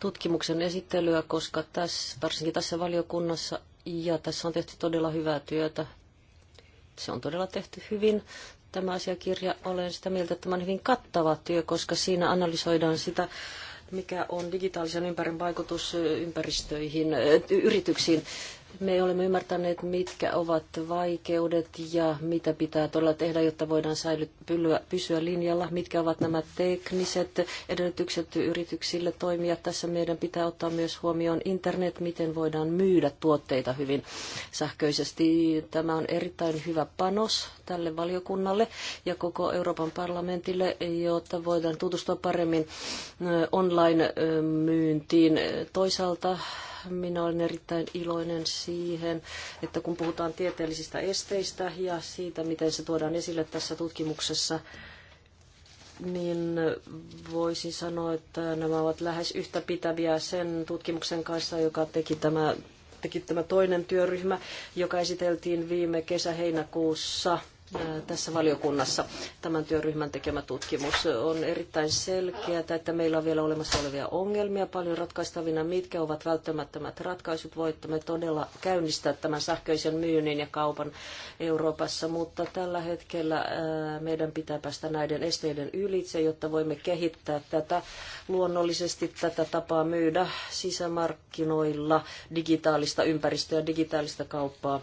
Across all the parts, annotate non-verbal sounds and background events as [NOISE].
tutkimuksen esittelyä, koska tässä, varsinkin tässä valiokunnassa, ja tässä on tehty todella hyvää työtä. Se on todella tehty hyvin. Tämä asiakirja, olen sitä mieltä, että tämä on hyvin kattava työ, koska siinä analysoidaan sitä, mikä on digitaalisen ympärin vaikutus ympäristöihin, yrityksiin. Me olemme ymmärtäneet, mitkä ovat vaikeudet ja mitä pitää todella tehdä, jotta voidaan säilyä, pysyä linjalla. Mitkä ovat nämä tekniset edellytykset yrityksille toimia. Tässä meidän pitää ottaa myös huomioon internet, miten voidaan myydä tuotteita hyvin sähköisesti. Tämä on erittäin hyvä panos tälle valiokunnalle ja koko Euroopan parlamentille, jotta voidaan tutustua paremmin online-myyntiin. Toisaalta minä olen erittäin iloinen siihen, että kun puhutaan tieteellisistä esteistä ja siitä, miten se tuodaan esille tässä tutkimuksessa, niin voisin sanoa, että nämä ovat lähes yhtä pitäviä sen tutkimuksen kanssa, joka teki tämä, teki tämä toinen työryhmä, joka esiteltiin viime kesä-heinäkuussa – tässä valiokunnassa tämän työryhmän tekemä tutkimus. On erittäin selkeää, että meillä on vielä olemassa olevia ongelmia paljon ratkaistavina, mitkä ovat välttämättömät ratkaisut. Voittamme todella käynnistää tämän sähköisen myynnin ja kaupan Euroopassa, mutta tällä hetkellä meidän pitää päästä näiden esteiden ylitse, jotta voimme kehittää tätä luonnollisesti tätä tapaa myydä sisämarkkinoilla digitaalista ympäristöä ja digitaalista kauppaa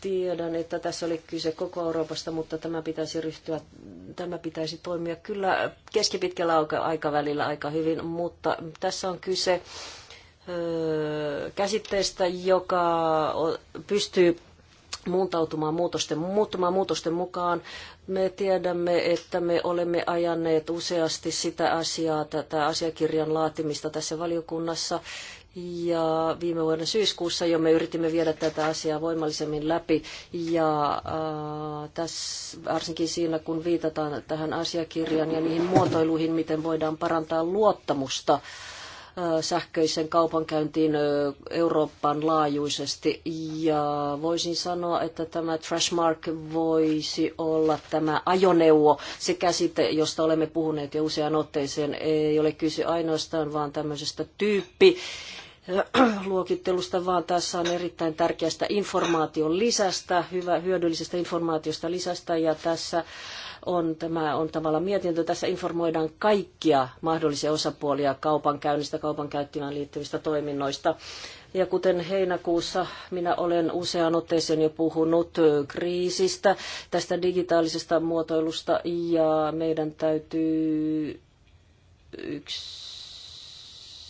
Tiedän, että tässä oli kyse koko Euroopasta, mutta tämä pitäisi ryhtyä, tämä pitäisi toimia kyllä keskipitkällä aikavälillä aika hyvin, mutta tässä on kyse käsitteestä, joka pystyy muuntautumaan muutosten, muuttumaan muutosten mukaan. Me tiedämme, että me olemme ajanneet useasti sitä asiaa, tätä asiakirjan laatimista tässä valiokunnassa, ja viime vuoden syyskuussa jo me yritimme viedä tätä asiaa voimallisemmin läpi. Ja äh, tässä, varsinkin siinä, kun viitataan tähän asiakirjaan ja niihin muotoiluihin, miten voidaan parantaa luottamusta äh, sähköisen kaupankäyntiin äh, Euroopan laajuisesti. Ja voisin sanoa, että tämä Trashmark voisi olla tämä ajoneuvo, se käsite, josta olemme puhuneet jo useaan otteeseen. Ei ole kyse ainoastaan vaan tämmöisestä tyyppi Äh, [CLEARS THROAT] luokittelusta, vaan tässä on erittäin tärkeästä informaation lisästä, hyvä, hyödyllisestä informaatiosta lisästä ja tässä on, tämä on tavallaan mietintö. Tässä informoidaan kaikkia mahdollisia osapuolia kaupankäynnistä, kaupankäyttöön liittyvistä toiminnoista. Ja kuten heinäkuussa minä olen useaan otteeseen jo puhunut äh, kriisistä, tästä digitaalisesta muotoilusta ja meidän täytyy yksi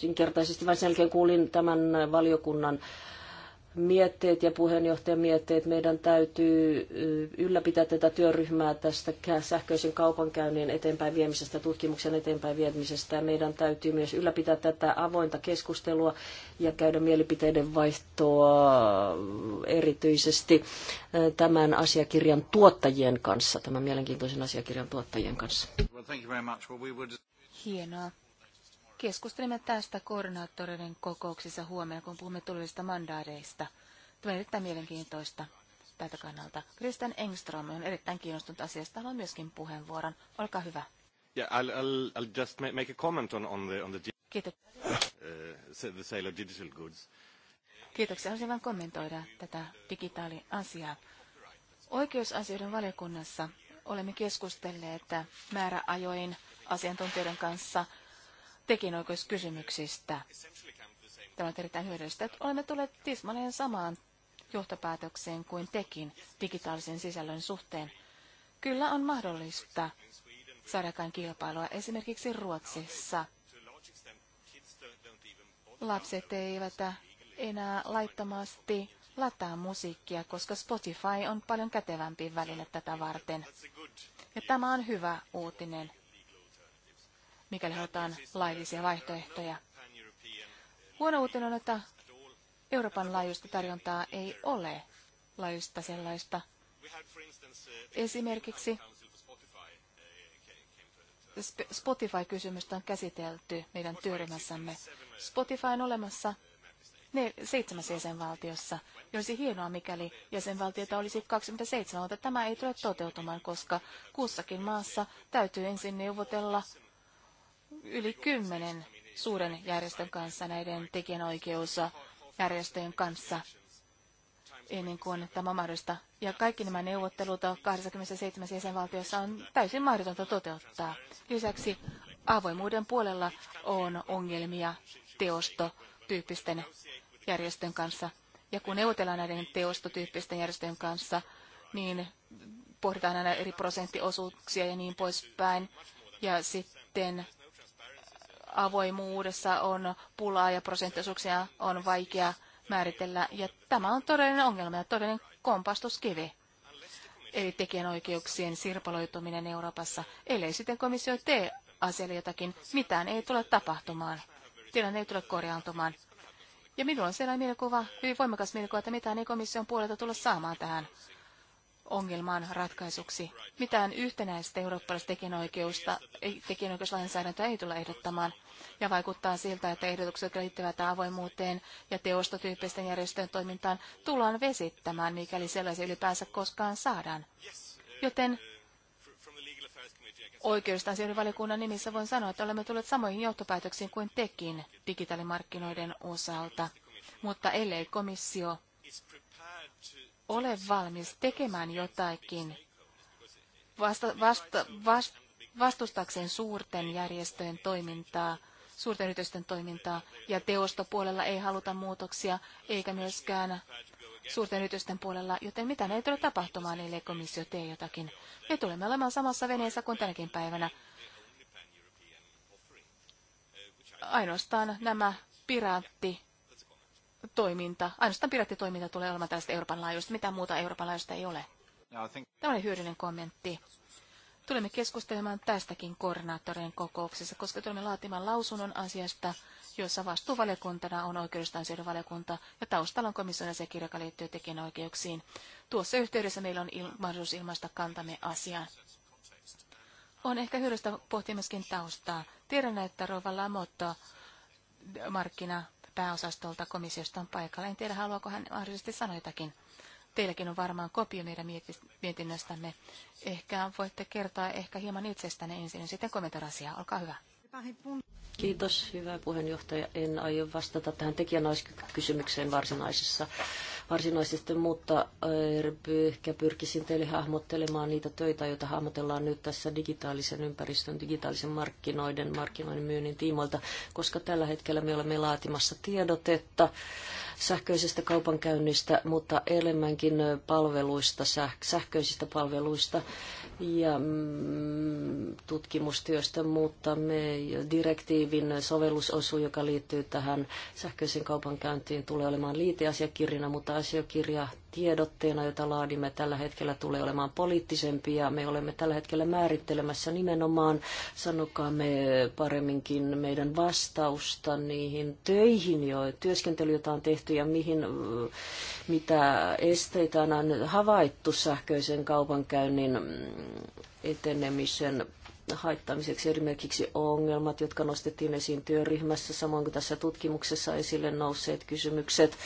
yksinkertaisesti, vaan sen jälkeen kuulin tämän valiokunnan mietteet ja puheenjohtajan mietteet. Meidän täytyy ylläpitää tätä työryhmää tästä sähköisen kaupankäynnin eteenpäin viemisestä, tutkimuksen eteenpäin viemisestä. Ja meidän täytyy myös ylläpitää tätä avointa keskustelua ja käydä mielipiteiden vaihtoa erityisesti tämän asiakirjan tuottajien kanssa, tämän mielenkiintoisen asiakirjan tuottajien kanssa. Hienoa. Keskustelimme tästä koordinaattoreiden kokouksissa huomenna, kun puhumme tulevista mandaareista. Tämä on erittäin mielenkiintoista tältä kannalta. Christian Engström on erittäin kiinnostunut asiasta. Haluan myöskin puheenvuoron. Olkaa hyvä. Yeah, I'll, I'll, I'll just make a comment on, on the, on the, Uh, the sale of digital goods. Kiitoksia. Haluaisin vain kommentoida tätä digitaaliasiaa. Oikeusasioiden valiokunnassa olemme keskustelleet määräajoin asiantuntijoiden kanssa tekinoikeuskysymyksistä. Tämä on erittäin hyödyllistä, että olemme tulleet tismalleen samaan johtopäätökseen kuin tekin digitaalisen sisällön suhteen. Kyllä on mahdollista saadakaan kilpailua esimerkiksi Ruotsissa. Lapset eivät enää laittomasti lataa musiikkia, koska Spotify on paljon kätevämpi väline tätä varten. Ja tämä on hyvä uutinen mikäli halutaan laillisia vaihtoehtoja. Huono uutinen on, että Euroopan laajuista tarjontaa ei ole laajuista sellaista. Esimerkiksi Spotify-kysymystä on käsitelty meidän työryhmässämme. Spotify on olemassa ne, seitsemässä jäsenvaltiossa. Ja olisi hienoa, mikäli jäsenvaltioita olisi 27, mutta tämä ei tule toteutumaan, koska kussakin maassa täytyy ensin neuvotella yli kymmenen suuren järjestön kanssa, näiden tekijänoikeusjärjestöjen kanssa, ennen kuin tämä on mahdollista. Ja kaikki nämä neuvottelut 27 jäsenvaltiossa on täysin mahdotonta toteuttaa. Lisäksi avoimuuden puolella on ongelmia teostotyyppisten järjestön kanssa. Ja kun neuvotellaan näiden teostotyyppisten järjestöjen kanssa, niin pohditaan aina eri prosenttiosuuksia ja niin poispäin. Ja sitten avoimuudessa on pulaa ja prosenttisuuksia on vaikea määritellä. Ja tämä on todellinen ongelma ja todellinen kompastuskivi. Eli tekijänoikeuksien sirpaloituminen Euroopassa. Ellei sitten komissio tee asialle jotakin, mitään ei tule tapahtumaan. Tilanne ei tule korjaantumaan. Ja minulla on sellainen mielikuva, hyvin voimakas mielikuva, että mitään ei komission puolelta tulla saamaan tähän ongelman ratkaisuksi. Mitään yhtenäistä eurooppalaista tekijänoikeusta, tekijänoikeuslainsäädäntöä ei tule ehdottamaan, ja vaikuttaa siltä, että ehdotukset liittyvät avoimuuteen ja teostotyyppisten järjestöjen toimintaan tullaan vesittämään, mikäli sellaisia ylipäänsä koskaan saadaan. Joten Oikeustasioiden valiokunnan nimissä voin sanoa, että olemme tulleet samoihin johtopäätöksiin kuin tekin digitaalimarkkinoiden osalta. Mutta ellei komissio ole valmis tekemään jotakin vasta, vasta, vast, vastustakseen suurten järjestöjen toimintaa, suurten yritysten toimintaa, ja teostopuolella ei haluta muutoksia, eikä myöskään suurten yritysten puolella, joten mitä ei tule tapahtumaan, ellei komissio tee jotakin. Me tulemme olemaan samassa veneessä kuin tänäkin päivänä. Ainoastaan nämä piraatti toiminta, ainoastaan pirattitoiminta tulee olemaan tällaista Euroopan laajuista. Mitään muuta Euroopan laajuista ei ole. Tämä oli hyödyllinen kommentti. Tulemme keskustelemaan tästäkin koordinaattorien kokouksessa, koska tulemme laatimaan lausunnon asiasta, jossa vastuuvaliokuntana on oikeudestaan valiokunta ja taustalla on komission asiakirja, joka liittyy tekijänoikeuksiin. Tuossa yhteydessä meillä on il- mahdollisuus ilmaista kantamme asiaan. On ehkä hyödyllistä pohtia myöskin taustaa. Tiedän, että Rovalla Lamotto markkina pääosastolta komissiosta on paikalla. En tiedä, haluaako hän mahdollisesti sanoa jotakin. Teilläkin on varmaan kopio meidän mietinnöstämme. Ehkä voitte kertoa ehkä hieman itsestänne ensin ja sitten kommentoida asiaa. Olkaa hyvä. Kiitos, hyvä puheenjohtaja. En aio vastata tähän tekijänaiskysymykseen varsinaisessa varsinaisesti, mutta eh, ehkä pyrkisin teille hahmottelemaan niitä töitä, joita hahmotellaan nyt tässä digitaalisen ympäristön, digitaalisen markkinoiden, markkinoiden myynnin tiimoilta, koska tällä hetkellä me olemme laatimassa tiedotetta sähköisestä kaupankäynnistä, mutta enemmänkin palveluista, sähköisistä palveluista ja mm, tutkimustyöstä, mutta me direktiivin sovellusosu, joka liittyy tähän sähköisen kaupankäyntiin, tulee olemaan liiteasiakirjana, mutta asiakirja tiedotteena, jota laadimme tällä hetkellä, tulee olemaan poliittisempi ja me olemme tällä hetkellä määrittelemässä nimenomaan, me paremminkin meidän vastausta niihin töihin, jo työskentely, jota on tehty ja mihin, mitä esteitä on havaittu sähköisen kaupankäynnin etenemisen haittamiseksi esimerkiksi ongelmat, jotka nostettiin esiin työryhmässä, samoin kuin tässä tutkimuksessa esille nousseet kysymykset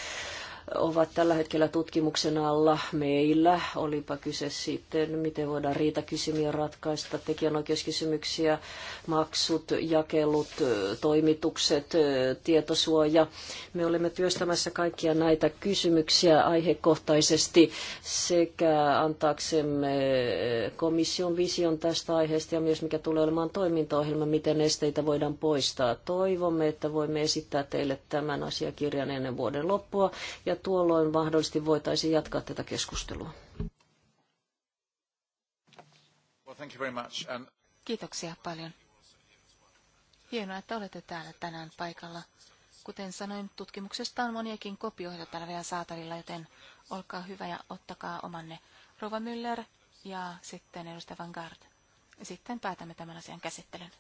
ovat tällä hetkellä tutkimuksen alla meillä. Olipa kyse sitten, miten voidaan riitakysymyksiä ratkaista, tekijänoikeuskysymyksiä, maksut, jakelut, toimitukset, tietosuoja. Me olemme työstämässä kaikkia näitä kysymyksiä aihekohtaisesti sekä antaaksemme komission vision tästä aiheesta ja myös mikä tulee olemaan toimintaohjelma, miten esteitä voidaan poistaa. Toivomme, että voimme esittää teille tämän asiakirjan ennen vuoden loppua ja ja tuolloin mahdollisesti voitaisiin jatkaa tätä keskustelua. Kiitoksia paljon. Hienoa, että olette täällä tänään paikalla. Kuten sanoin, tutkimuksesta on moniakin kopioita täällä vielä saatavilla, joten olkaa hyvä ja ottakaa omanne. Rova Müller ja sitten edustaja Van Gard. Sitten päätämme tämän asian käsittelyn.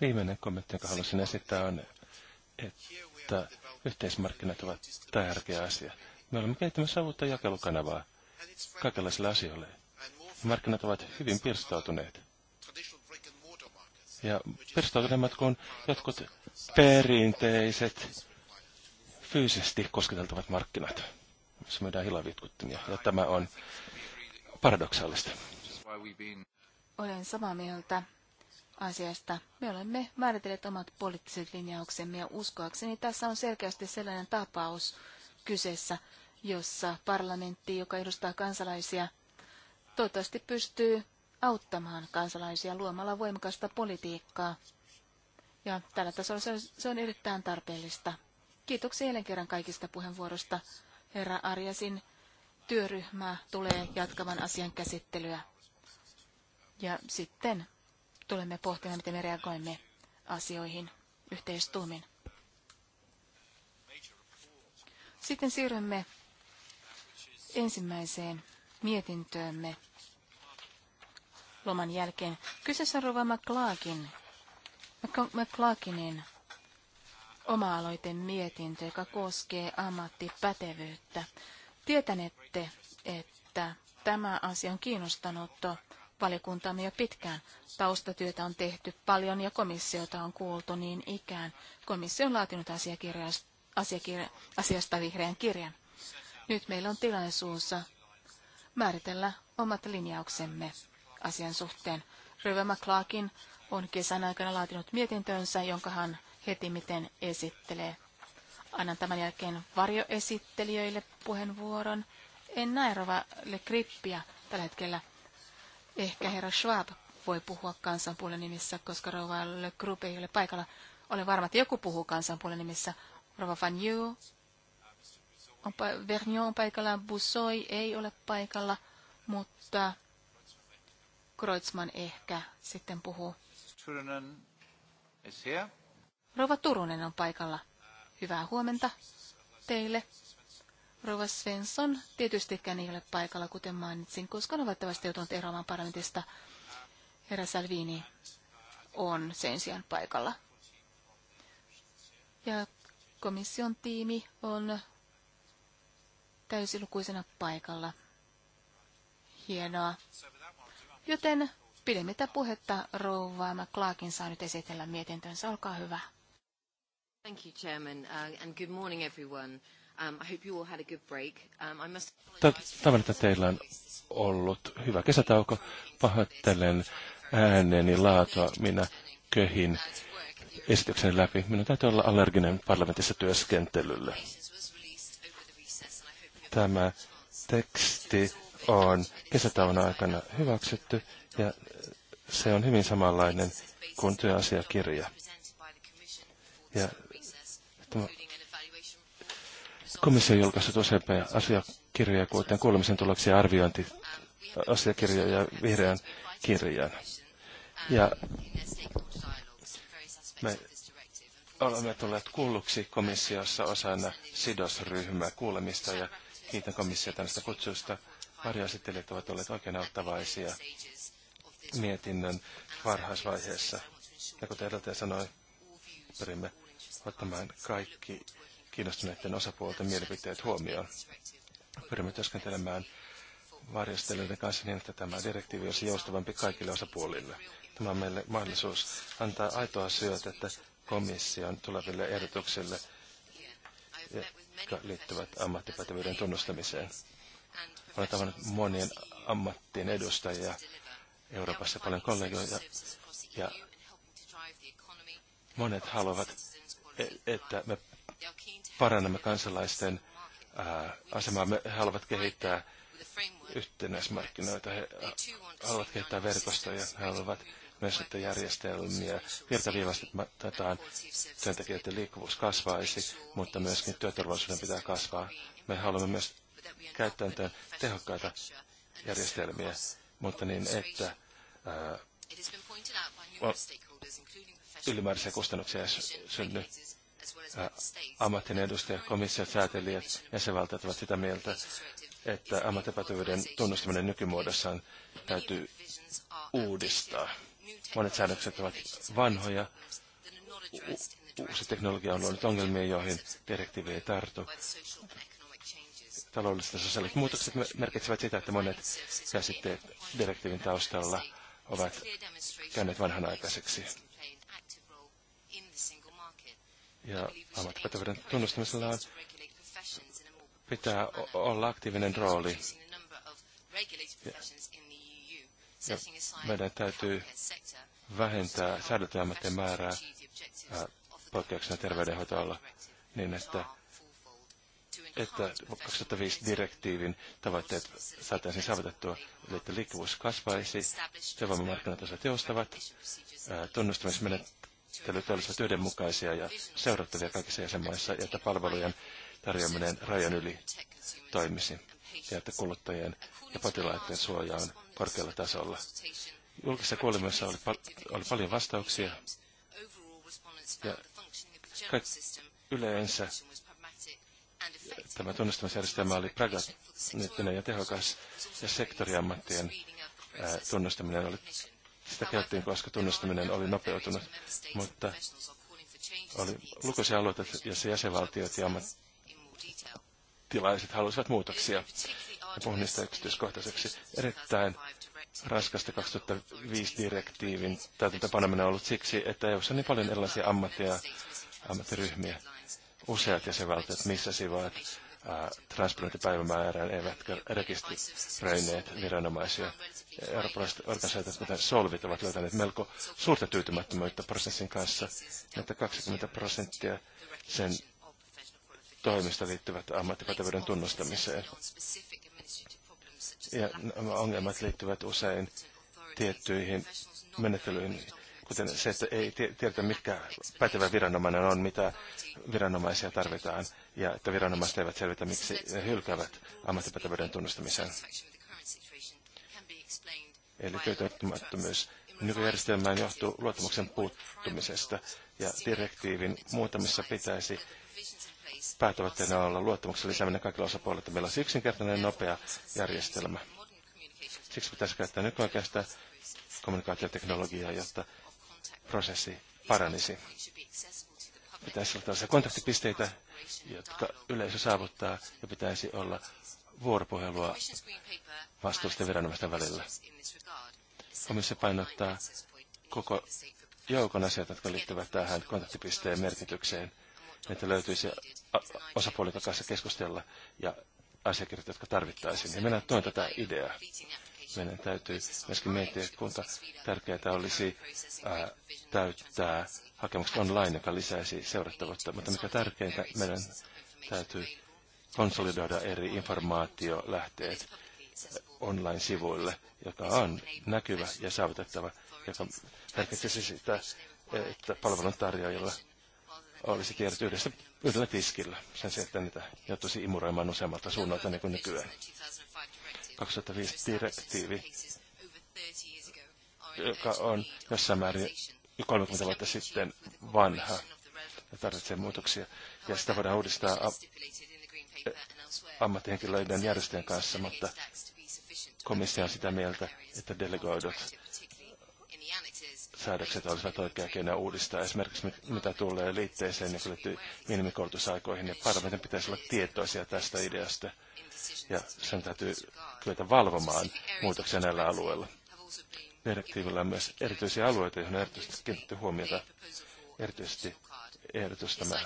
Viimeinen kommentti, jonka haluaisin esittää, on että yhteismarkkinat ovat tärkeä asia. Me olemme kehittämässä uutta jakelukanavaa kaikenlaisille asioille. Markkinat ovat hyvin pirstautuneet. Ja pirstautuneemmat kuin jotkut perinteiset fyysisesti kosketeltavat markkinat, missä myydään hilavitkuttimia. Ja tämä on paradoksaalista. Olen samaa mieltä asiasta. Me olemme määritelleet omat poliittiset linjauksemme ja uskoakseni tässä on selkeästi sellainen tapaus kyseessä, jossa parlamentti, joka edustaa kansalaisia, toivottavasti pystyy auttamaan kansalaisia luomalla voimakasta politiikkaa. Ja tällä tasolla se on, se on erittäin tarpeellista. Kiitoksia jälleen kerran kaikista puheenvuorosta. Herra Arjasin työryhmä tulee jatkavan asian käsittelyä. Ja sitten tulemme pohtimaan, miten me reagoimme asioihin yhteistuumin. Sitten siirrymme ensimmäiseen mietintöömme loman jälkeen. Kyseessä on Rova McClarkin, McClarkinin oma aloite mietintö, joka koskee ammattipätevyyttä. Tietänette, että tämä asia on kiinnostanut valiokuntamme jo pitkään. Taustatyötä on tehty paljon ja komissiota on kuultu niin ikään. Komissio on laatinut asiakirja, asiasta vihreän kirjan. Nyt meillä on tilaisuus määritellä omat linjauksemme asian suhteen. Röve McClarkin on kesän aikana laatinut mietintönsä, jonka hän heti miten esittelee. Annan tämän jälkeen varjoesittelijöille puheenvuoron. En näe Rova Le Grippiä tällä hetkellä Ehkä herra Schwab voi puhua kansanpuolen nimissä, koska rouva Le Group ei ole paikalla. Olen varma, että joku puhuu kansanpuolen nimissä. Rova Van Yu, on pa- Vernion on paikalla, Busoi ei ole paikalla, mutta Kreutzmann ehkä sitten puhuu. Turunen Rova Turunen on paikalla. Hyvää huomenta teille. Rova Svensson tietystikään ei ole paikalla, kuten mainitsin, koska on valitettavasti joutunut eroamaan parlamentista. Herra Salvini on sen sijaan paikalla. Ja komission tiimi on täysilukuisena paikalla. Hienoa. Joten pidemmittä puhetta rouva McClarkin saa nyt esitellä mietintönsä. Olkaa hyvä. Thank you, Chairman, uh, and good morning everyone. Um, um, Toivon, että teillä on ollut hyvä kesätauko. Pahoittelen ääneni laatua. Minä köhin esityksen läpi. Minun täytyy olla allerginen parlamentissa työskentelylle. Tämä teksti on kesätauon aikana hyväksytty ja se on hyvin samanlainen kuin työasiakirja. Ja tämä Komissio on julkaissut useampia asiakirjoja, kuten kuulemisen tuloksia arviointiasiakirjoja ja vihreän kirjan. Ja me olemme tulleet kuulluksi komissiossa osana sidosryhmää kuulemista ja kiitän komissiota näistä kutsuista. Varjoesittelijät ovat olleet oikein auttavaisia mietinnön varhaisvaiheessa. Ja kuten edeltäjä sanoi, pyrimme ottamaan kaikki kiinnostuneiden osapuolten mielipiteet huomioon. Pyrimme työskentelemään varjostelijoiden kanssa niin, että tämä direktiivi olisi joustavampi kaikille osapuolille. Tämä on meille mahdollisuus antaa aitoa syötettä komission tuleville ehdotuksille, jotka liittyvät ammattipätevyyden tunnustamiseen. Olen tavannut monien ammattien edustajia Euroopassa, paljon kollegoja, ja monet haluavat, e- että me parannamme kansalaisten asemaa. Me, haluavat kehittää yhtenäismarkkinoita, he haluavat kehittää verkostoja, he haluavat myös että järjestelmiä. Virtaviivaistetaan työntekijöiden liikkuvuus kasvaisi, mutta myöskin työturvallisuuden pitää kasvaa. Me haluamme myös käyttää tehokkaita järjestelmiä, mutta niin, että ää, ylimääräisiä kustannuksia ei synny. Äh, ammattinen edustajat, komissiot, säätelijät, jäsenvaltiot ovat sitä mieltä, että ammattipätevyyden tunnustaminen nykymuodossaan täytyy uudistaa. Monet säännökset ovat vanhoja. Uusi teknologia on luonut ongelmia, joihin direktiivi ei tartu. Taloudelliset ja sosiaaliset muutokset merkitsevät sitä, että monet käsitteet direktiivin taustalla ovat käyneet vanhanaikaiseksi ja ammattipätevyyden tunnustamisella on, pitää olla aktiivinen rooli. Ja, ja meidän täytyy vähentää säädeltyjen ammattien määrää poikkeuksena terveydenhoitoalla niin, että, että 2005 direktiivin tavoitteet saataisiin saavutettua, eli että liikkuvuus kasvaisi, työvoimamarkkinat osat joustavat, tunnustamismenet järjestelyt olisivat yhdenmukaisia ja seurattavia kaikissa jäsenmaissa, ja että palvelujen tarjoaminen rajan yli toimisi, ja että kuluttajien ja potilaiden suoja on korkealla tasolla. Julkisessa kuulemisessa oli, pal oli paljon vastauksia, ja yleensä tämä tunnustamisjärjestelmä oli pragmaattinen ja tehokas, ja sektoriammattien tunnustaminen oli sitä käyttiin, koska tunnustaminen oli nopeutunut, mutta oli lukuisia alueita, joissa jäsenvaltiot ja ammattilaiset halusivat muutoksia. Ja puhun niistä yksityiskohtaiseksi. Erittäin raskasta 2005 direktiivin täytäntöpaneminen on ollut siksi, että EU on niin paljon erilaisia ammatteja, ammattiryhmiä. Useat jäsenvaltiot sivuat transplantipäivämäärään eivätkä rekisteröineet viranomaisia. Eurooppalaiset organisaatiot, kuten Solvit, ovat löytäneet melko suurta tyytymättömyyttä prosessin kanssa, että 20 prosenttia sen toimista liittyvät ammattipätevyyden tunnustamiseen. Ja nämä ongelmat liittyvät usein tiettyihin menettelyihin, kuten se, että ei tiedetä, mikä pätevä viranomainen on, mitä viranomaisia tarvitaan ja että viranomaiset eivät selvitä, miksi ne hylkäävät ammattipätevyyden tunnustamisen. Eli tyytymättömyys nykyjärjestelmään johtuu luottamuksen puuttumisesta, ja direktiivin muutamissa pitäisi päätavoitteena olla luottamuksen lisääminen kaikilla osapuolilla, että meillä olisi yksinkertainen nopea järjestelmä. Siksi pitäisi käyttää nykyaikaista kommunikaatioteknologiaa, jotta prosessi paranisi. Pitäisi olla tällaisia kontaktipisteitä, jotka yleisö saavuttaa ja pitäisi olla vuoropuhelua vastuullisten viranomaisten välillä. Komissio painottaa koko joukon asioita, jotka liittyvät tähän kontaktipisteen merkitykseen, että löytyisi osapuolilta kanssa keskustella ja asiakirjat, jotka tarvittaisiin. Ja minä toin tätä ideaa meidän täytyy myöskin miettiä, kuinka tärkeää olisi ää, täyttää hakemukset online, joka lisäisi seurattavuutta. Mutta mikä tärkeintä, meidän täytyy konsolidoida eri informaatiolähteet online-sivuille, joka on näkyvä ja saavutettava, joka merkitsisi sitä, että palveluntarjoajilla olisi tiedot yhdessä, yhdellä tiskillä, sen sijaan, että niitä joutuisi imuroimaan useammalta suunnalta niin kuin nykyään. 2005 direktiivi, joka on jossain määrin 30 vuotta sitten vanha ja tarvitsee muutoksia. Ja sitä voidaan uudistaa ammattihenkilöiden järjestöjen kanssa, mutta komissio on sitä mieltä, että delegoidut säädökset olisivat oikea keino uudistaa. Esimerkiksi mitä tulee liitteeseen, joka niin liittyy minimikoulutusaikoihin, niin parlamentin pitäisi olla tietoisia tästä ideasta. Ja sen täytyy kyetä valvomaan muutoksia näillä alueilla. Direktiivillä on myös erityisiä alueita, joihin on erityisesti kiinnitetty huomiota. Erityisesti ehdotus tämä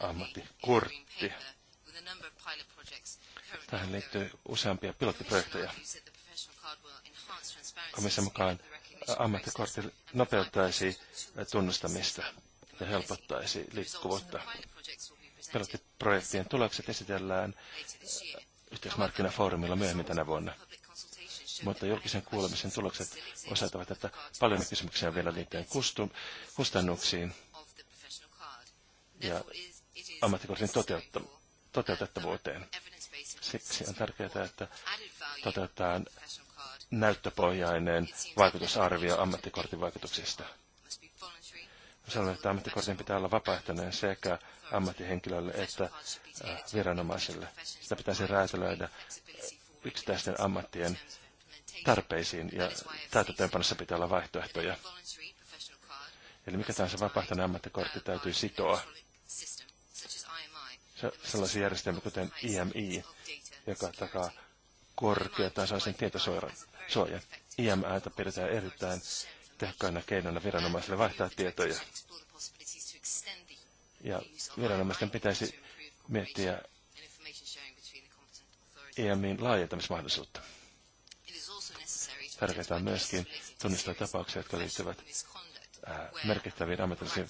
ammattikortti. Tähän liittyy useampia pilottiprojekteja. Komission mukaan ammattikortti nopeuttaisi tunnustamista ja helpottaisi liikkuvuutta. Pilottiprojektien tulokset esitellään yhteismarkkinafoorumilla myöhemmin tänä vuonna. Mutta julkisen kuulemisen tulokset osaltavat, että paljon kysymyksiä vielä liittyen kustannuksiin ja ammattikortin toteutettavuuteen. Siksi on tärkeää, että toteutetaan näyttöpohjainen vaikutusarvio ammattikortin vaikutuksista. Sanoin, että ammattikortin pitää olla vapaaehtoinen sekä ammattihenkilölle että äh, viranomaisille. Sitä pitäisi räätälöidä yksittäisten ammattien tarpeisiin ja täytäntöönpanossa pitää olla vaihtoehtoja. Eli mikä tahansa vapaaehtoinen ammattikortti täytyy sitoa sellaisia järjestelmiä kuten IMI, joka takaa korkeatasoisen tietosuojan suoja. IMAta pidetään erittäin tehokkaana keinona viranomaisille vaihtaa tietoja. Ja viranomaisten pitäisi miettiä EMin laajentamismahdollisuutta. Tärkeää on myöskin tunnistaa tapauksia, jotka liittyvät merkittäviin ammatillisiin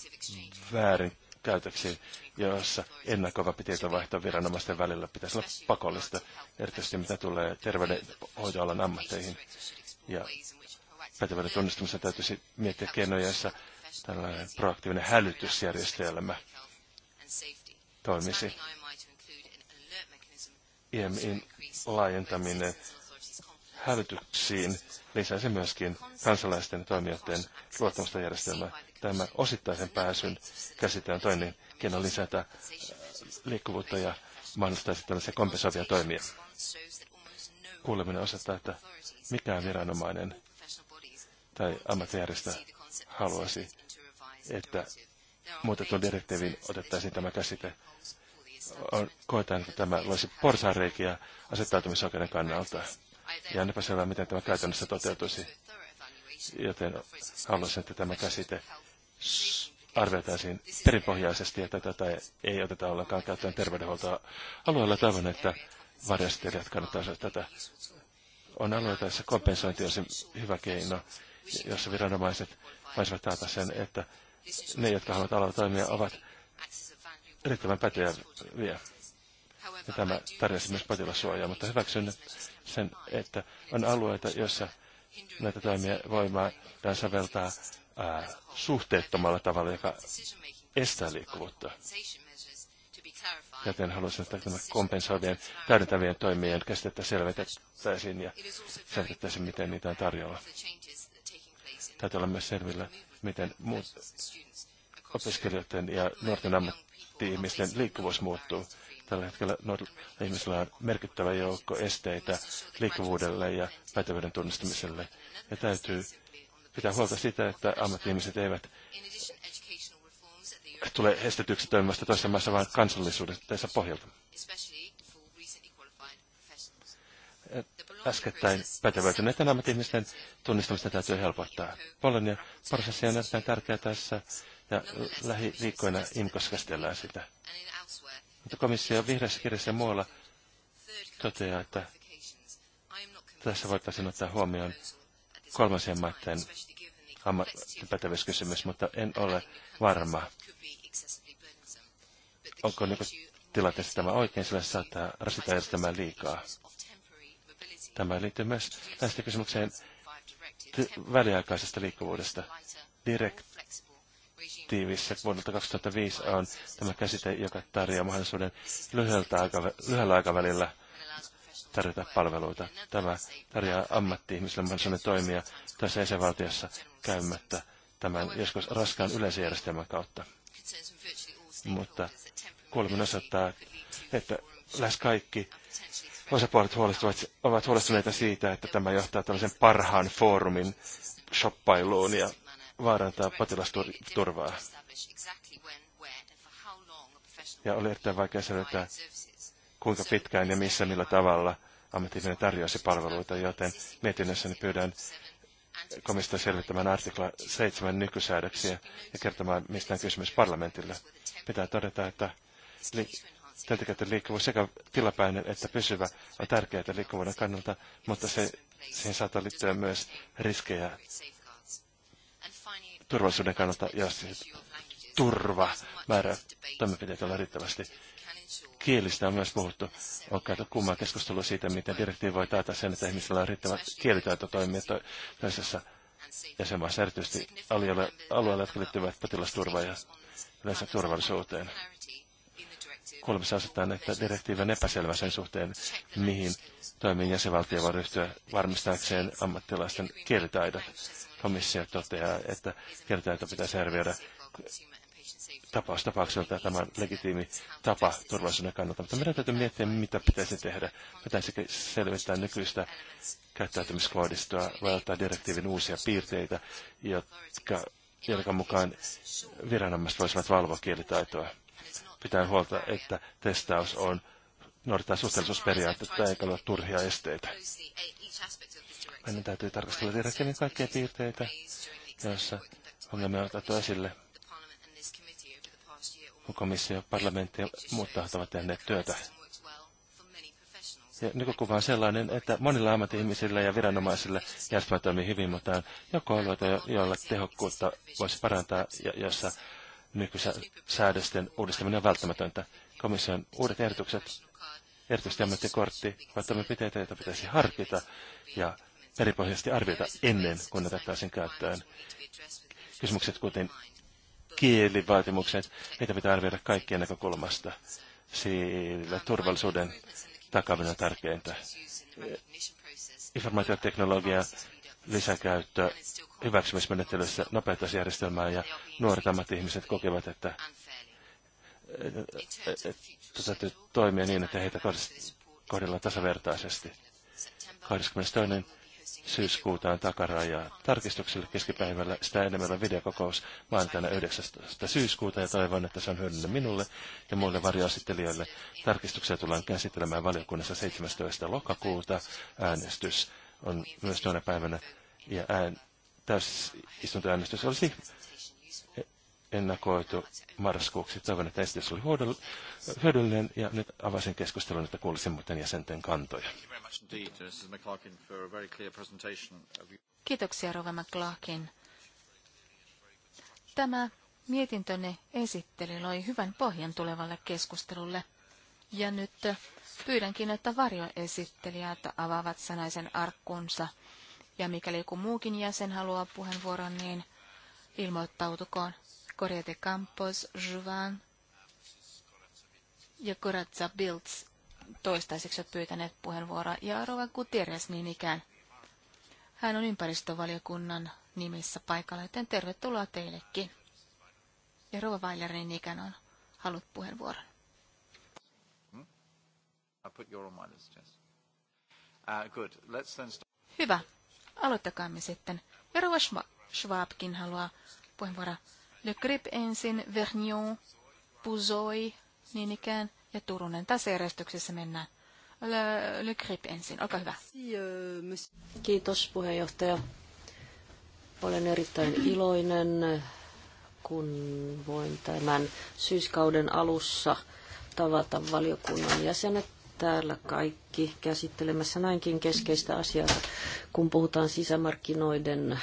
väärin käytöksi, joissa ennakoiva tietovaihto viranomaisten välillä pitäisi olla pakollista, erityisesti mitä tulee terveydenhoitoalan ammatteihin. Ja pätevyyden tunnistamista täytyisi miettiä keinoja, joissa tällainen proaktiivinen hälytysjärjestelmä toimisi. IMIn laajentaminen hälytyksiin lisäisi myöskin kansalaisten ja toimijoiden luottamusta järjestelmään. Tämä osittaisen pääsyn käsitteen toinen keino lisätä äh, liikkuvuutta ja mahdollistaisi tällaisia kompensoivia toimia. Kuuleminen osoittaa, että mikään viranomainen tai ammattijärjestö haluaisi, että muutetun direktiivin otettaisiin tämä käsite on, koetaan, että tämä loisi porsaanreikiä asettautumisoikeuden kannalta. Ja on epäselvää, miten tämä käytännössä toteutuisi. Joten haluaisin, että tämä käsite arvetaisiin perinpohjaisesti, että tätä ei oteta ollenkaan käyttöön alueella. Toivon, että varjastelijat kannattaisivat tätä. On alueita, jossa kompensointi on hyvä keino, jossa viranomaiset voisivat taata sen, että ne, jotka haluavat alalla toimia, ovat riittävän päteviä. Ja tämä tarjosi myös potilassuojaa, mutta hyväksyn sen, että on alueita, joissa näitä toimia voimaa säveltää ää, suhteettomalla tavalla, joka estää liikkuvuutta. Joten haluaisin, että tämä kompensoivien täydentävien toimien käsitettä selvitettäisiin ja selvitettäisiin, miten niitä on tarjolla. Täytyy olla myös selvillä, miten muut opiskelijoiden ja nuorten ammatti-ihmisten liikkuvuus muuttuu. Tällä hetkellä nuorilla ihmisillä on merkittävä joukko esteitä liikkuvuudelle ja pätevyyden tunnistamiselle. Ja täytyy pitää huolta siitä, että ammattiihmiset eivät tule estetyksi toimimasta toisessa maassa vain tässä pohjalta. Äskettäin pätevöityneiden ammatti-ihmisten tunnistamista täytyy helpottaa. Polonia prosessi on erittäin tärkeä tässä ja lähiviikkoina IMKOS käsitellään sitä. Mutta komissio vihreässä kirjassa ja muualla toteaa, että tässä voitaisiin ottaa huomioon kolmansien maiden ammattipätevyyskysymys, mutta en ole varma, onko niin tilanteessa tämä oikein, sillä se saattaa rasittaa järjestelmää liikaa. Tämä liittyy myös tästä kysymykseen väliaikaisesta liikkuvuudesta. Direkt tiivissä vuonna 2005 on tämä käsite, joka tarjoaa mahdollisuuden lyhyellä aikavälillä tarjota palveluita. Tämä tarjoaa ammatti-ihmisille mahdollisuuden toimia tässä jäsenvaltiossa käymättä tämän joskus raskaan yleisjärjestelmän kautta. Mutta kuuleminen osoittaa, että lähes kaikki osapuolet huolestuvat, ovat huolestuneita siitä, että tämä johtaa tällaisen parhaan foorumin shoppailuun ja vaarantaa potilasturvaa. Ja oli erittäin vaikea sanoa, kuinka pitkään ja missä millä tavalla ammatillinen tarjoaisi palveluita, joten mietinnössäni pyydän komista selvittämään artikla 7 nykysäädöksiä ja kertomaan, mistä on kysymys parlamentille. Pitää todeta, että li- työntekijöiden liikkuvuus sekä tilapäinen että pysyvä on tärkeää liikkuvuuden kannalta, mutta se, siihen saattaa liittyä myös riskejä turvallisuuden kannalta ja siis turva määrä toimenpiteitä olla riittävästi. Kielistä on myös puhuttu. On käyty kummaa keskustelua siitä, miten direktiivi voi taata sen, että ihmisillä on riittävä kielitaito toimia toisessa jäsenmaassa, erityisesti alueella, alueella, jotka liittyvät potilasturvaan ja yleensä turvallisuuteen. Kuulemassa asetetaan, että direktiivi on epäselvä sen suhteen, mihin toimiin jäsenvaltio voi ryhtyä varmistaakseen ammattilaisten kielitaidot komissio toteaa, että kieltäytö pitäisi arvioida tapaus tapaukselta tämä on legitiimi tapa turvallisuuden kannalta. Mutta meidän täytyy miettiä, mitä pitäisi tehdä. Pitäisi selvittää nykyistä käyttäytymiskoodistoa, välttää direktiivin uusia piirteitä, jotka, joiden mukaan viranomaiset voisivat valvoa kielitaitoa. Pitää huolta, että testaus on noudattaa suhteellisuusperiaatetta eikä ole turhia esteitä. Meidän täytyy tarkastella direktiivin kaikkia piirteitä, joissa ongelmia on otettu esille. Komissio, parlamentti ja muut tahot ovat tehneet työtä. Ja nykykuva on sellainen, että monilla ammattiihmisillä ja viranomaisilla järjestelmä toimii hyvin, mutta on joko alueita, joilla tehokkuutta voisi parantaa ja jossa nykyisen säädösten uudistaminen on välttämätöntä. Komission uudet ehdotukset, erityisesti ammattikortti, ovat toimenpiteitä, joita pitäisi harkita ja perinpohjaisesti arvioita ennen kuin sen käyttöön. Kysymykset kuten kielivaatimukset, niitä pitää arvioida kaikkien näkökulmasta, sillä turvallisuuden takaminen on tärkeintä. Informaatioteknologia, lisäkäyttö, hyväksymismenettelyssä nopeuttaisi järjestelmää ja nuoret ammatti-ihmiset kokevat, että täytyy toimia niin, että heitä kohdellaan tasavertaisesti. 22. Syyskuutaan takarajaa. Tarkistukselle keskipäivällä sitä enemmän on videokokous maanantaina 19. syyskuuta ja toivon, että se on hyödyllinen minulle ja muille varjoasittelijoille. Tarkistuksia tullaan käsittelemään valiokunnassa 17. lokakuuta. Äänestys on myös tuona päivänä ja ään, täysistuntoäänestys olisi ennakoitu marraskuuksi. Toivon, että esitys oli hyödyllinen ja nyt avasin keskustelun, että kuulisin muiden jäsenten kantoja. Kiitoksia Rova McLaughlin. Tämä mietintönne esitteli loi hyvän pohjan tulevalle keskustelulle. Ja nyt pyydänkin, että varjoesittelijät avaavat sanaisen arkkunsa. Ja mikäli joku muukin jäsen haluaa puheenvuoron, niin ilmoittautukoon. Korea de Campos, Juvan ja Corazza Biltz toistaiseksi ovat pyytäneet puheenvuoroa. Ja Rova Gutierrez niin ikään. Hän on ympäristövaliokunnan nimissä paikalla, joten tervetuloa teillekin. Ja Rova Weiler niin ikään on halut puheenvuoron. Hmm? Uh, Hyvä, Aloittakaa me sitten. Ja Rova Schwabkin haluaa puheenvuoroa. Le Grip ensin, Vernion, Puzoi, niin ikään, ja Turunen. Tässä järjestyksessä mennään. Le, Le Grip ensin, olkaa hyvä. Äh, Kiitos puheenjohtaja. Olen erittäin [CLEARS THROAT] iloinen, kun voin tämän syyskauden alussa tavata valiokunnan jäsenet täällä kaikki käsittelemässä näinkin keskeistä asiaa, kun puhutaan sisämarkkinoiden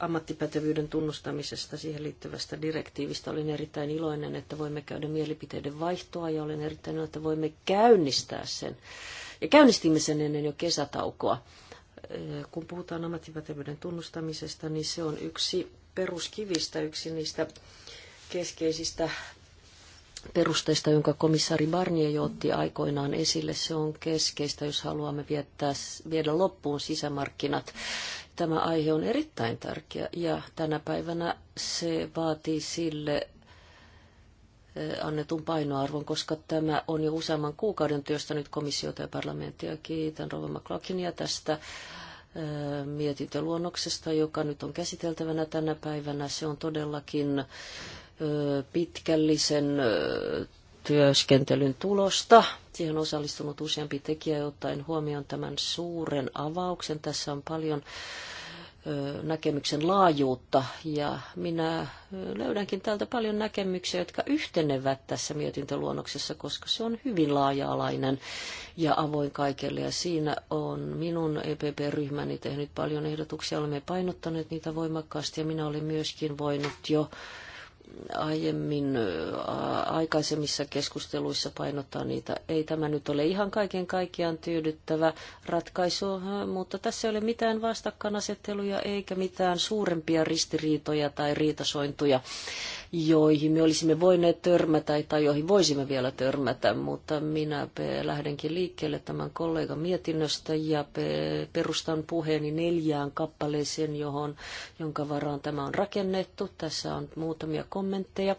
ammattipätevyyden tunnustamisesta siihen liittyvästä direktiivistä. Olin erittäin iloinen, että voimme käydä mielipiteiden vaihtoa ja olen erittäin iloinen, että voimme käynnistää sen. Ja käynnistimme sen ennen jo kesätaukoa. Kun puhutaan ammattipätevyyden tunnustamisesta, niin se on yksi peruskivistä, yksi niistä keskeisistä perusteista, jonka komissaari Barnier jo otti aikoinaan esille. Se on keskeistä, jos haluamme viettää, viedä loppuun sisämarkkinat Tämä aihe on erittäin tärkeä ja tänä päivänä se vaatii sille eh, annetun painoarvon, koska tämä on jo useamman kuukauden työstänyt komissiota ja parlamenttia. Kiitän Rova McLaughlinia tästä eh, mietintöluonnoksesta, joka nyt on käsiteltävänä tänä päivänä. Se on todellakin eh, pitkällisen työskentelyn tulosta. Siihen on osallistunut useampi tekijä, ottaen huomioon tämän suuren avauksen. Tässä on paljon näkemyksen laajuutta ja minä löydänkin täältä paljon näkemyksiä, jotka yhtenevät tässä mietintöluonnoksessa, koska se on hyvin laaja-alainen ja avoin kaikille ja siinä on minun EPP-ryhmäni tehnyt paljon ehdotuksia, olemme painottaneet niitä voimakkaasti ja minä olen myöskin voinut jo aiemmin aikaisemmissa keskusteluissa painottaa niitä. Ei tämä nyt ole ihan kaiken kaikkiaan tyydyttävä ratkaisu, mutta tässä ei ole mitään vastakkainasetteluja eikä mitään suurempia ristiriitoja tai riitasointuja joihin me olisimme voineet törmätä tai joihin voisimme vielä törmätä, mutta minä lähdenkin liikkeelle tämän kollegan mietinnöstä ja perustan puheeni neljään kappaleeseen, johon, jonka varaan tämä on rakennettu. Tässä on muutamia kommentteja,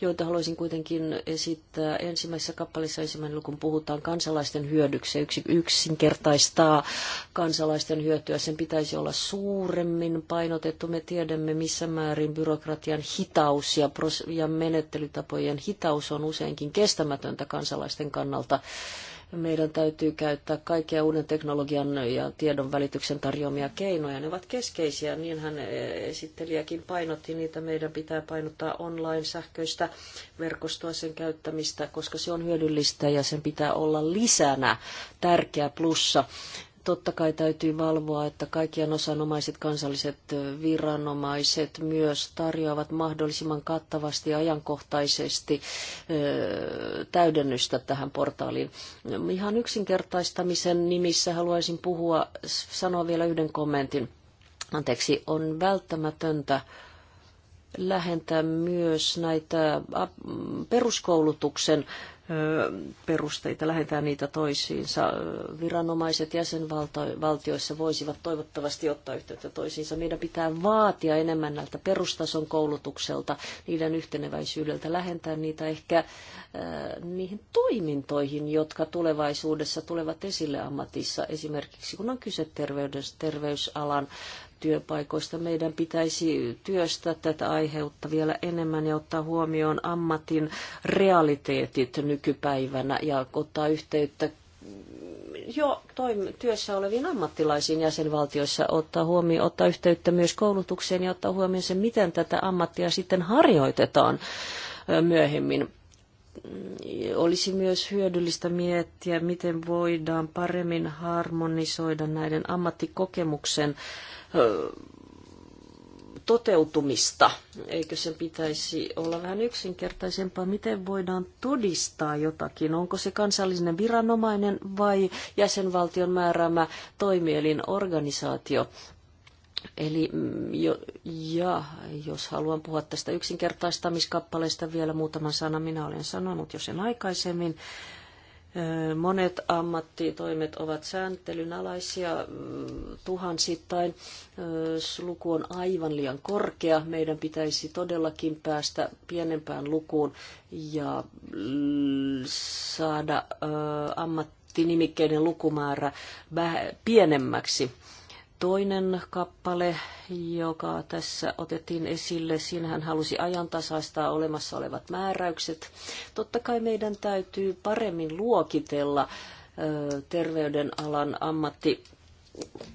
joita haluaisin kuitenkin esittää ensimmäisessä kappaleessa ensimmäinen kun puhutaan kansalaisten hyödyksi. Yksi, yksinkertaistaa kansalaisten hyötyä. Sen pitäisi olla suuremmin painotettu. Me tiedämme, missä määrin byrokratian hitaus ja ja menettelytapojen hitaus on useinkin kestämätöntä kansalaisten kannalta. Meidän täytyy käyttää kaikkia uuden teknologian ja tiedon välityksen tarjoamia keinoja. Ne ovat keskeisiä, hän esittelijäkin painotti niitä. Meidän pitää painottaa online-sähköistä verkostoa, sen käyttämistä, koska se on hyödyllistä ja sen pitää olla lisänä tärkeä plussa Totta kai täytyy valvoa, että kaikkien osanomaiset kansalliset viranomaiset myös tarjoavat mahdollisimman kattavasti ja ajankohtaisesti täydennystä tähän portaaliin. Ihan yksinkertaistamisen nimissä haluaisin puhua, sanoa vielä yhden kommentin. Anteeksi, on välttämätöntä lähentää myös näitä peruskoulutuksen perusteita, lähentää niitä toisiinsa. Viranomaiset jäsenvaltioissa voisivat toivottavasti ottaa yhteyttä toisiinsa. Meidän pitää vaatia enemmän näiltä perustason koulutukselta, niiden yhteneväisyydeltä, lähentää niitä ehkä niihin toimintoihin, jotka tulevaisuudessa tulevat esille ammatissa. Esimerkiksi kun on kyse terveys, terveysalan työpaikoista. Meidän pitäisi työstää tätä aihetta vielä enemmän ja ottaa huomioon ammatin realiteetit nykypäivänä ja ottaa yhteyttä jo toim- työssä oleviin ammattilaisiin jäsenvaltioissa ottaa huomioon, ottaa yhteyttä myös koulutukseen ja ottaa huomioon sen, miten tätä ammattia sitten harjoitetaan myöhemmin. Olisi myös hyödyllistä miettiä, miten voidaan paremmin harmonisoida näiden ammattikokemuksen äh, toteutumista. Eikö sen pitäisi olla vähän yksinkertaisempaa? Miten voidaan todistaa jotakin? Onko se kansallinen viranomainen vai jäsenvaltion määräämä toimielin organisaatio? Eli mm, jo, ja jos haluan puhua tästä yksinkertaistamiskappaleesta vielä muutaman sanan, minä olen sanonut jo sen aikaisemmin. Äh, Monet ammattitoimet ovat sääntelyn alaisia mm, tuhansittain. Luku on aivan liian korkea. Meidän pitäisi todellakin päästä pienempään lukuun ja mm, saada ammattinimikkeiden lukumäärä pienemmäksi toinen kappale, joka tässä otettiin esille, siinä hän halusi ajantasaistaa olemassa olevat määräykset. Totta kai meidän täytyy paremmin luokitella terveydenalan ammatti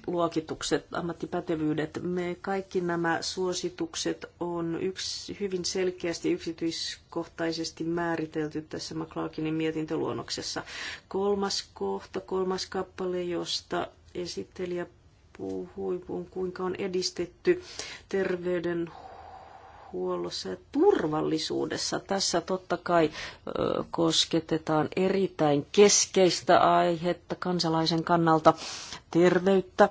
luokitukset, ammattipätevyydet. Me kaikki nämä suositukset on yksi, hyvin selkeästi yksityiskohtaisesti määritelty tässä McClarkinin mietintöluonnoksessa. Kolmas kohta, kolmas kappale, josta esittelijä huipuun, kuinka on edistetty terveydenhuollossa ja turvallisuudessa. Tässä totta kai kosketetaan erittäin keskeistä aihetta kansalaisen kannalta terveyttä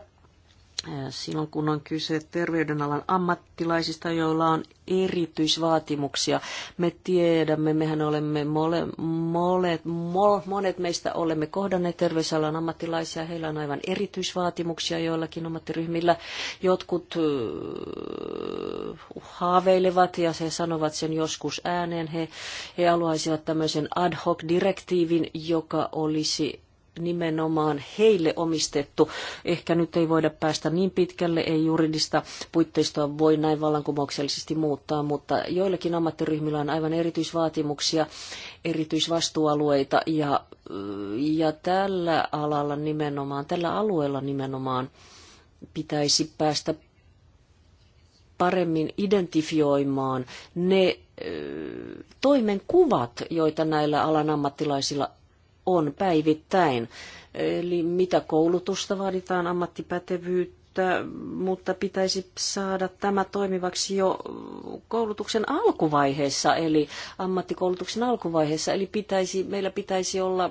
silloin kun on kyse terveydenalan ammattilaisista, joilla on erityisvaatimuksia. Me tiedämme, mehän olemme mole, mole, mol, monet meistä olemme kohdanneet terveysalan ammattilaisia, heillä on aivan erityisvaatimuksia joillakin ammattiryhmillä. Jotkut uh, haaveilevat ja he sanovat sen joskus ääneen. He, he haluaisivat tämmöisen ad hoc direktiivin, joka olisi nimenomaan heille omistettu. Ehkä nyt ei voida päästä niin pitkälle, ei juridista puitteistoa voi näin vallankumouksellisesti muuttaa, mutta joillakin ammattiryhmillä on aivan erityisvaatimuksia, erityisvastuualueita ja, ja tällä alalla nimenomaan, tällä alueella nimenomaan pitäisi päästä paremmin identifioimaan ne toimenkuvat, joita näillä alan ammattilaisilla on päivittäin. Eli mitä koulutusta vaaditaan, ammattipätevyyttä, mutta pitäisi saada tämä toimivaksi jo koulutuksen alkuvaiheessa, eli ammattikoulutuksen alkuvaiheessa. Eli pitäisi, meillä pitäisi olla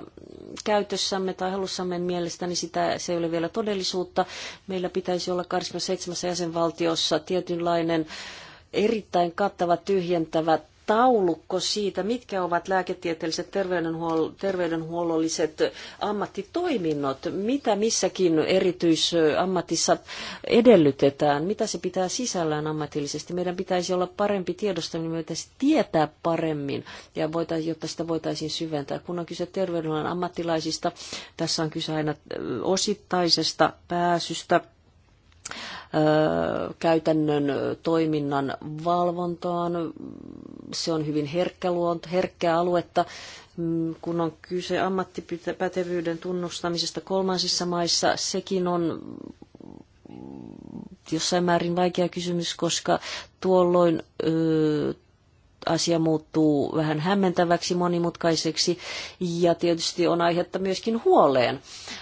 käytössämme tai halussamme mielestäni sitä, se ei ole vielä todellisuutta. Meillä pitäisi olla 27 jäsenvaltiossa tietynlainen erittäin kattava tyhjentävä taulukko siitä, mitkä ovat lääketieteelliset terveydenhuol- terveydenhuollolliset ammattitoiminnot, mitä missäkin erityisammatissa edellytetään, mitä se pitää sisällään ammatillisesti. Meidän pitäisi olla parempi tiedostaminen, niin me pitäisi tietää paremmin, ja voitaisiin, jotta sitä voitaisiin syventää. Kun on kyse terveydenhuollon ammattilaisista, tässä on kyse aina osittaisesta pääsystä käytännön toiminnan valvontaan. Se on hyvin herkkä luonto, herkkää aluetta, mm, kun on kyse ammattipätevyyden tunnustamisesta kolmansissa maissa. Sekin on jossain määrin vaikea kysymys, koska tuolloin ö, asia muuttuu vähän hämmentäväksi, monimutkaiseksi ja tietysti on aihetta myöskin huoleen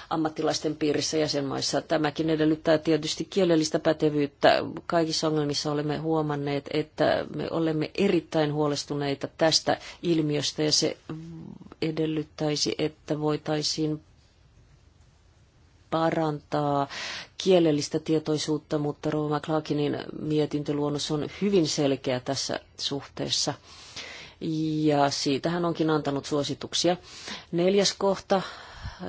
ammattilaisten piirissä jäsenmaissa. Tämäkin edellyttää tietysti kielellistä pätevyyttä. Kaikissa ongelmissa olemme huomanneet, että me olemme erittäin huolestuneita tästä ilmiöstä ja se edellyttäisi, että voitaisiin parantaa kielellistä tietoisuutta, mutta Rova McLaughlinin mietintöluonnos on hyvin selkeä tässä suhteessa. Ja siitä hän onkin antanut suosituksia. Neljäs kohta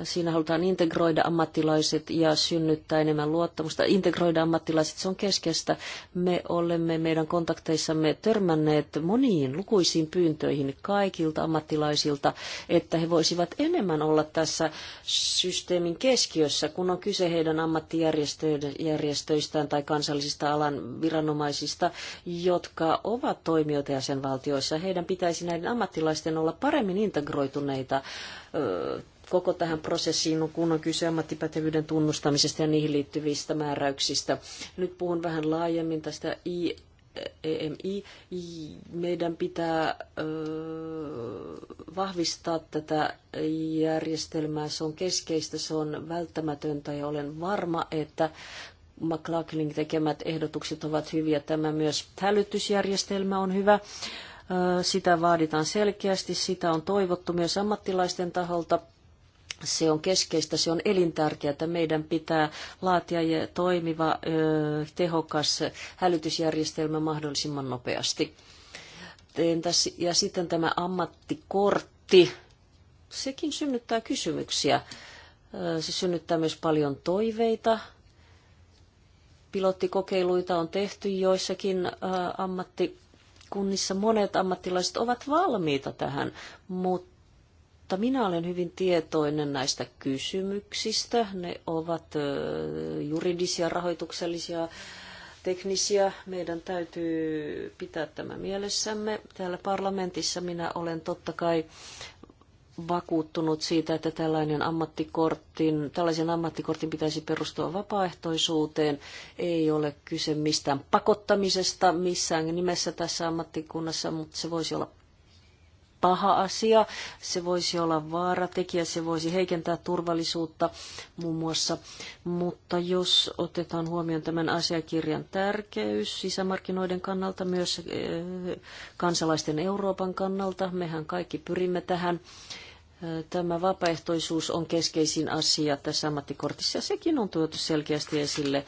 Siinä halutaan integroida ammattilaiset ja synnyttää enemmän luottamusta. Integroida ammattilaiset, se on keskeistä. Me olemme meidän kontakteissamme törmänneet moniin lukuisiin pyyntöihin kaikilta ammattilaisilta, että he voisivat enemmän olla tässä systeemin keskiössä, kun on kyse heidän ammattijärjestöistään tai kansallisista alan viranomaisista, jotka ovat toimijoita jäsenvaltioissa. Heidän pitäisi näiden ammattilaisten olla paremmin integroituneita koko tähän prosessiin, kun on kyse ammattipätevyyden tunnustamisesta ja niihin liittyvistä määräyksistä. Nyt puhun vähän laajemmin tästä I, EMI. Meidän pitää ö, vahvistaa tätä järjestelmää. Se on keskeistä, se on välttämätöntä ja olen varma, että McLaughlin tekemät ehdotukset ovat hyviä. Tämä myös hälytysjärjestelmä on hyvä. Sitä vaaditaan selkeästi, sitä on toivottu myös ammattilaisten taholta se on keskeistä, se on elintärkeää, että meidän pitää laatia ja toimiva, tehokas hälytysjärjestelmä mahdollisimman nopeasti. Entäs, ja sitten tämä ammattikortti, sekin synnyttää kysymyksiä. Se synnyttää myös paljon toiveita. Pilottikokeiluita on tehty joissakin ammattikunnissa. Monet ammattilaiset ovat valmiita tähän, mutta mutta minä olen hyvin tietoinen näistä kysymyksistä. Ne ovat juridisia, rahoituksellisia, teknisiä. Meidän täytyy pitää tämä mielessämme. Täällä parlamentissa minä olen totta kai vakuuttunut siitä, että tällainen ammattikortin, tällaisen ammattikortin pitäisi perustua vapaaehtoisuuteen. Ei ole kyse mistään pakottamisesta missään nimessä tässä ammattikunnassa, mutta se voisi olla paha asia, se voisi olla vaaratekijä, se voisi heikentää turvallisuutta muun muassa. Mutta jos otetaan huomioon tämän asiakirjan tärkeys sisämarkkinoiden kannalta, myös eh, kansalaisten Euroopan kannalta, mehän kaikki pyrimme tähän. Eh, tämä vapaaehtoisuus on keskeisin asia tässä ammattikortissa ja sekin on tuotu selkeästi esille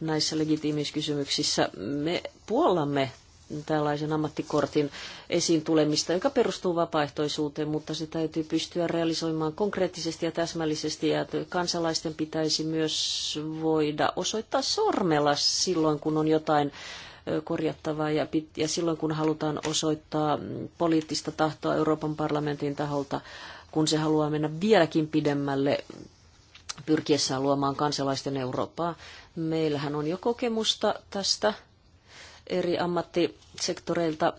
näissä legitiimiskysymyksissä. Me puollamme tällaisen ammattikortin esiin tulemista, joka perustuu vapaaehtoisuuteen, mutta se täytyy pystyä realisoimaan konkreettisesti ja täsmällisesti. Ja kansalaisten pitäisi myös voida osoittaa sormella silloin, kun on jotain korjattavaa ja, ja silloin, kun halutaan osoittaa poliittista tahtoa Euroopan parlamentin taholta, kun se haluaa mennä vieläkin pidemmälle pyrkiessään luomaan kansalaisten Eurooppaa. Meillähän on jo kokemusta tästä eri ammattisektoreilta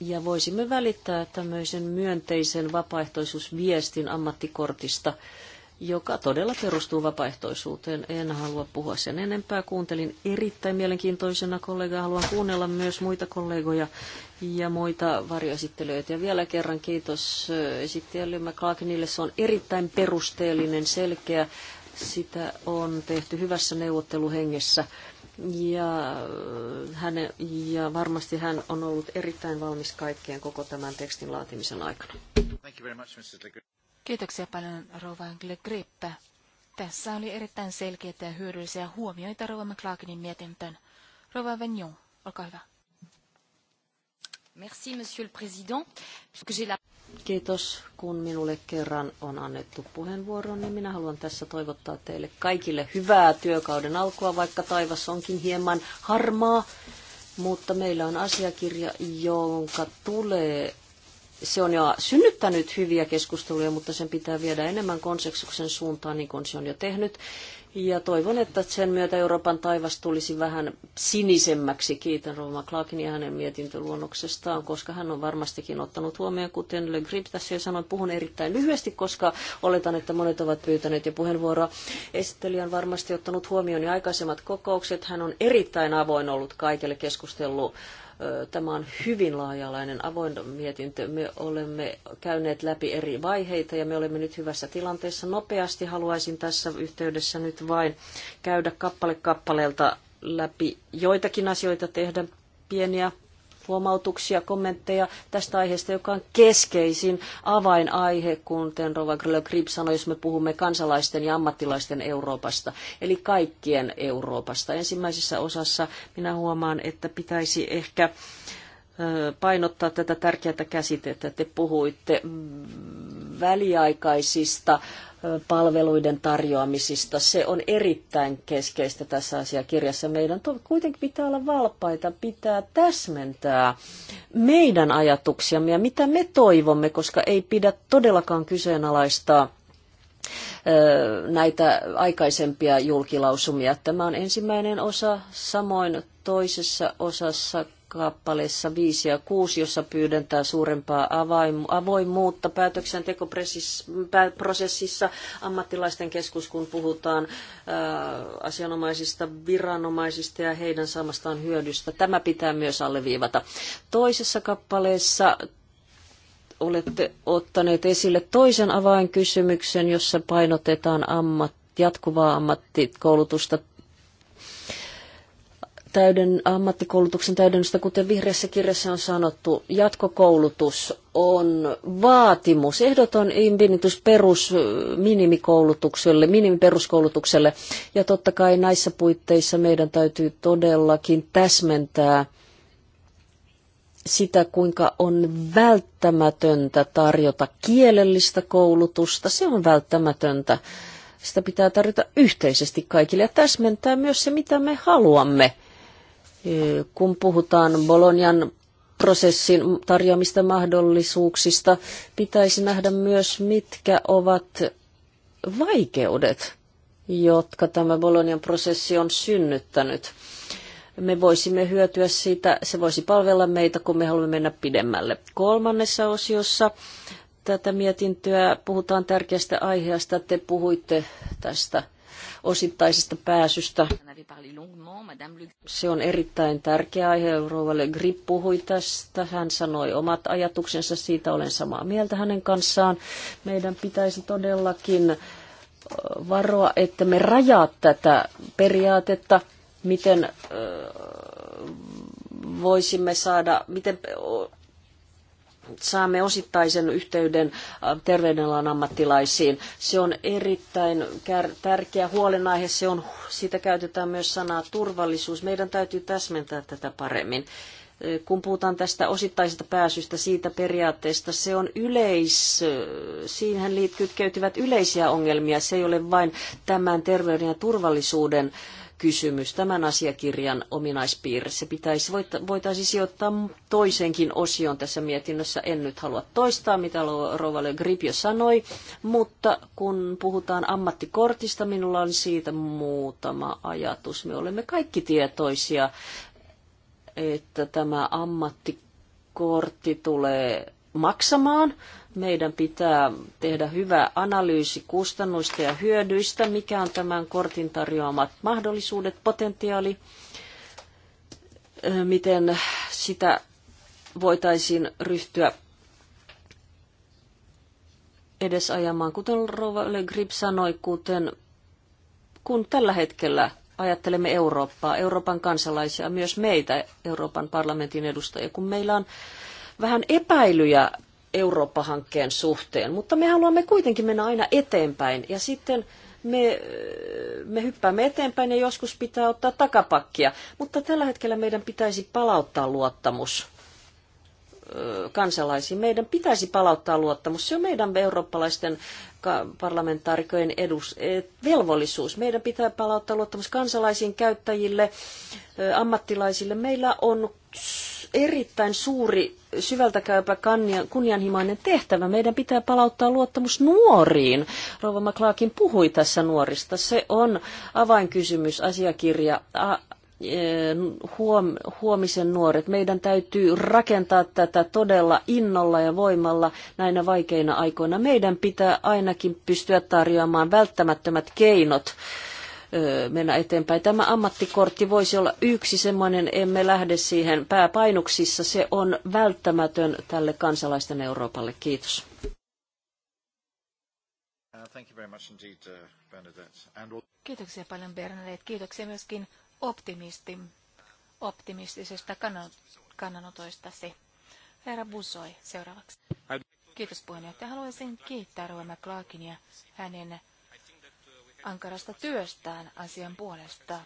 ja voisimme välittää tämmöisen myönteisen vapaaehtoisuusviestin ammattikortista, joka todella perustuu vapaaehtoisuuteen. En halua puhua sen enempää. Kuuntelin erittäin mielenkiintoisena kollegaa. Haluan kuunnella myös muita kollegoja ja muita varjoesittelijöitä. Ja vielä kerran kiitos esittäjälle McClarkinille. Se on erittäin perusteellinen, selkeä. Sitä on tehty hyvässä neuvotteluhengessä. Ja, äh, häne, ja varmasti hän on ollut erittäin valmis kaikkeen koko tämän tekstin laatimisen aikana. Kiitoksia paljon Rova Grippe. Tässä oli erittäin selkeitä ja hyödyllisiä huomioita Rova McLaughlinin mietintöön. Rova Venjon, olkaa hyvä. Merci, monsieur le président. Kiitos, kun minulle kerran on annettu puheenvuoro, niin minä haluan tässä toivottaa teille kaikille hyvää työkauden alkua, vaikka taivas onkin hieman harmaa, mutta meillä on asiakirja, jonka tulee se on jo synnyttänyt hyviä keskusteluja, mutta sen pitää viedä enemmän konseksuksen suuntaan, niin kuin se on jo tehnyt. Ja toivon, että sen myötä Euroopan taivas tulisi vähän sinisemmäksi. Kiitän rouva Clarkin ja hänen mietintöluonnoksestaan, koska hän on varmastikin ottanut huomioon, kuten Le Grip tässä jo sanoi, puhun erittäin lyhyesti, koska oletan, että monet ovat pyytäneet jo puheenvuoroa. Esittelijä on varmasti ottanut huomioon jo aikaisemmat kokoukset. Hän on erittäin avoin ollut kaikille keskustellut Tämä on hyvin laajalainen avoin mietintö. Me olemme käyneet läpi eri vaiheita ja me olemme nyt hyvässä tilanteessa. Nopeasti haluaisin tässä yhteydessä nyt vain käydä kappale kappaleelta läpi joitakin asioita, tehdä pieniä huomautuksia, kommentteja tästä aiheesta, joka on keskeisin avainaihe, kuten Rova Grip sanoi, jos me puhumme kansalaisten ja ammattilaisten Euroopasta, eli kaikkien Euroopasta. Ensimmäisessä osassa minä huomaan, että pitäisi ehkä painottaa tätä tärkeää käsitettä. Te puhuitte mm, väliaikaisista palveluiden tarjoamisista. Se on erittäin keskeistä tässä asiakirjassa. Meidän kuitenkin pitää olla valpaita, pitää täsmentää meidän ajatuksiamme ja mitä me toivomme, koska ei pidä todellakaan kyseenalaistaa näitä aikaisempia julkilausumia. Tämä on ensimmäinen osa, samoin toisessa osassa kappaleessa 5 ja 6, jossa pyydentää suurempaa avoimuutta päätöksentekoprosessissa ammattilaisten keskus, kun puhutaan äh, asianomaisista viranomaisista ja heidän saamastaan hyödystä. Tämä pitää myös alleviivata. Toisessa kappaleessa olette ottaneet esille toisen avainkysymyksen, jossa painotetaan ammat, jatkuvaa ammattikoulutusta täyden, ammattikoulutuksen täydennystä, kuten vihreässä kirjassa on sanottu, jatkokoulutus on vaatimus, ehdoton invinitus perus minimikoulutukselle, minimiperuskoulutukselle. Ja totta kai näissä puitteissa meidän täytyy todellakin täsmentää sitä, kuinka on välttämätöntä tarjota kielellistä koulutusta. Se on välttämätöntä sitä pitää tarjota yhteisesti kaikille ja täsmentää myös se, mitä me haluamme kun puhutaan Bolonian prosessin tarjoamista mahdollisuuksista, pitäisi nähdä myös, mitkä ovat vaikeudet, jotka tämä Bolonian prosessi on synnyttänyt. Me voisimme hyötyä siitä, se voisi palvella meitä, kun me haluamme mennä pidemmälle. Kolmannessa osiossa tätä mietintöä puhutaan tärkeästä aiheesta. Te puhuitte tästä osittaisesta pääsystä. Se on erittäin tärkeä aihe. Le Grip puhui tästä. Hän sanoi omat ajatuksensa. Siitä olen samaa mieltä hänen kanssaan. Meidän pitäisi todellakin varoa, että me rajaa tätä periaatetta, miten voisimme saada, miten saamme osittaisen yhteyden terveydenalan ammattilaisiin. Se on erittäin tärkeä huolenaihe. Se on, siitä käytetään myös sanaa turvallisuus. Meidän täytyy täsmentää tätä paremmin kun puhutaan tästä osittaisesta pääsystä, siitä periaatteesta, se on yleis, siihen kytkeytyvät yleisiä ongelmia. Se ei ole vain tämän terveyden ja turvallisuuden äh, kysymys, tämän asiakirjan ominaispiirre. Se pitäisi, voitaisiin sijoittaa toisenkin osion tässä mietinnössä. En nyt halua toistaa, mitä Rouva Le Grip jo sanoi, mutta kun puhutaan ammattikortista, minulla on siitä muutama ajatus. Me olemme kaikki tietoisia, että tämä ammattikortti tulee maksamaan meidän pitää tehdä hyvä analyysi kustannuista ja hyödyistä, mikä on tämän kortin tarjoamat mahdollisuudet, potentiaali, miten sitä voitaisiin ryhtyä edesajamaan. Kuten Rova Le Grip sanoi, kuten kun tällä hetkellä ajattelemme Eurooppaa, Euroopan kansalaisia, myös meitä, Euroopan parlamentin edustajia, kun meillä on vähän epäilyjä Eurooppa-hankkeen suhteen, mutta me haluamme kuitenkin mennä aina eteenpäin ja sitten me, me hyppäämme eteenpäin ja joskus pitää ottaa takapakkia, mutta tällä hetkellä meidän pitäisi palauttaa luottamus kansalaisiin. Meidän pitäisi palauttaa luottamus. Se on meidän eurooppalaisten parlamentaarikojen edus, e, velvollisuus. Meidän pitää palauttaa luottamus kansalaisiin, käyttäjille, ammattilaisille. Meillä on erittäin suuri, syvältä käypä kunnianhimoinen tehtävä. Meidän pitää palauttaa luottamus nuoriin. Rova McLaakin puhui tässä nuorista. Se on avainkysymys, asiakirja, a, e, huom, huomisen nuoret. Meidän täytyy rakentaa tätä todella innolla ja voimalla näinä vaikeina aikoina. Meidän pitää ainakin pystyä tarjoamaan välttämättömät keinot mennä eteenpäin. Tämä ammattikortti voisi olla yksi semmoinen, emme lähde siihen pääpainoksissa Se on välttämätön tälle kansalaisten Euroopalle. Kiitos. Uh, uh, Kiitoksia paljon Bernadette. Kiitoksia myöskin optimisti, optimistisesta kannanotoistasi. Herra Busoi seuraavaksi. Kiitos puheenjohtaja. Haluaisin kiittää Roema Clarkin ja hänen ankarasta työstään asian puolesta.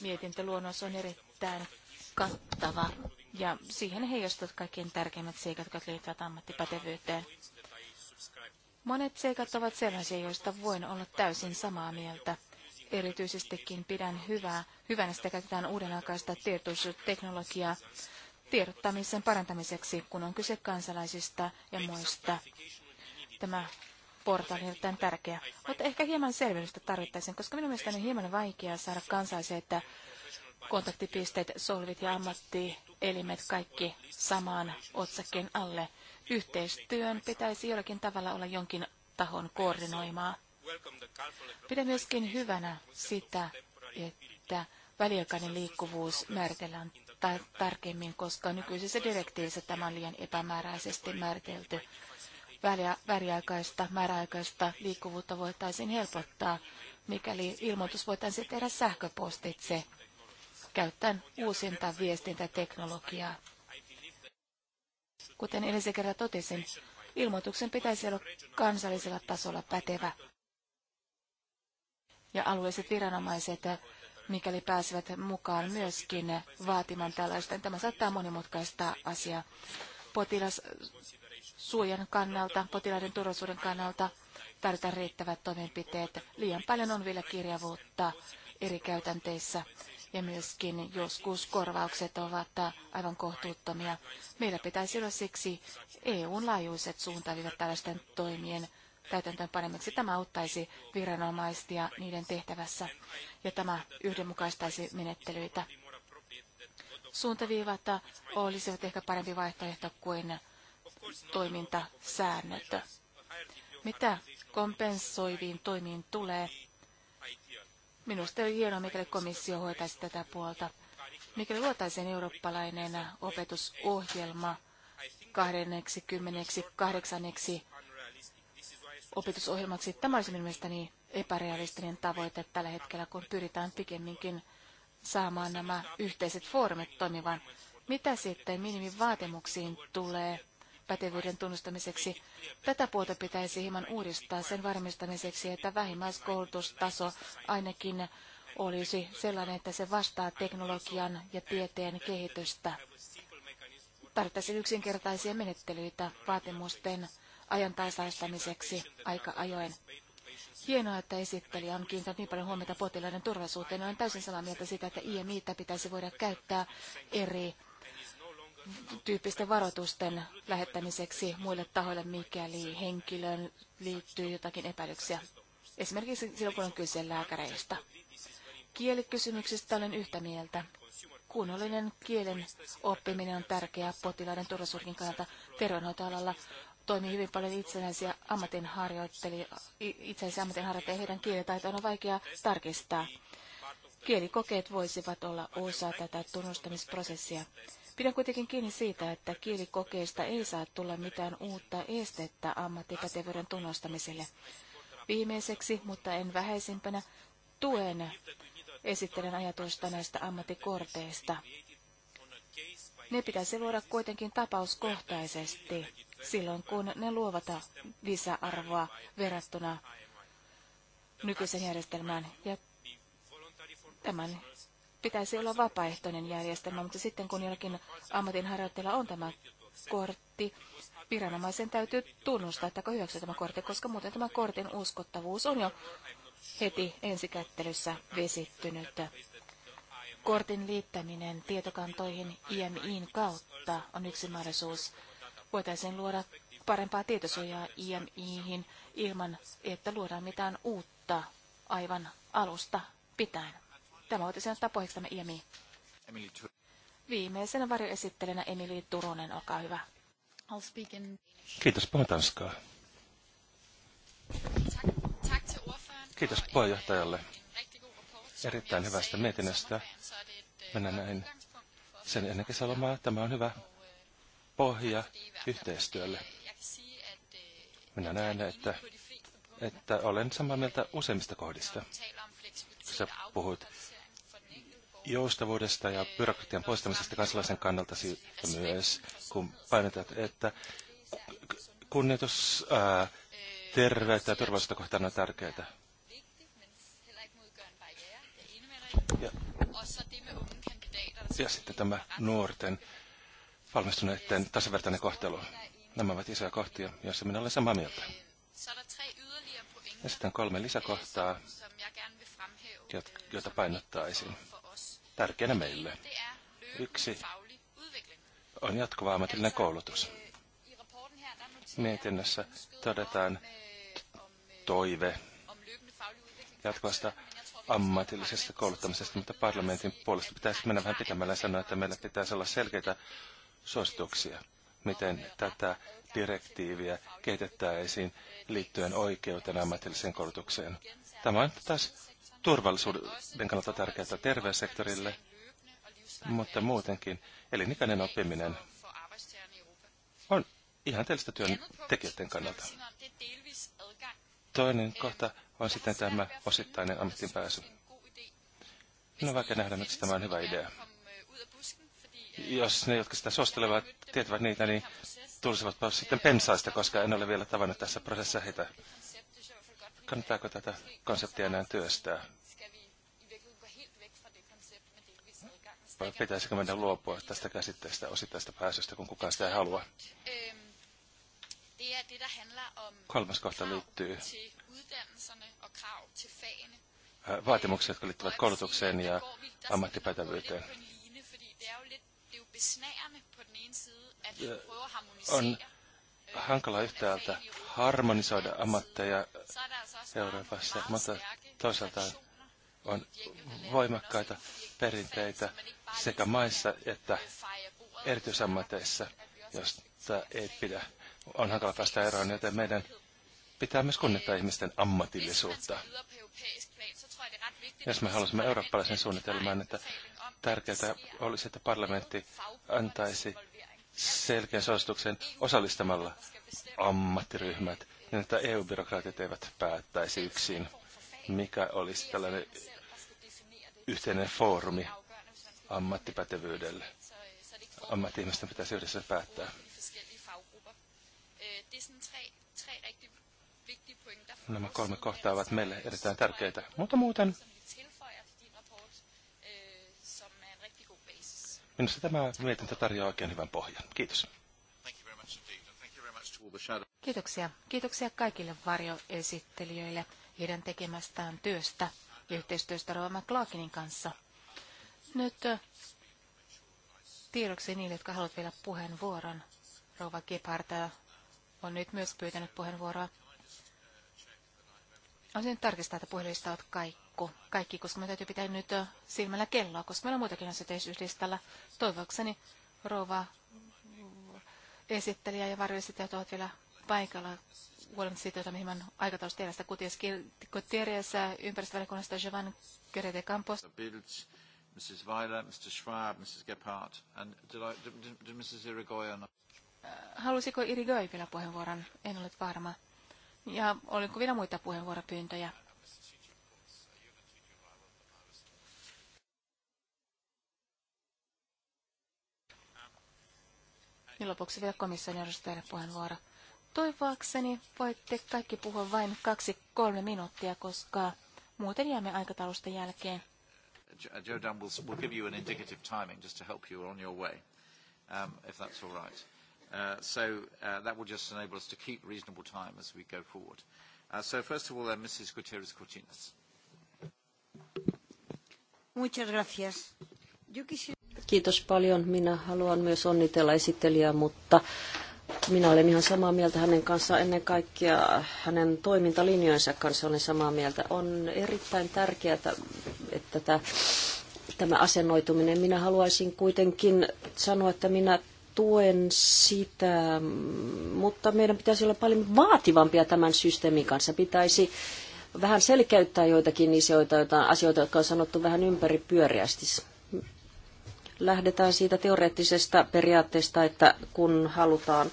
Mietintöluonnos on erittäin kattava ja siihen heijastuvat kaikkein tärkeimmät seikat, jotka liittyvät ammattipätevyyteen. Monet seikat ovat sellaisia, joista voin olla täysin samaa mieltä. Erityisestikin pidän hyvää, hyvänä sitä käytetään uudenaikaista tietoteknologiaa tiedottamisen parantamiseksi, kun on kyse kansalaisista ja muista. Tämä portaali on erittäin tärkeä. Mutta ehkä hieman selvennystä tarvittaisiin, koska minun mielestäni on hieman vaikeaa saada että kontaktipisteet, solvit ja ammattielimet kaikki samaan otsakkeen alle. Yhteistyön pitäisi jollakin tavalla olla jonkin tahon koordinoimaa. Pidän myöskin hyvänä sitä, että väliaikainen liikkuvuus määritellään tarkemmin, koska nykyisessä direktiivissä tämä on liian epämääräisesti määritelty väliaikaista, määräaikaista liikkuvuutta voitaisiin helpottaa, mikäli ilmoitus voitaisiin tehdä sähköpostitse käyttäen uusinta viestintäteknologiaa. Kuten edellisen kerran totesin, ilmoituksen pitäisi olla kansallisella tasolla pätevä. Ja alueelliset viranomaiset, mikäli pääsevät mukaan myöskin vaatimaan tällaista, tämä saattaa monimutkaistaa asiaa. Potilas suojan kannalta, potilaiden turvallisuuden kannalta tarvitaan riittävät toimenpiteet. Liian paljon on vielä kirjavuutta eri käytänteissä ja myöskin joskus korvaukset ovat aivan kohtuuttomia. Meillä pitäisi olla siksi eu laajuiset suuntaavivat tällaisten toimien täytäntöön panemiksi. Tämä auttaisi viranomaisia niiden tehtävässä ja tämä yhdenmukaistaisi menettelyitä. Suuntaviivat olisivat ehkä parempi vaihtoehto kuin toimintasäännöt. Mitä kompensoiviin toimiin tulee? Minusta oli hienoa, mikäli komissio hoitaisi tätä puolta. Mikäli luotaisiin eurooppalainen opetusohjelma 28 opetusohjelmaksi, tämä olisi mielestäni epärealistinen tavoite tällä hetkellä, kun pyritään pikemminkin saamaan nämä yhteiset foorumit toimivan. Mitä sitten minimivaatimuksiin tulee? pätevyyden tunnustamiseksi. Tätä puolta pitäisi hieman uudistaa sen varmistamiseksi, että vähimmäiskoulutustaso ainakin olisi sellainen, että se vastaa teknologian ja tieteen kehitystä. Tarvittaisiin yksinkertaisia menettelyitä vaatimusten ajantasaistamiseksi aika ajoin. Hienoa, että esittelijä on kiinnittänyt niin paljon huomiota potilaiden turvallisuuteen. Olen täysin samaa mieltä siitä, että IMItä pitäisi voida käyttää eri tyyppisten varoitusten lähettämiseksi muille tahoille, mikäli henkilöön liittyy jotakin epäilyksiä. Esimerkiksi silloin, kun on kyse lääkäreistä. Kielikysymyksistä olen yhtä mieltä. Kunnollinen kielen oppiminen on tärkeää potilaiden turvallisuuden kannalta terveydenhoitoalalla. Toimii hyvin paljon itsenäisiä ammatinharjoittelijoita, itsenäisiä ammatinharjoittajia heidän kielitaitoon on vaikea tarkistaa. Kielikokeet voisivat olla osa tätä tunnustamisprosessia. Pidän kuitenkin kiinni siitä, että kielikokeista ei saa tulla mitään uutta estettä ammattipätevyyden tunnustamiselle. Viimeiseksi, mutta en vähäisimpänä, tuen esittelen ajatusta näistä ammattikorteista. Ne pitäisi luoda kuitenkin tapauskohtaisesti silloin, kun ne luovat lisäarvoa verrattuna nykyisen järjestelmään. Ja tämän pitäisi olla vapaaehtoinen järjestelmä, mutta sitten kun jollakin ammatinharjoittajalla on tämä kortti, viranomaisen täytyy tunnustaa, että hyväksyä tämä kortti, koska muuten tämä kortin uskottavuus on jo heti ensikättelyssä vesittynyt. Kortin liittäminen tietokantoihin IMIin kautta on yksi mahdollisuus. Voitaisiin luoda parempaa tietosuojaa IMIihin ilman, että luodaan mitään uutta aivan alusta pitäen. Tämä on ottaa pohjastamme IMI. Emily Viimeisenä varjoesittelijänä Emily Turunen, olkaa hyvä. I'll speak in... Kiitos, puhun tanskaa. Kiitos øh, puheenjohtajalle erittäin hyvästä mietinnöstä. Er øh, Mennään näin sen ennen kesälomaa. Tämä on hyvä øh, pohja yhteistyölle. Minä er näen, että, että olen samaa mieltä useimmista kohdista. Sä puhut joustavuudesta ja byrokratian poistamisesta kansalaisen kannalta siitä myös, kun painotat, että kunnioitus terveyttä ja turvallisuutta kohtaan on tärkeää. Ja, ja sitten tämä nuorten valmistuneiden tasavertainen kohtelu. Nämä ovat isoja kohtia, joissa minä olen samaa mieltä. Ja sitten kolme lisäkohtaa, joita painottaisin tärkeänä meille. Yksi on jatkuva ammatillinen koulutus. Mietinnössä todetaan toive jatkuvasta ammatillisesta kouluttamisesta, mutta parlamentin puolesta pitäisi mennä vähän pitämällä ja sanoa, että meillä pitäisi olla selkeitä suosituksia, miten tätä direktiiviä kehitettäisiin liittyen oikeuteen ammatilliseen koulutukseen. Tämä on taas turvallisuuden kannalta tärkeää terveyssektorille, mutta muutenkin elinikäinen oppiminen on ihan teistä työn tekijöiden kannalta. Toinen kohta on sitten tämä osittainen ammattiin pääsy. No vaikka nähdä, miksi tämä on hyvä idea. Jos ne, jotka sitä suostelevat, tietävät niitä, niin tulisivat sitten pensaista, koska en ole vielä tavannut tässä prosessissa heitä. Kannattaako tätä konseptia enää työstää? Vai pitäisikö meidän luopua tästä käsitteestä osittaista pääsystä, kun kukaan sitä ei halua? Kolmas kohta liittyy äh, vaatimuksia, jotka liittyvät koulutukseen ja ammattipätevyyteen. on hankala yhtäältä harmonisoida ammatteja Euroopassa, mutta toisaalta on voimakkaita perinteitä sekä maissa että erityisammateissa, josta ei pidä. On hankala päästä eroon, joten meidän pitää myös kunnittaa ihmisten ammatillisuutta. Jos me haluaisimme eurooppalaisen suunnitelman, että tärkeää olisi, että parlamentti antaisi selkeän suosituksen osallistamalla ammattiryhmät niin että EU-byrokraatit eivät päättäisi yksin, mikä olisi tällainen yhteinen foorumi ammattipätevyydelle. Ammatti-ihmisten pitäisi yhdessä päättää. Nämä kolme kohtaa ovat meille erittäin tärkeitä, mutta muuten minusta tämä mietintö tarjoaa oikein hyvän pohjan. Kiitos. Kiitoksia. Kiitoksia kaikille varjoesittelijöille heidän tekemästään työstä ja yhteistyöstä Rova McLaughlinin kanssa. Nyt tiedoksi niille, jotka haluavat vielä puheenvuoron. Rova Gebhardt on nyt myös pyytänyt puheenvuoroa. Olisin tarkistaa, että puhelista olet kaikku, kaikki, koska me täytyy pitää nyt silmällä kelloa, koska meillä on muitakin asioita esityslistalla. Toivokseni Rova esittelijä ja varjoesittelijät ovat vielä paikalla huolimatta siitä, että hieman aikataulusta tiedän sitä Gutierrez ympäristövälikunnasta Jovan Görete Campos. Bilds, Mrs. Weiler, Mr. Schwab, Mrs. Gephardt, and did, I, did, did, did Mrs. Irigoyen... Halusiko Irigoy vielä puheenvuoron? En ole varma. Ja oliko vielä muita puheenvuoropyyntöjä? Ja niin lopuksi vielä komission edustajalle puheenvuoro. Toivoakseni voitte kaikki puhua vain kaksi kolme minuuttia, koska muuten jäämme aikataulusta jälkeen. Joe Dunn will, will give you an indicative timing just to help you on your way, um, if that's all right. Uh, so uh, that will just enable us to keep reasonable time as we go forward. Uh, so first of all, then, uh, Mrs. Gutierrez-Cortines. Muchas gracias. Yo quisiera... Kiitos paljon. Minä haluan myös onnitella esittelijää, mutta minä olen ihan samaa mieltä hänen kanssaan ennen kaikkea hänen toimintalinjoinsa kanssa olen samaa mieltä. On erittäin tärkeää, että tämä, tämä asennoituminen. Minä haluaisin kuitenkin sanoa, että minä tuen sitä, mutta meidän pitäisi olla paljon vaativampia tämän systeemin kanssa. Pitäisi vähän selkeyttää joitakin isioita, asioita, jotka on sanottu vähän ympäripyöriästi lähdetään siitä teoreettisesta periaatteesta, että kun halutaan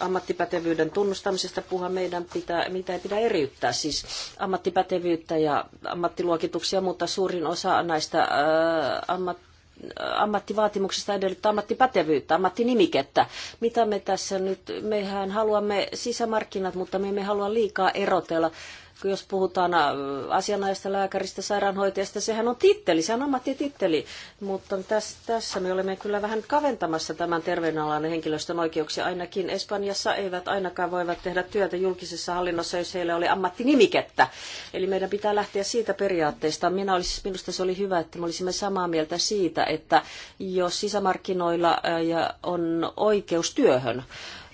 ammattipätevyyden tunnustamisesta puhua, meidän pitää, mitä ei pidä eriyttää, siis ammattipätevyyttä ja ammattiluokituksia, mutta suurin osa näistä ää, ammat, ammattivaatimuksesta edellyttää ammattipätevyyttä, ammattinimikettä. Mitä me tässä nyt, mehän haluamme sisämarkkinat, mutta me emme halua liikaa erotella jos puhutaan äh, asianaista lääkäristä, sairaanhoitajasta, sehän on titteli, sehän on ammattititteli. Mutta tässä, tässä me olemme kyllä vähän kaventamassa tämän terveydenalan henkilöstön oikeuksia. Ainakin Espanjassa eivät ainakaan voivat tehdä työtä julkisessa hallinnossa, jos heillä oli ammattinimikettä. Eli meidän pitää lähteä siitä periaatteesta. Minä olisi, minusta se oli hyvä, että me olisimme samaa mieltä siitä, että jos sisämarkkinoilla äh, on oikeus työhön,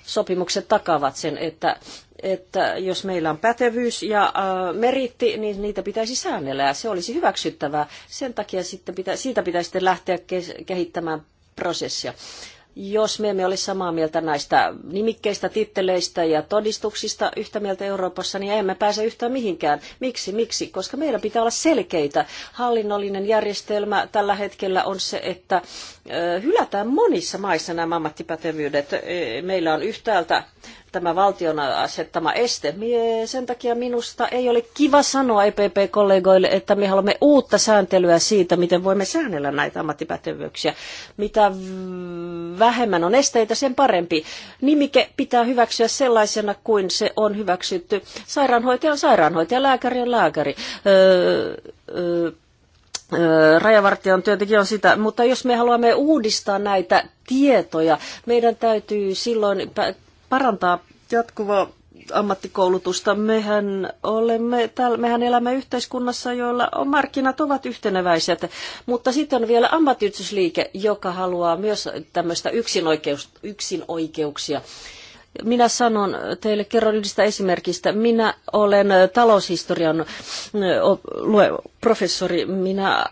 sopimukset takaavat sen, että että jos meillä on pätevyys ja äh, meritti, niin niitä pitäisi säännellä ja se olisi hyväksyttävää. Sen takia sitten pitä, siitä pitäisi sitten lähteä kehittämään prosessia. Jos me emme ole samaa mieltä näistä nimikkeistä, titteleistä ja todistuksista yhtä mieltä Euroopassa, niin emme pääse yhtään mihinkään. Miksi? Miksi? Koska meidän pitää olla selkeitä. Hallinnollinen järjestelmä tällä hetkellä on se, että äh, hylätään monissa maissa nämä ammattipätevyydet. Äh, meillä on yhtäältä tämä valtion asettama este. Mie, sen takia minusta ei ole kiva sanoa EPP-kollegoille, että me haluamme uutta sääntelyä siitä, miten voimme säännellä näitä ammattipätevyyksiä. Mitä vähemmän on esteitä, sen parempi. Nimike pitää hyväksyä sellaisena kuin se on hyväksytty. Sairaanhoitaja on sairaanhoitaja, lääkäri on lääkäri. Öö, öö, rajavartijan työntekijä on sitä, mutta jos me haluamme uudistaa näitä tietoja, meidän täytyy silloin parantaa jatkuvaa ammattikoulutusta. Mehän, olemme, täällä, mehän elämme yhteiskunnassa, joilla on, markkinat ovat yhteneväiset, mutta sitten on vielä ammattiyhdistysliike, joka haluaa myös tämmöistä yksinoikeus, yksinoikeuksia. Minä sanon teille, kerron yhdestä esimerkistä. Minä olen taloushistorian professori. Minä,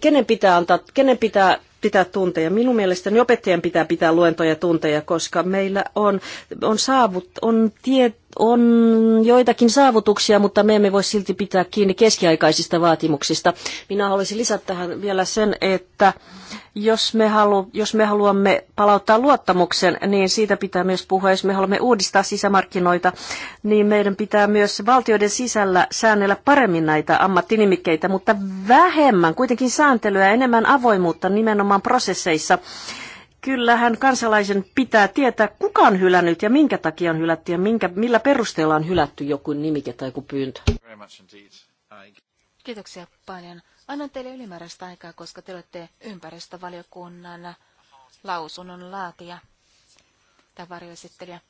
kenen pitää antaa, kenen pitää pitää tunteja. Minun mielestäni opettajan pitää pitää luentoja tunteja, koska meillä on, on, saavut, on tie, on joitakin saavutuksia, mutta me emme voi silti pitää kiinni keskiaikaisista vaatimuksista. Minä haluaisin lisätä tähän vielä sen, että jos me, halu, jos me haluamme palauttaa luottamuksen, niin siitä pitää myös puhua. Jos me haluamme uudistaa sisämarkkinoita, niin meidän pitää myös valtioiden sisällä säännellä paremmin näitä ammattinimikkeitä, mutta vähemmän kuitenkin sääntelyä, enemmän avoimuutta nimenomaan prosesseissa kyllähän kansalaisen pitää tietää, kuka on hylännyt ja minkä takia on hylätty ja minkä, millä perusteella on hylätty joku nimike tai joku pyyntö. Kiitoksia paljon. Annan teille ylimääräistä aikaa, koska te olette ympäristövaliokunnan lausunnon laatija tai varjoesittelijä.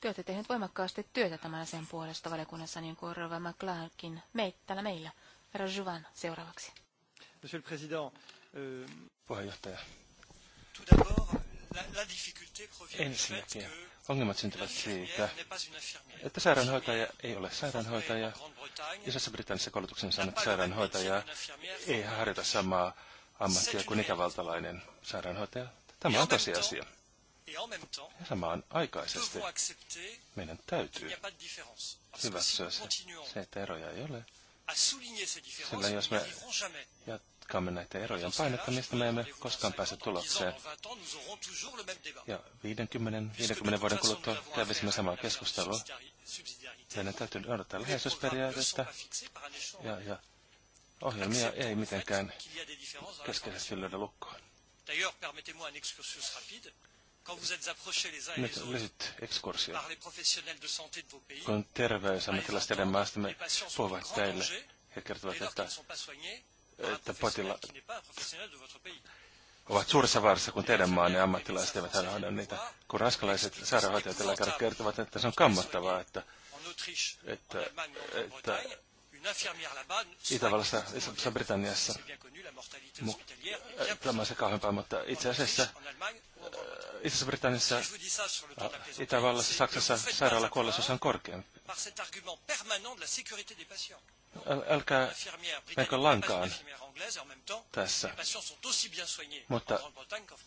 Te olette tehneet voimakkaasti työtä tämän sen puolesta valiokunnassa, niin kuin Rova McClarkin meittällä meillä. Rajuvan seuraavaksi. Monsieur le Président, euh... puheenjohtaja. Ensinnäkin ongelmat syntyvät siitä, että sairaanhoitaja ei ole sairaanhoitaja. Isossa Britannissa koulutuksen saanut sairaanhoitaja ei harjoita samaa ammattia kuin ikävaltalainen sairaanhoitaja. Tämä on tosiasia. Ja samaan aikaisesti meidän täytyy hyväksyä se, se, että eroja ei ole. Sillä jos me jatkamme näitä erojen painottamista, me emme koskaan pääse tulokseen. Ja 50, 50 vuoden kuluttua kävisimme samaa keskustelua. Meidän täytyy odottaa läheisyysperiaatetta ja, ja ohjelmia ei mitenkään keskeisesti löydä lukkoon. D'ailleurs, permettez-moi Quand vous êtes approchés les uns et les autres par les professionnels de santé de vos pays, kun terveysammattilaisten maastamme puhuvat teille, he kertovat, että että potilaat ovat suuressa vaarassa, kun teidän maanne ammattilaiset eivät halua niitä. Kun ranskalaiset sairaanhoitajat ja lääkärit kertovat, että se on kammottavaa, että, että, että Itävallassa, Isossa Britanniassa. Mu- äh, tämä on se kauheampaa, mutta itse asiassa äh, Isossa Britanniassa, äh, Itävallassa, Saksassa sairaalakuolleisuus on korkeampi äl, älkää menkö lankaan tässä. Mutta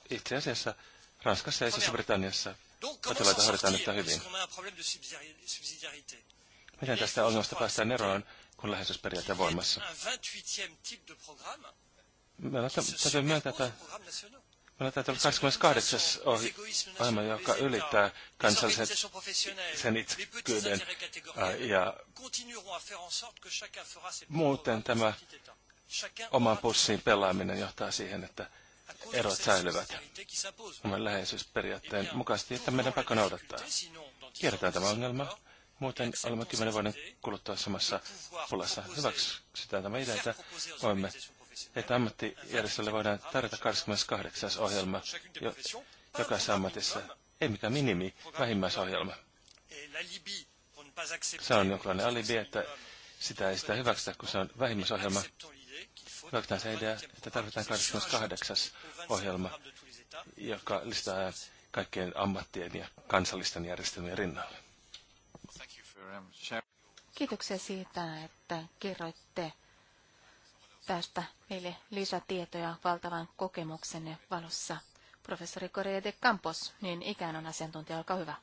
itse asiassa Ranskassa ja Isossa Britanniassa potilaita hoidetaan nyt hyvin. Miten tästä ongelmasta päästään eroon, kun läheisyysperiaate on voimassa? Meillä täytyy myöntää, että Meillä täytyy olla 28. ohjelma, joka ylittää kansallisen sen itsekyyden. Ja muuten tämä oman pussiin pelaaminen johtaa siihen, että erot säilyvät oman läheisyysperiaatteen mukaisesti, että meidän pakko noudattaa. Tiedetään tämä ongelma. Muuten olemme kymmenen vuoden kuluttua samassa pulassa. Hyväksytään tämä idea, että voimme että ammattijärjestölle voidaan tarjota 28. ohjelma jo, jokaisessa ammatissa. Ei mikään minimi, vähimmäisohjelma. Se on jonkinlainen alibi, että sitä ei sitä hyväksytä, kun se on vähimmäisohjelma. Hyväksytään se idea, että tarvitaan 28. ohjelma, joka listaa kaikkien ammattien ja kansallisten järjestelmien rinnalle. Kiitoksia siitä, että kerroitte tästä meille lisätietoja valtavan kokemuksenne valossa. Professori Correa de Campos, niin ikään on asiantuntija, olkaa hyvä.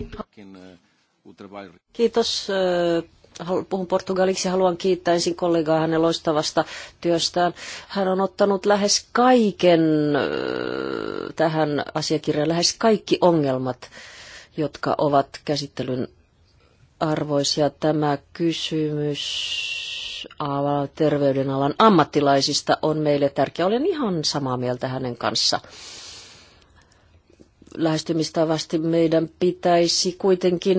Eh, Kiitos. Eh, puhun portugaliksi ja haluan kiittää ensin kollegaa hänen loistavasta työstään. Hän on ottanut lähes kaiken eh, tähän asiakirjaan, lähes kaikki ongelmat jotka ovat käsittelyn arvoisia. Tämä kysymys terveydenalan ammattilaisista on meille tärkeä. Olen ihan samaa mieltä hänen kanssa. Lähestymistavasti meidän pitäisi kuitenkin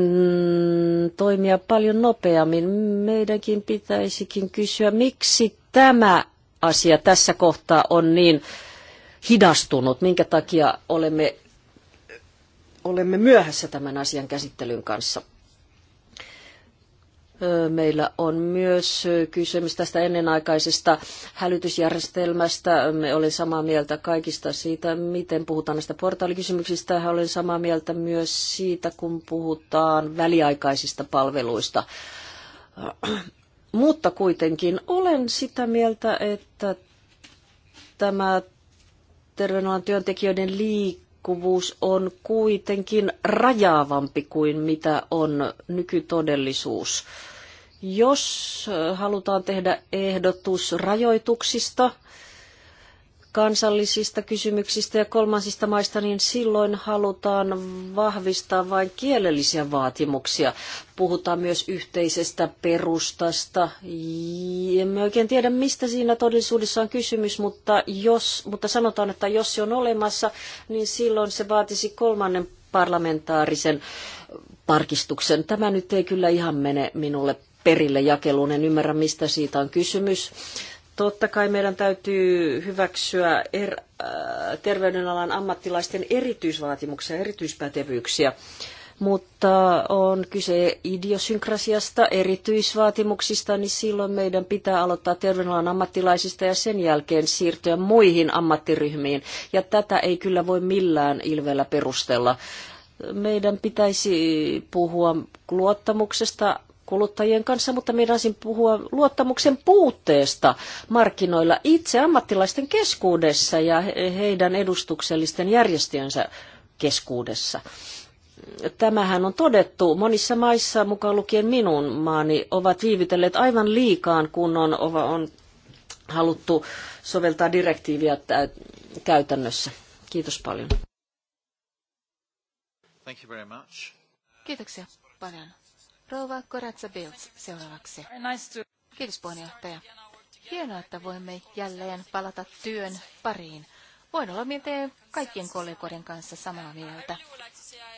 toimia paljon nopeammin. Meidänkin pitäisikin kysyä, miksi tämä asia tässä kohtaa on niin hidastunut, minkä takia olemme olemme myöhässä tämän asian käsittelyn kanssa. Meillä on myös kysymys tästä ennenaikaisesta hälytysjärjestelmästä. Me olen samaa mieltä kaikista siitä, miten puhutaan näistä portaalikysymyksistä. Olen samaa mieltä myös siitä, kun puhutaan väliaikaisista palveluista. Mutta kuitenkin olen sitä mieltä, että tämä terveydenhuollon työntekijöiden liikkeelle liikkuvuus on kuitenkin rajaavampi kuin mitä on nykytodellisuus. Jos äh, halutaan tehdä ehdotus rajoituksista, kansallisista kysymyksistä ja kolmansista maista, niin silloin halutaan vahvistaa vain kielellisiä vaatimuksia. Puhutaan myös yhteisestä perustasta. Emme oikein tiedä, mistä siinä todellisuudessa on kysymys, mutta, jos, mutta sanotaan, että jos se on olemassa, niin silloin se vaatisi kolmannen parlamentaarisen tarkistuksen. Tämä nyt ei kyllä ihan mene minulle perille jakeluun. En ymmärrä, mistä siitä on kysymys. Totta kai meidän täytyy hyväksyä er, äh, terveydenalan ammattilaisten erityisvaatimuksia, erityispätevyyksiä, mutta on kyse idiosynkrasiasta, erityisvaatimuksista, niin silloin meidän pitää aloittaa terveydenalan ammattilaisista ja sen jälkeen siirtyä muihin ammattiryhmiin. Ja tätä ei kyllä voi millään ilveellä perustella meidän pitäisi puhua luottamuksesta kuluttajien kanssa, mutta meidän puhua luottamuksen puutteesta markkinoilla itse ammattilaisten keskuudessa ja heidän edustuksellisten järjestöjensä keskuudessa. Tämähän on todettu. Monissa maissa, mukaan lukien minun maani, ovat viivitelleet aivan liikaan, kun on, on haluttu soveltaa direktiiviä käytännössä. Kiitos paljon. Kiitoksia paljon. Rouva Koratsa Bills seuraavaksi. Kiitos puheenjohtaja. Hienoa, että voimme jälleen palata työn pariin. Voin olla miltei kaikkien kollegoiden kanssa samaa mieltä.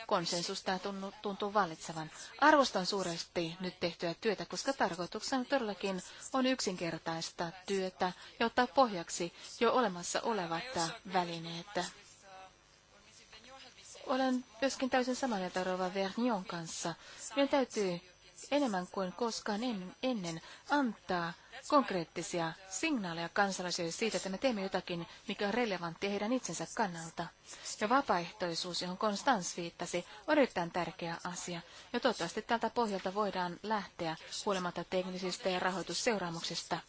Konsensus tämä tuntuu vallitsevan. Arvostan suuresti nyt tehtyä työtä, koska tarkoituksena todellakin on yksinkertaistaa työtä ja ottaa pohjaksi jo olemassa olevat välineet olen myöskin täysin samaa mieltä Rova Vernion kanssa. Meidän täytyy enemmän kuin koskaan ennen antaa konkreettisia signaaleja kansalaisille siitä, että me teemme jotakin, mikä on relevanttia heidän itsensä kannalta. Ja vapaaehtoisuus, johon Konstans viittasi, on erittäin tärkeä asia. Ja toivottavasti tältä pohjalta voidaan lähteä huolimatta teknisistä ja rahoitusseuraamuksista.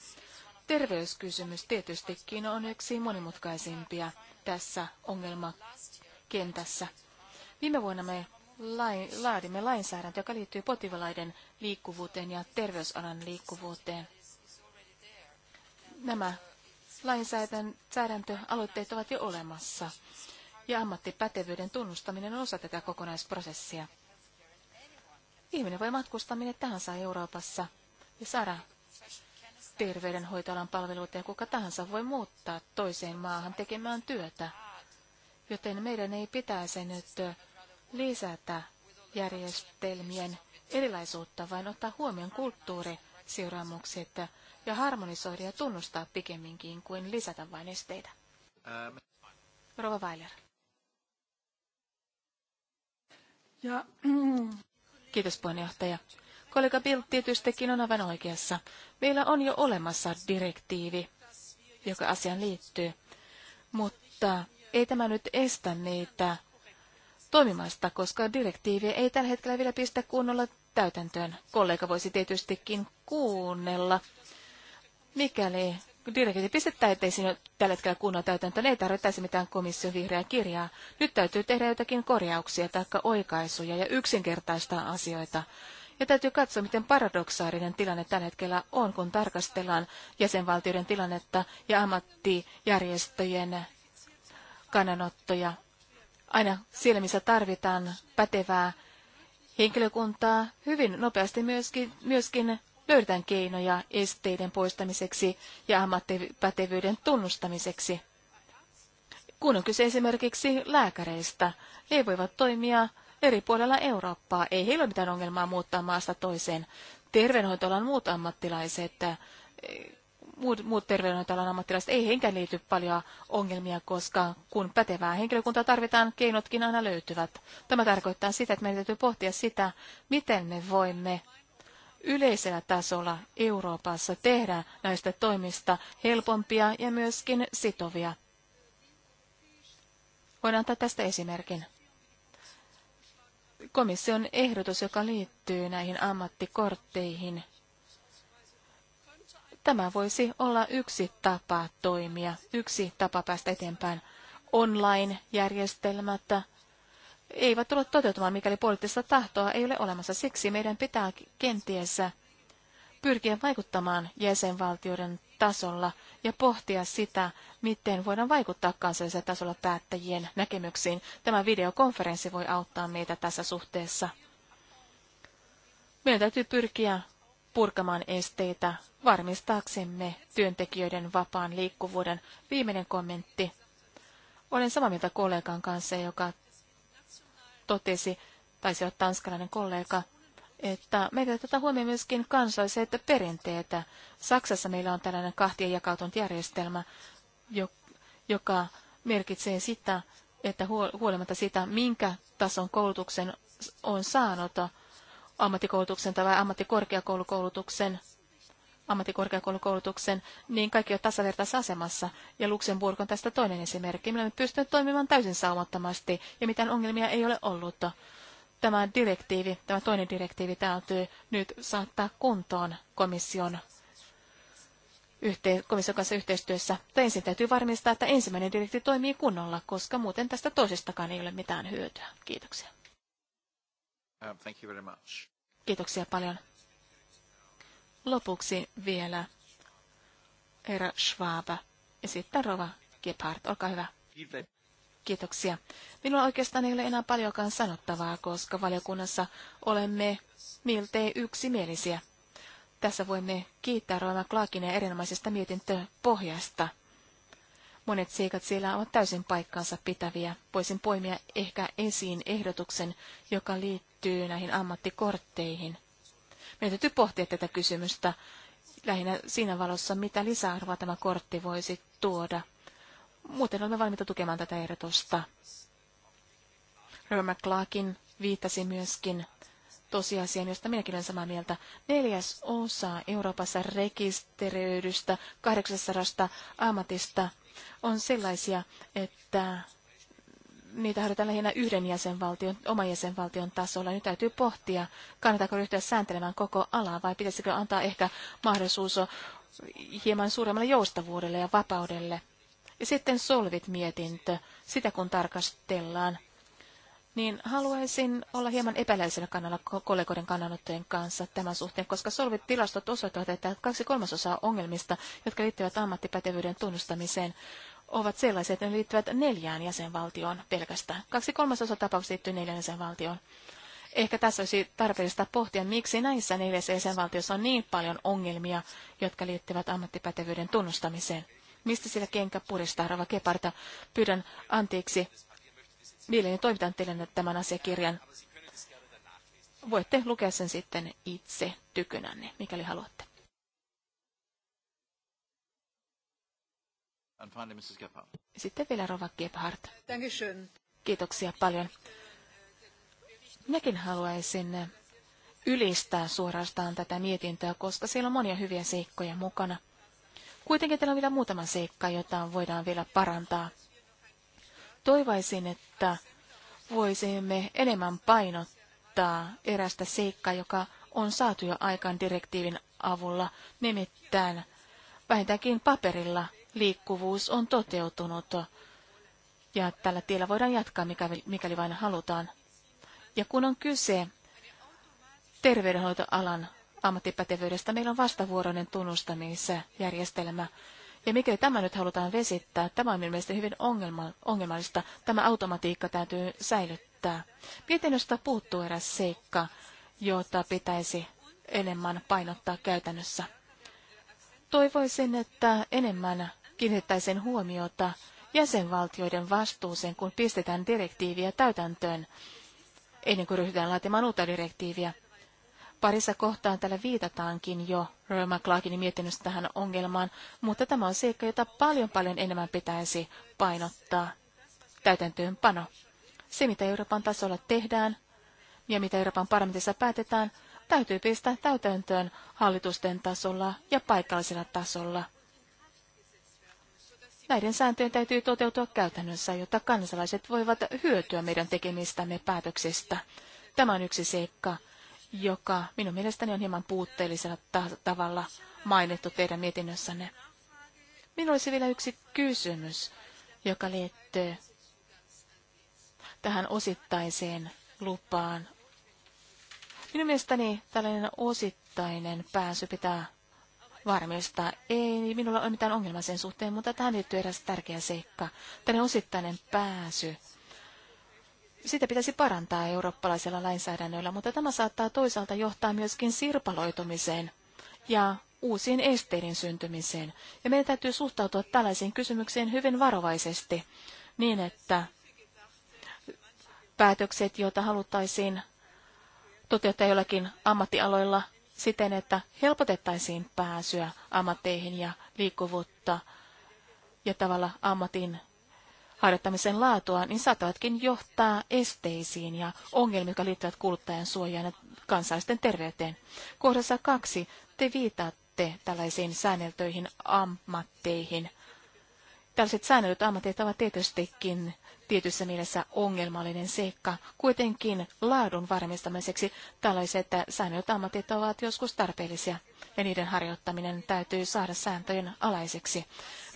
Terveyskysymys tietystikin on yksi monimutkaisimpia tässä ongelmakentässä. Viime vuonna me laadimme lainsäädäntö, joka liittyy potilaiden liikkuvuuteen ja terveysalan liikkuvuuteen. Nämä lainsäädäntöaloitteet ovat jo olemassa, ja ammattipätevyyden tunnustaminen on osa tätä kokonaisprosessia. Ihminen voi matkustaa minne tahansa Euroopassa ja saada terveydenhoitoalan palveluita, ja kuka tahansa voi muuttaa toiseen maahan tekemään työtä. Joten meidän ei pitäisi nyt lisätä järjestelmien erilaisuutta, vaan ottaa huomioon kulttuuriseuraamukset ja harmonisoida ja tunnustaa pikemminkin kuin lisätä vain esteitä. Rova Weiler. Ja, Kiitos puheenjohtaja. Kollega Bild tietystikin on aivan oikeassa. Meillä on jo olemassa direktiivi, joka asiaan liittyy, mutta ei tämä nyt estä niitä toimimasta, koska direktiivi ei tällä hetkellä vielä pistä kunnolla täytäntöön. Kollega voisi tietystikin kuunnella, mikäli direktiivi pistettäisiin tällä hetkellä kunnolla täytäntöön, ei tarvittaisi mitään komission vihreää kirjaa. Nyt täytyy tehdä jotakin korjauksia tai oikaisuja ja yksinkertaistaa asioita. Ja täytyy katsoa, miten paradoksaarinen tilanne tällä hetkellä on, kun tarkastellaan jäsenvaltioiden tilannetta ja ammattijärjestöjen kannanottoja aina siellä, missä tarvitaan pätevää henkilökuntaa, hyvin nopeasti myöskin, myöskin löydetään keinoja esteiden poistamiseksi ja ammattipätevyyden tunnustamiseksi. Kun on kyse esimerkiksi lääkäreistä, he voivat toimia eri puolella Eurooppaa. Ei heillä ole mitään ongelmaa muuttaa maasta toiseen. Terveydenhoitolan muut ammattilaiset muut, muut terveydenhoitoalan ammattilaiset, ei henkään liity paljon ongelmia, koska kun pätevää henkilökuntaa tarvitaan, keinotkin aina löytyvät. Tämä tarkoittaa sitä, että meidän täytyy pohtia sitä, miten me voimme yleisellä tasolla Euroopassa tehdä näistä toimista helpompia ja myöskin sitovia. Voin antaa tästä esimerkin. Komission ehdotus, joka liittyy näihin ammattikortteihin, Tämä voisi olla yksi tapa toimia, yksi tapa päästä eteenpäin. Online-järjestelmät eivät tule toteutumaan, mikäli poliittista tahtoa ei ole olemassa. Siksi meidän pitää kenties pyrkiä vaikuttamaan jäsenvaltioiden tasolla ja pohtia sitä, miten voidaan vaikuttaa kansallisella tasolla päättäjien näkemyksiin. Tämä videokonferenssi voi auttaa meitä tässä suhteessa. Meidän täytyy pyrkiä purkamaan esteitä varmistaaksemme työntekijöiden vapaan liikkuvuuden. Viimeinen kommentti. Olen samaa mieltä kollegan kanssa, joka totesi, taisi olla tanskalainen kollega, että meitä tätä huomioon myöskin kansalliset perinteet. Saksassa meillä on tällainen kahtien jakautunut järjestelmä, joka merkitsee sitä, että huolimatta sitä, minkä tason koulutuksen on saanut, ammattikoulutuksen tai ammattikorkeakoulukoulutuksen, ammattikorkeakoulukoulutuksen, niin kaikki on tasavertaisessa asemassa. Ja Luxemburg on tästä toinen esimerkki. Me olemme pystyneet toimimaan täysin saumattomasti ja mitään ongelmia ei ole ollut. Tämä direktiivi, tämä toinen direktiivi täytyy nyt saattaa kuntoon komission yhteen, komission kanssa yhteistyössä. Mutta ensin täytyy varmistaa, että ensimmäinen direktiivi toimii kunnolla, koska muuten tästä toisestakaan ei ole mitään hyötyä. Kiitoksia. Um, thank you very much. Kiitoksia paljon. Lopuksi vielä herra Schwab ja sitten Rova Gebhardt. Olkaa hyvä. Kiitoksia. Minulla oikeastaan ei ole enää paljonkaan sanottavaa, koska valiokunnassa olemme miltei yksimielisiä. Tässä voimme kiittää Roima Klaakinen erinomaisesta mietintöpohjasta. Monet seikat siellä ovat täysin paikkansa pitäviä. Voisin poimia ehkä esiin ehdotuksen, joka liittyy näihin ammattikortteihin. Meidän täytyy pohtia tätä kysymystä lähinnä siinä valossa, mitä lisäarvoa tämä kortti voisi tuoda. Muuten olemme valmiita tukemaan tätä ehdotusta. Robert McClarkin viittasi myöskin tosiasian, josta minäkin olen samaa mieltä. Neljäs osa Euroopassa rekisteröidystä 800 ammatista on sellaisia, että niitä harjoitetaan lähinnä yhden jäsenvaltion, oman jäsenvaltion tasolla. Nyt täytyy pohtia, kannattaako ryhtyä sääntelemään koko alaa vai pitäisikö antaa ehkä mahdollisuus hieman suuremmalle joustavuudelle ja vapaudelle. Ja sitten solvit mietintö, sitä kun tarkastellaan niin haluaisin olla hieman epäiläisellä kannalla kollegoiden kannanottojen kanssa tämän suhteen, koska solvit tilastot osoittavat, että kaksi kolmasosaa ongelmista, jotka liittyvät ammattipätevyyden tunnustamiseen, ovat sellaiset, että ne liittyvät neljään jäsenvaltioon pelkästään. Kaksi kolmasosa tapauksia liittyy neljään jäsenvaltioon. Ehkä tässä olisi tarpeellista pohtia, miksi näissä neljässä jäsenvaltiossa on niin paljon ongelmia, jotka liittyvät ammattipätevyyden tunnustamiseen. Mistä sillä kenkä puristaa, Rava Keparta? Pyydän anteeksi Mielelläni toimitan teille tämän asiakirjan. Voitte lukea sen sitten itse tykynänne, mikäli haluatte. Sitten vielä Rova Gebhardt. Kiitoksia paljon. Minäkin haluaisin ylistää suorastaan tätä mietintöä, koska siellä on monia hyviä seikkoja mukana. Kuitenkin teillä on vielä muutama seikka, jota voidaan vielä parantaa toivaisin, että voisimme enemmän painottaa erästä seikkaa, joka on saatu jo aikaan direktiivin avulla, nimittäin vähintäänkin paperilla liikkuvuus on toteutunut. Ja tällä tiellä voidaan jatkaa, mikäli vain halutaan. Ja kun on kyse terveydenhoitoalan ammattipätevyydestä, meillä on vastavuoroinen tunnustamisjärjestelmä. Ja mikäli tämä nyt halutaan vesittää, tämä on mielestäni hyvin ongelma, ongelmallista. Tämä automatiikka täytyy säilyttää. Mietinnöstä puuttuu eräs seikka, jota pitäisi enemmän painottaa käytännössä. Toivoisin, että enemmän kiinnittäisin huomiota jäsenvaltioiden vastuuseen, kun pistetään direktiiviä täytäntöön, ennen kuin ryhdytään laatimaan uutta direktiiviä. Parissa kohtaan täällä viitataankin jo Roy McClarkinin mietinnössä tähän ongelmaan, mutta tämä on seikka, jota paljon paljon enemmän pitäisi painottaa. Täytäntöönpano. Se, mitä Euroopan tasolla tehdään ja mitä Euroopan parlamentissa päätetään, täytyy pistää täytäntöön hallitusten tasolla ja paikallisella tasolla. Näiden sääntöjen täytyy toteutua käytännössä, jotta kansalaiset voivat hyötyä meidän tekemistämme päätöksistä. Tämä on yksi seikka, joka minun mielestäni on hieman puutteellisella ta- tavalla mainittu teidän mietinnössänne. Minulla olisi vielä yksi kysymys, joka liittyy tähän osittaiseen lupaan. Minun mielestäni tällainen osittainen pääsy pitää varmistaa. Ei minulla ole mitään ongelmaa sen suhteen, mutta tähän liittyy eräs tärkeä seikka. Tällainen osittainen pääsy sitä pitäisi parantaa eurooppalaisella lainsäädännöllä, mutta tämä saattaa toisaalta johtaa myöskin sirpaloitumiseen ja uusien esteiden syntymiseen. Ja meidän täytyy suhtautua tällaisiin kysymyksiin hyvin varovaisesti niin, että päätökset, joita haluttaisiin toteuttaa jollakin ammattialoilla siten, että helpotettaisiin pääsyä ammatteihin ja liikkuvuutta ja tavalla ammatin harjoittamisen laatua, niin saattavatkin johtaa esteisiin ja ongelmiin, jotka liittyvät kuluttajan suojaan ja kansalaisten terveyteen. Kohdassa kaksi te viitaatte tällaisiin säänneltöihin ammatteihin. Tällaiset säännöt ammatteet ovat tietystikin tietyssä mielessä ongelmallinen seikka. Kuitenkin laadun varmistamiseksi tällaiset säännöt ammatit ovat joskus tarpeellisia ja niiden harjoittaminen täytyy saada sääntöjen alaiseksi.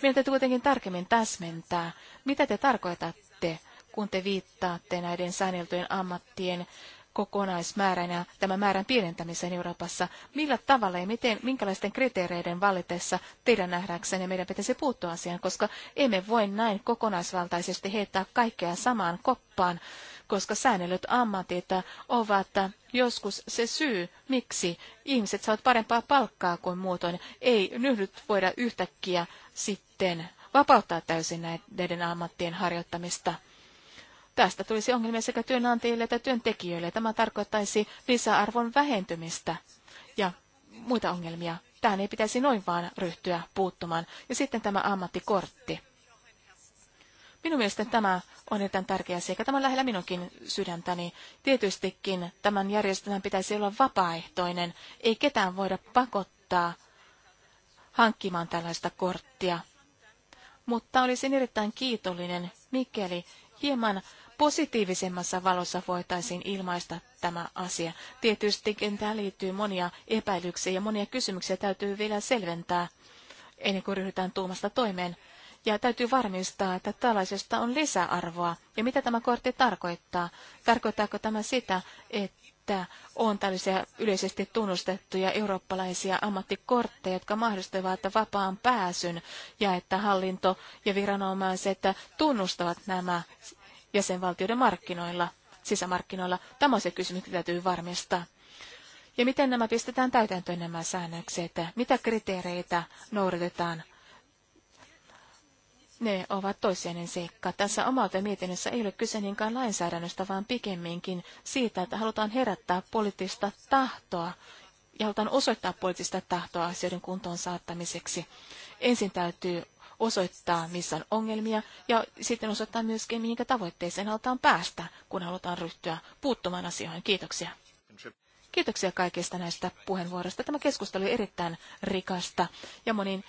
Meidän täytyy kuitenkin tarkemmin täsmentää, mitä te tarkoitatte, kun te viittaatte näiden säänneltyjen ammattien kokonaismääränä tämän määrän pienentämiseen Euroopassa. Millä tavalla ja miten, minkälaisten kriteereiden valitessa teidän nähdäksenne meidän pitäisi puuttua asiaan, koska emme voi näin kokonaisvaltaisesti heittää kaikkea samaan koppaan, koska säännellyt ammatit ovat joskus se syy, miksi ihmiset saavat parempaa palkkaa kuin muutoin. Ei nyt voida yhtäkkiä sitten vapauttaa täysin näiden ammattien harjoittamista. Tästä tulisi ongelmia sekä työnantajille että työntekijöille. Tämä tarkoittaisi lisäarvon vähentymistä ja muita ongelmia. Tähän ei pitäisi noin vaan ryhtyä puuttumaan. Ja sitten tämä ammattikortti. Minun mielestäni tämä on erittäin tärkeä asia, tämä on lähellä minunkin sydäntäni. Tietystikin tämän järjestelmän pitäisi olla vapaaehtoinen. Ei ketään voida pakottaa hankkimaan tällaista korttia. Mutta olisin erittäin kiitollinen, mikäli hieman positiivisemmassa valossa voitaisiin ilmaista tämä asia. Tietysti kentään liittyy monia epäilyksiä ja monia kysymyksiä täytyy vielä selventää ennen kuin ryhdytään tuumasta toimeen. Ja täytyy varmistaa, että tällaisesta on lisäarvoa. Ja mitä tämä kortti tarkoittaa? Tarkoittaako tämä sitä, että on tällaisia yleisesti tunnustettuja eurooppalaisia ammattikortteja, jotka mahdollistavat vapaan pääsyn ja että hallinto ja viranomaiset tunnustavat nämä jäsenvaltioiden markkinoilla, sisämarkkinoilla. Tämä on se kysymys, mitä täytyy varmistaa. Ja miten nämä pistetään täytäntöön nämä säännökset? Mitä kriteereitä noudatetaan? Ne ovat toisiainen seikka. Tässä omalta mietinnössä ei ole kyse niinkään lainsäädännöstä, vaan pikemminkin siitä, että halutaan herättää poliittista tahtoa ja halutaan osoittaa poliittista tahtoa asioiden kuntoon saattamiseksi. Ensin täytyy osoittaa, missä on ongelmia, ja sitten osoittaa myöskin, minkä tavoitteeseen halutaan päästä, kun halutaan ryhtyä puuttumaan asioihin. Kiitoksia. Kiitoksia kaikista näistä puheenvuoroista. Tämä keskustelu oli erittäin rikasta ja monin,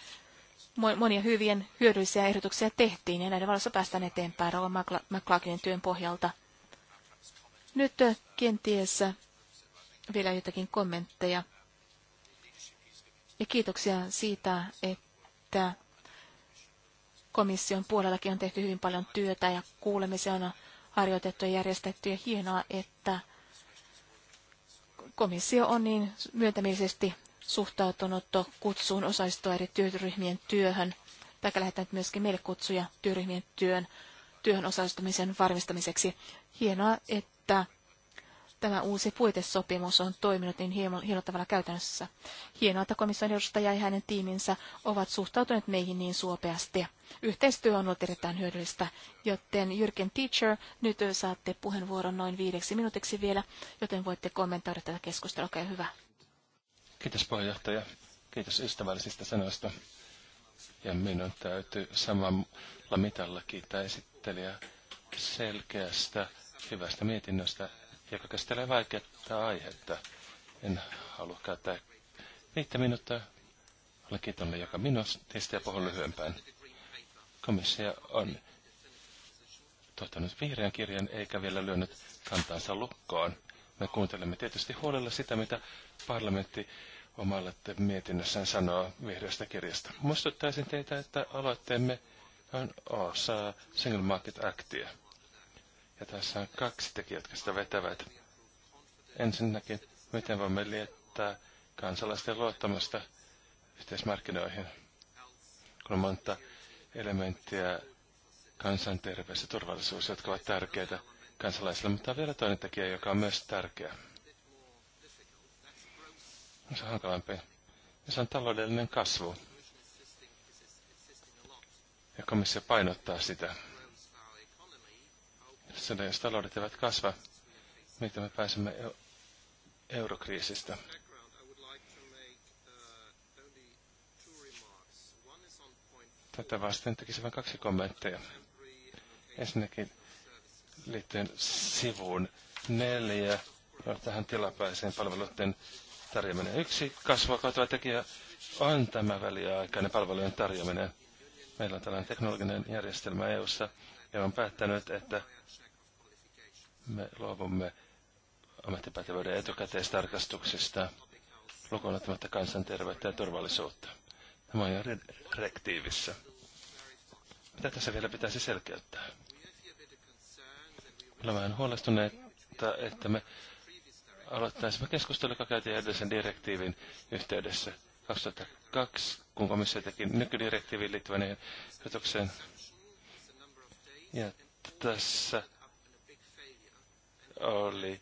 monia hyvien hyödyllisiä ehdotuksia tehtiin ja näiden valossa päästään eteenpäin Rolla McLaughlinin työn pohjalta. Nyt kenties vielä jotakin kommentteja. Ja kiitoksia siitä, että komission puolellakin on tehty hyvin paljon työtä ja kuulemisia on harjoitettu ja järjestetty. Ja hienoa, että komissio on niin myöntämisesti suhtautunut kutsuun osallistua eri työryhmien työhön, tai lähettänyt myöskin meille kutsuja työryhmien työn, työhön osallistumisen varmistamiseksi. Hienoa, että tämä uusi puitesopimus on toiminut niin hienolla tavalla käytännössä. Hienoa, että komission edustaja ja hänen tiiminsä ovat suhtautuneet meihin niin suopeasti. Yhteistyö on ollut erittäin hyödyllistä, joten Jyrken Teacher, nyt saatte puheenvuoron noin viideksi minuutiksi vielä, joten voitte kommentoida tätä keskustelua. Olkaa hyvä. Kiitos puheenjohtaja. Kiitos ystävällisistä sanoista. Ja minun täytyy samalla mitalla kiittää esittelijää selkeästä hyvästä mietinnöstä joka käsittelee vaikeaa aihetta. En halua käyttää viittä minuuttia. Olen kiitollinen joka minusta teistä ja puhun lyhyempään. Komissio on tuottanut vihreän kirjan eikä vielä lyönyt kantaansa lukkoon. Me kuuntelemme tietysti huolella sitä, mitä parlamentti omalle mietinnössään sanoo vihreästä kirjasta. Muistuttaisin teitä, että aloitteemme on osa Single Market Actia. Ja tässä on kaksi tekijää, jotka sitä vetävät. Ensinnäkin, miten voimme liittää kansalaisten luottamusta yhteismarkkinoihin, kun on monta elementtiä kansanterveys ja turvallisuus, jotka ovat tärkeitä kansalaisille, mutta on vielä toinen tekijä, joka on myös tärkeä. Se on hankalampi. se on taloudellinen kasvu. Ja komissio painottaa sitä sillä jos taloudet eivät kasva, miten me pääsemme eurokriisistä. Tätä vasten tekisin vain kaksi kommenttia. Ensinnäkin liittyen sivuun neljä tähän tilapäiseen palveluiden tarjoaminen. Yksi kasvua kautta tekijä on tämä väliaikainen palvelujen tarjoaminen. Meillä on tällainen teknologinen järjestelmä EU-ssa, ja on päättänyt, että me luovumme ammattipätevyyden etukäteistarkastuksista lukuun ottamatta kansanterveyttä ja turvallisuutta. Tämä on jo rektiivissä. Mitä tässä vielä pitäisi selkeyttää? Olen vähän huolestuneita, että me aloittaisimme keskustelun, joka käytiin edellisen direktiivin yhteydessä 2002, kun komissio teki nykydirektiiviin liittyvän ehdotuksen. Ja tässä oli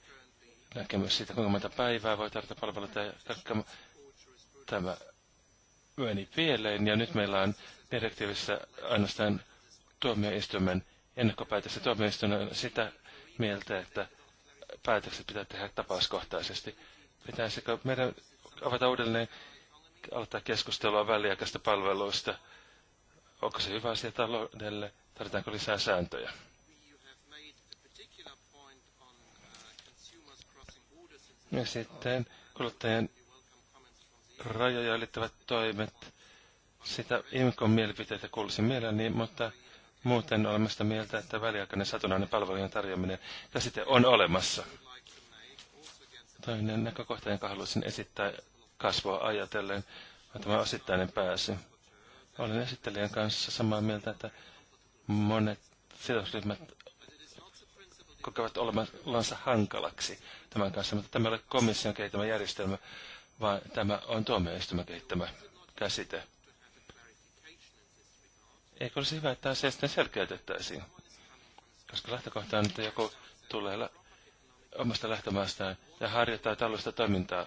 näkemys siitä, kuinka monta päivää voi tarjota palveluita. Tämä meni pieleen ja nyt meillä on direktiivissä ainoastaan tuomioistuimen ennakkopäätös ja on sitä mieltä, että päätökset pitää tehdä tapauskohtaisesti. Pitäisikö meidän avata uudelleen aloittaa keskustelua väliaikaista palveluista. Onko se hyvä asia taloudelle? Tarvitaanko lisää sääntöjä? Ja sitten kuluttajien rajoja ylittävät toimet. Sitä IMKon mielipiteitä kuulisin mielelläni, mutta muuten olemme sitä mieltä, että väliaikainen satunnainen palvelujen tarjoaminen käsite on olemassa. Toinen näkökohta, jonka haluaisin esittää, kasvua ajatellen, vaan tämä osittainen pääsi. Olen esittelijän kanssa samaa mieltä, että monet sidosryhmät kokevat olemansa hankalaksi tämän kanssa, mutta tämä ei ole komission kehittämä järjestelmä, vaan tämä on tuomioistuimen kehittämä käsite. Eikö olisi hyvä, että asia sitten selkeytettäisiin? Koska lähtökohta on, että joku tulee omasta lähtömaastaan ja harjoittaa tällaista toimintaa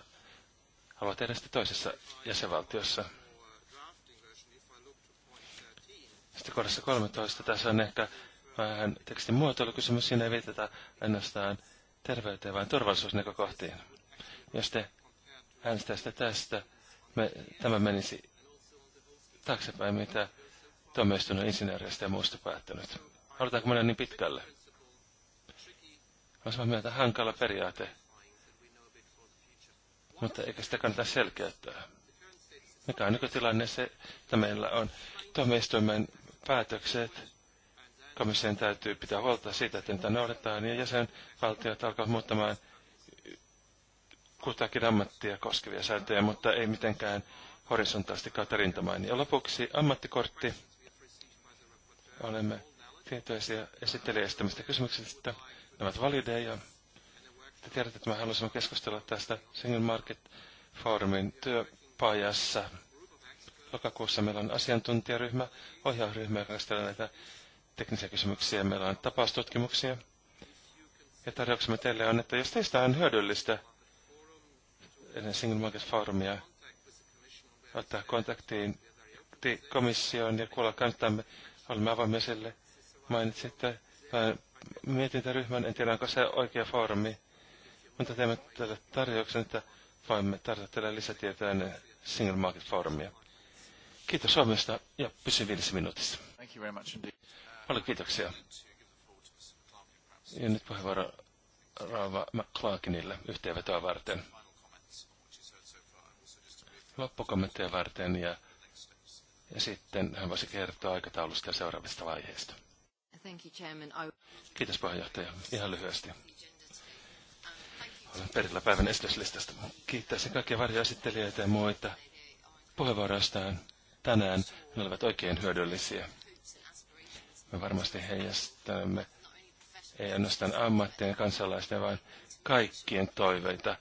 haluaa tehdä sitä toisessa jäsenvaltiossa. Sitten kohdassa 13 tässä on ehkä vähän tekstin muotoilukysymys. Siinä ei viitata ainoastaan terveyteen, vaan turvallisuusnäkökohtiin. Jos te äänestäisitte tästä, me, tämä menisi taaksepäin, mitä tuomioistunut insinööriästä ja muusta päättänyt. Halutaanko mennä niin pitkälle? On vaan mieltä hankala periaate mutta eikä sitä kannata selkeyttää. Mikä on nykytilanne se, että meillä on tuomioistuimen päätökset, komission täytyy pitää huolta siitä, että niitä noudetaan, ja jäsenvaltiot alkavat muuttamaan kutakin ammattia koskevia sääntöjä, mutta ei mitenkään horisontaalisti kautta rintamaan. Ja lopuksi ammattikortti. Olemme tietoisia esittelijästämistä kysymyksistä. Nämä ovat valideja. Te tiedätte, että me halusimme keskustella tästä Single Market Forumin työpajassa. Lokakuussa meillä on asiantuntijaryhmä, ohjausryhmä, joka käsittelee näitä teknisiä kysymyksiä. Meillä on tapaustutkimuksia. Ja tarjouksemme teille on, että jos teistä on hyödyllistä ennen Single Market Forumia ottaa kontaktiin komissioon ja kuulla kantamme, olemme avoimia sille. Mainitsitte äh, mietintäryhmän, en tiedä onko se oikea foorumi. Mutta teemme tälle tarjouksen, että voimme tarjota teille lisätietoja ennen Single Market Forumia. Kiitos Suomesta ja pysy viidessä minuutissa. Paljon kiitoksia. Ja nyt puheenvuoro Rauva McClarkinille yhteenvetoa varten. Loppukommentteja varten ja, ja sitten hän voisi kertoa aikataulusta ja seuraavista vaiheista. Kiitos puheenjohtaja. Ihan lyhyesti. Olen perillä päivän esityslistasta. Kiittäisin kaikkia varjoesittelijöitä ja muita puheenvuoroistaan tänään. Ne olivat oikein hyödyllisiä. Me varmasti heijastamme ei ainoastaan ammattien kansalaisten, vaan kaikkien toiveita.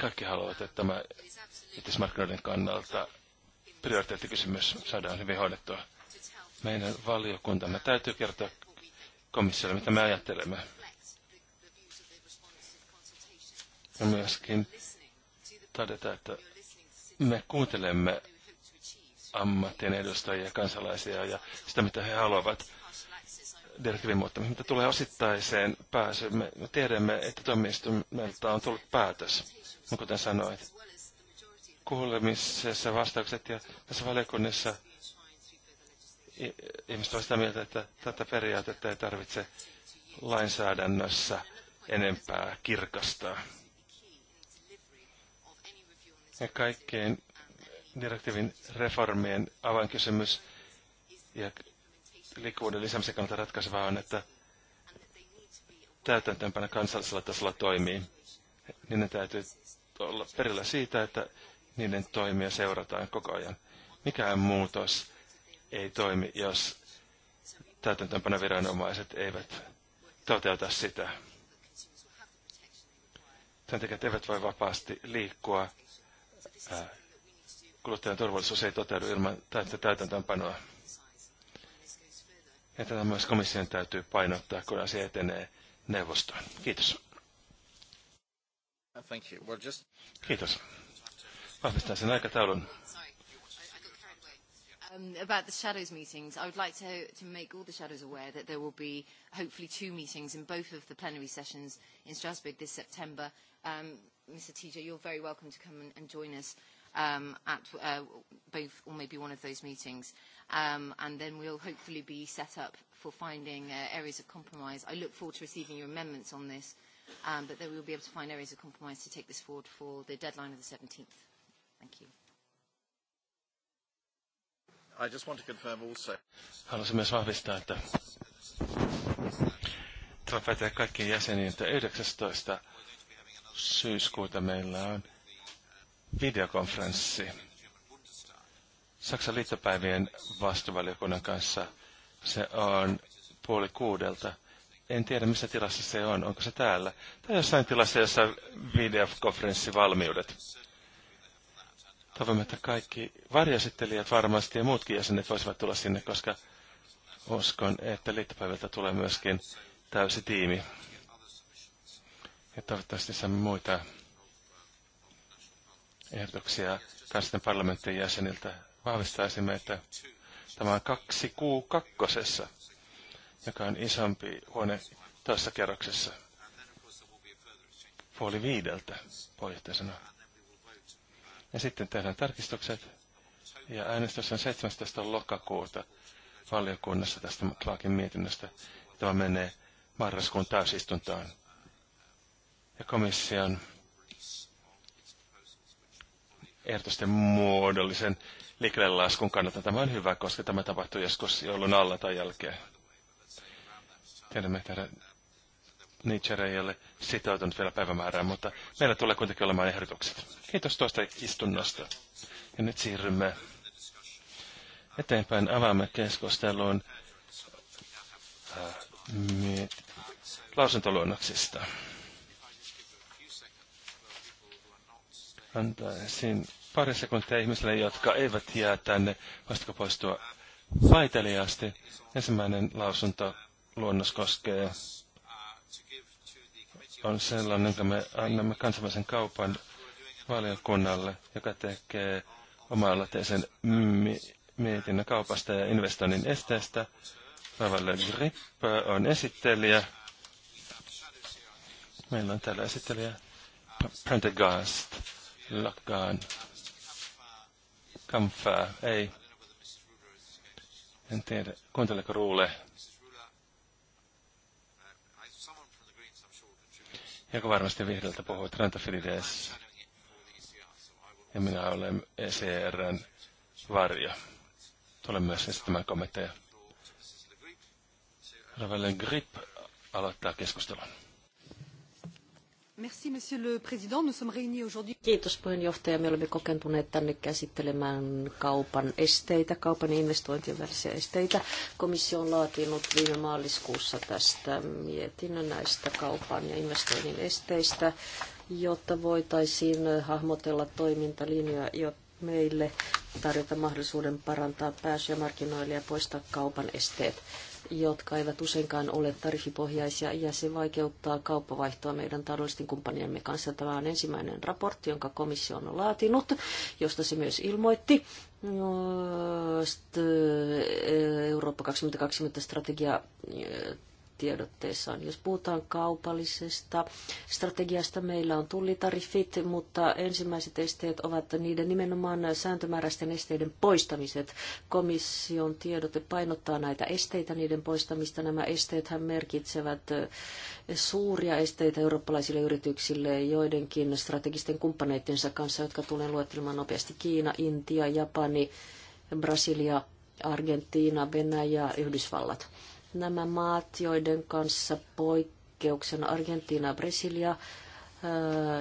Kaikki haluavat, että tämä itsemarkkinoiden kannalta prioriteettikysymys saadaan hyvin hoidettua. Meidän valiokuntamme täytyy kertoa komissiolle, mitä me ajattelemme. ja myöskin todeta, että me kuuntelemme ammattien edustajia, kansalaisia ja sitä, mitä he haluavat direktiivin muuttamista. Mitä tulee osittaiseen pääsyyn, me tiedämme, että toimistumelta on tullut päätös, kuten sanoit. Kuulemisessa vastaukset ja tässä valiokunnassa ihmiset ovat sitä mieltä, että tätä periaatetta ei tarvitse lainsäädännössä enempää kirkastaa ja kaikkien direktiivin reformien avainkysymys ja liikkuvuuden lisäämisen kannalta ratkaisevaa on, että täytäntöönpano kansallisella tasolla toimii. Niiden täytyy olla perillä siitä, että niiden toimia seurataan koko ajan. Mikään muutos ei toimi, jos täytäntöönpano viranomaiset eivät toteuta sitä. Työntekijät eivät voi vapaasti liikkua Äh, kuluttajan turvallisuus ei toteudu ilman täyttä täytäntöönpanoa. Ja tätä myös komission täytyy painottaa, kun asia etenee neuvostoon. Kiitos. Kiitos. Vahvistan sen aikataulun. Um, about the shadows meetings, I would like to, to make all the shadows aware that there will be hopefully two meetings in both of the plenary sessions in Strasbourg this September. Um, Mr. TJ, you're very welcome to come and, join us um, at uh, both or maybe one of those meetings. Um, and then we'll hopefully be set up for finding uh, areas of compromise. I look forward to receiving your amendments on this, um, but then we'll be able to find areas of compromise to take this forward for the deadline of the 17th. Thank you. I just want to confirm also. Haluaisin myös vahvistaa, että tämä pätee kaikkien jäseniin, että 19 syyskuuta meillä on videokonferenssi Saksan liittopäivien vastuvaliokunnan kanssa. Se on puoli kuudelta. En tiedä, missä tilassa se on. Onko se täällä? Tai jossain tilassa, jossa videokonferenssivalmiudet. Toivomme, että kaikki varjasittelijat varmasti ja muutkin jäsenet voisivat tulla sinne, koska uskon, että liittopäiviltä tulee myöskin täysi tiimi. Ja toivottavasti saamme muita ehdotuksia kansallisten parlamenttien jäseniltä. Vahvistaisimme, että tämä on kaksi kuu kakkosessa, joka on isompi huone toisessa kerroksessa puoli viideltä, puheenjohtaja sanoi. Ja sitten tehdään tarkistukset. Ja äänestys on 17. lokakuuta valiokunnassa tästä McClarkin mietinnöstä. Tämä menee marraskuun täysistuntoon ja komission ehdotusten muodollisen liikkeelle laskun kannalta tämä on hyvä, koska tämä tapahtui joskus joulun alla tai jälkeen. Tiedämme, että Nietzsche ei ole sitoutunut vielä päivämäärään, mutta meillä tulee kuitenkin olemaan ehdotukset. Kiitos tuosta istunnosta. Ja nyt siirrymme eteenpäin. Avaamme keskustelun äh, lausuntoluonnoksista. Antaisin pari sekuntia ihmisille, jotka eivät jää tänne, voisitko poistua vaiteliaasti. Ensimmäinen lausunto luonnos koskee on sellainen, että me annamme kansainvälisen kaupan valiokunnalle, joka tekee oma-aloitteisen mietinnön kaupasta ja investoinnin esteestä. Ravalle Grip on esittelijä. Meillä on täällä esittelijä Prendergast. Lakaan. Kamfää, ei. En tiedä, kuunteleeko Ruule. Joka varmasti vihreältä puhuit Filides, Ja minä olen ECRn varjo. Tulen myös esittämään kommentteja. Ravelle Grip aloittaa keskustelun. Merci, monsieur le président. Nous sommes réunis aujourd'hui. Kiitos puheenjohtaja. Me olemme kokentuneet tänne käsittelemään kaupan esteitä, kaupan ja investointien välisiä esteitä. Komissio on laatinut viime maaliskuussa tästä mietinnön näistä kaupan ja investoinnin esteistä, jotta voitaisiin hahmotella toimintalinjoja, jotta meille tarjota mahdollisuuden parantaa pääsyä markkinoille ja poistaa kaupan esteet jotka eivät useinkaan ole tarifipohjaisia, ja se vaikeuttaa kauppavaihtoa meidän taloudellisten kumppaniemme kanssa. Tämä on ensimmäinen raportti, jonka komissio on laatinut, josta se myös ilmoitti. Eurooppa 2020 strategia tiedotteessaan. Jos puhutaan kaupallisesta strategiasta, meillä on tullitariffit, mutta ensimmäiset esteet ovat niiden nimenomaan sääntömääräisten esteiden poistamiset. Komission tiedote painottaa näitä esteitä, niiden poistamista. Nämä esteet merkitsevät suuria esteitä eurooppalaisille yrityksille joidenkin strategisten kumppaneittensa kanssa, jotka tulee luettelemaan nopeasti. Kiina, Intia, Japani, Brasilia, Argentiina, Venäjä, ja Yhdysvallat Nämä maat, joiden kanssa poikkeuksena Argentiina ja Brasilia,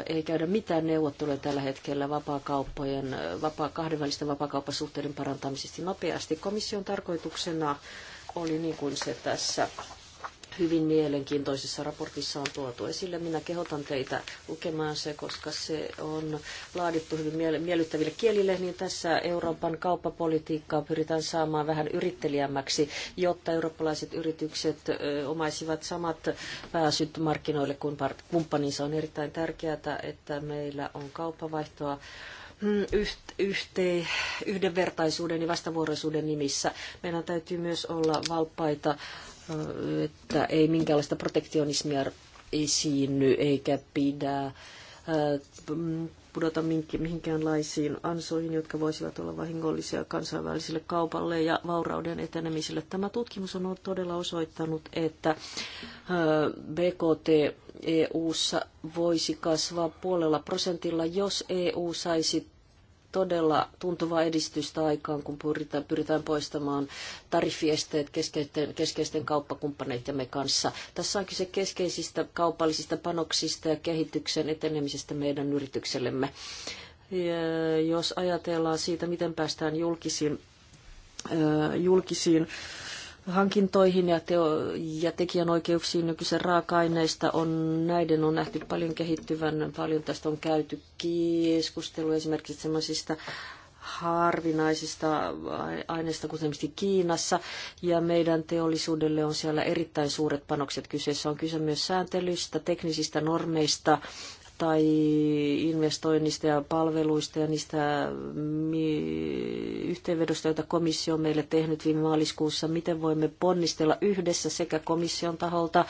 ei käydä mitään neuvotteluja tällä hetkellä vapaakauppojen, vapaa, kahdenvälisten vapaakauppasuhteiden parantamisesta nopeasti. Komission tarkoituksena oli niin kuin se tässä hyvin mielenkiintoisessa raportissa on tuotu esille. Minä kehotan teitä lukemaan se, koska se on laadittu hyvin miellyttäville kielille, niin tässä Euroopan kauppapolitiikkaa pyritään saamaan vähän yrittelijämmäksi, jotta eurooppalaiset yritykset omaisivat samat pääsyt markkinoille kuin kumppaninsa. On erittäin tärkeää, että meillä on kauppavaihtoa mm, yhte, yhdenvertaisuuden ja vastavuoroisuuden nimissä. Meidän täytyy myös olla valppaita että ei minkäänlaista protektionismia esiinny eikä pidä äh, pudota mihinkäänlaisiin ansoihin, jotka voisivat olla vahingollisia kansainväliselle kaupalle ja vaurauden etenemiselle. Tämä tutkimus on todella osoittanut, että äh, BKT EU:ssa voisi kasvaa puolella prosentilla, jos EU saisi todella tuntuvaa edistystä aikaan, kun pyritään, pyritään poistamaan tariffiesteet keskeisten, keskeisten kauppakumppaneittemme kanssa. Tässä on kyse keskeisistä kaupallisista panoksista ja kehityksen etenemisestä meidän yrityksellemme. Ja jos ajatellaan siitä, miten päästään julkisiin, julkisiin hankintoihin ja, teo- ja tekijänoikeuksiin nykyisen raaka-aineista on, näiden on nähty paljon kehittyvän, paljon tästä on käyty keskustelua esimerkiksi sellaisista harvinaisista aineista, kuten esimerkiksi Kiinassa, ja meidän teollisuudelle on siellä erittäin suuret panokset kyseessä. On kyse myös sääntelystä, teknisistä normeista, tai investoinnista ja palveluista ja niistä yhteenvedosta, joita komissio on meille tehnyt viime maaliskuussa. Miten voimme ponnistella yhdessä sekä komission taholta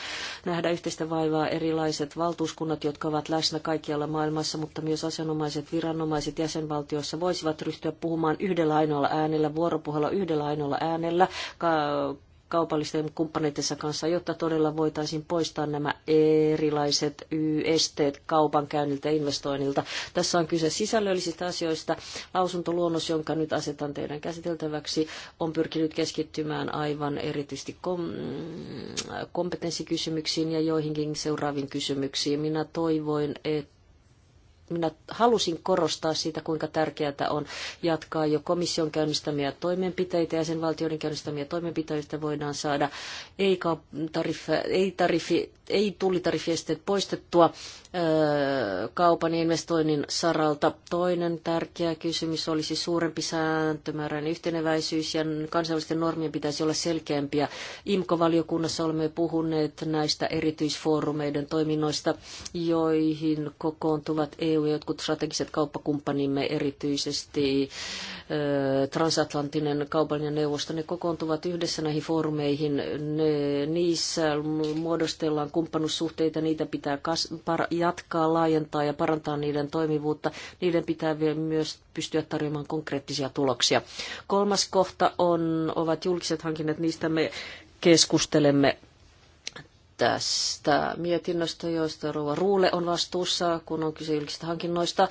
nähdä yhteistä vaivaa erilaiset valtuuskunnat, jotka ovat läsnä kaikkialla maailmassa, mutta myös asianomaiset viranomaiset jäsenvaltioissa voisivat ryhtyä puhumaan yhdellä ainoalla äänellä, vuoropuhella yhdellä ainoalla äänellä kaupallisten kumppaneidensa kanssa, jotta todella voitaisiin poistaa nämä erilaiset esteet kaupankäynniltä ja investoinnilta. Tässä on kyse sisällöllisistä asioista. Lausuntoluonnos, jonka nyt asetan teidän käsiteltäväksi, on pyrkinyt keskittymään aivan erityisesti kom- mm, kompetenssikysymyksiin ja joihinkin seuraaviin kysymyksiin. Minä toivoin, että minä halusin korostaa siitä, kuinka tärkeää on jatkaa jo komission käynnistämiä toimenpiteitä ja sen valtioiden käynnistämiä toimenpiteitä voidaan saada ei, tariffi, ei, tariffi, ei tullitarifiesteet poistettua öö, kaupan ja investoinnin saralta. Toinen tärkeä kysymys olisi suurempi sääntömääräinen yhteneväisyys ja kansainvälisten normien pitäisi olla selkeämpiä. IMKO-valiokunnassa olemme puhuneet näistä erityisfoorumeiden toiminnoista, joihin kokoontuvat EU EU ja jotkut strategiset kauppakumppanimme, erityisesti transatlanttinen kaupallinen neuvosto, ne kokoontuvat yhdessä näihin foorumeihin. Ne, niissä muodostellaan kumppanussuhteita niitä pitää kas, par, jatkaa, laajentaa ja parantaa niiden toimivuutta. Niiden pitää myös pystyä tarjoamaan konkreettisia tuloksia. Kolmas kohta on, ovat julkiset hankinnat, niistä me keskustelemme tästä mietinnöstä, joista Rouva Ruule on vastuussa, kun on kyse julkisista hankinnoista.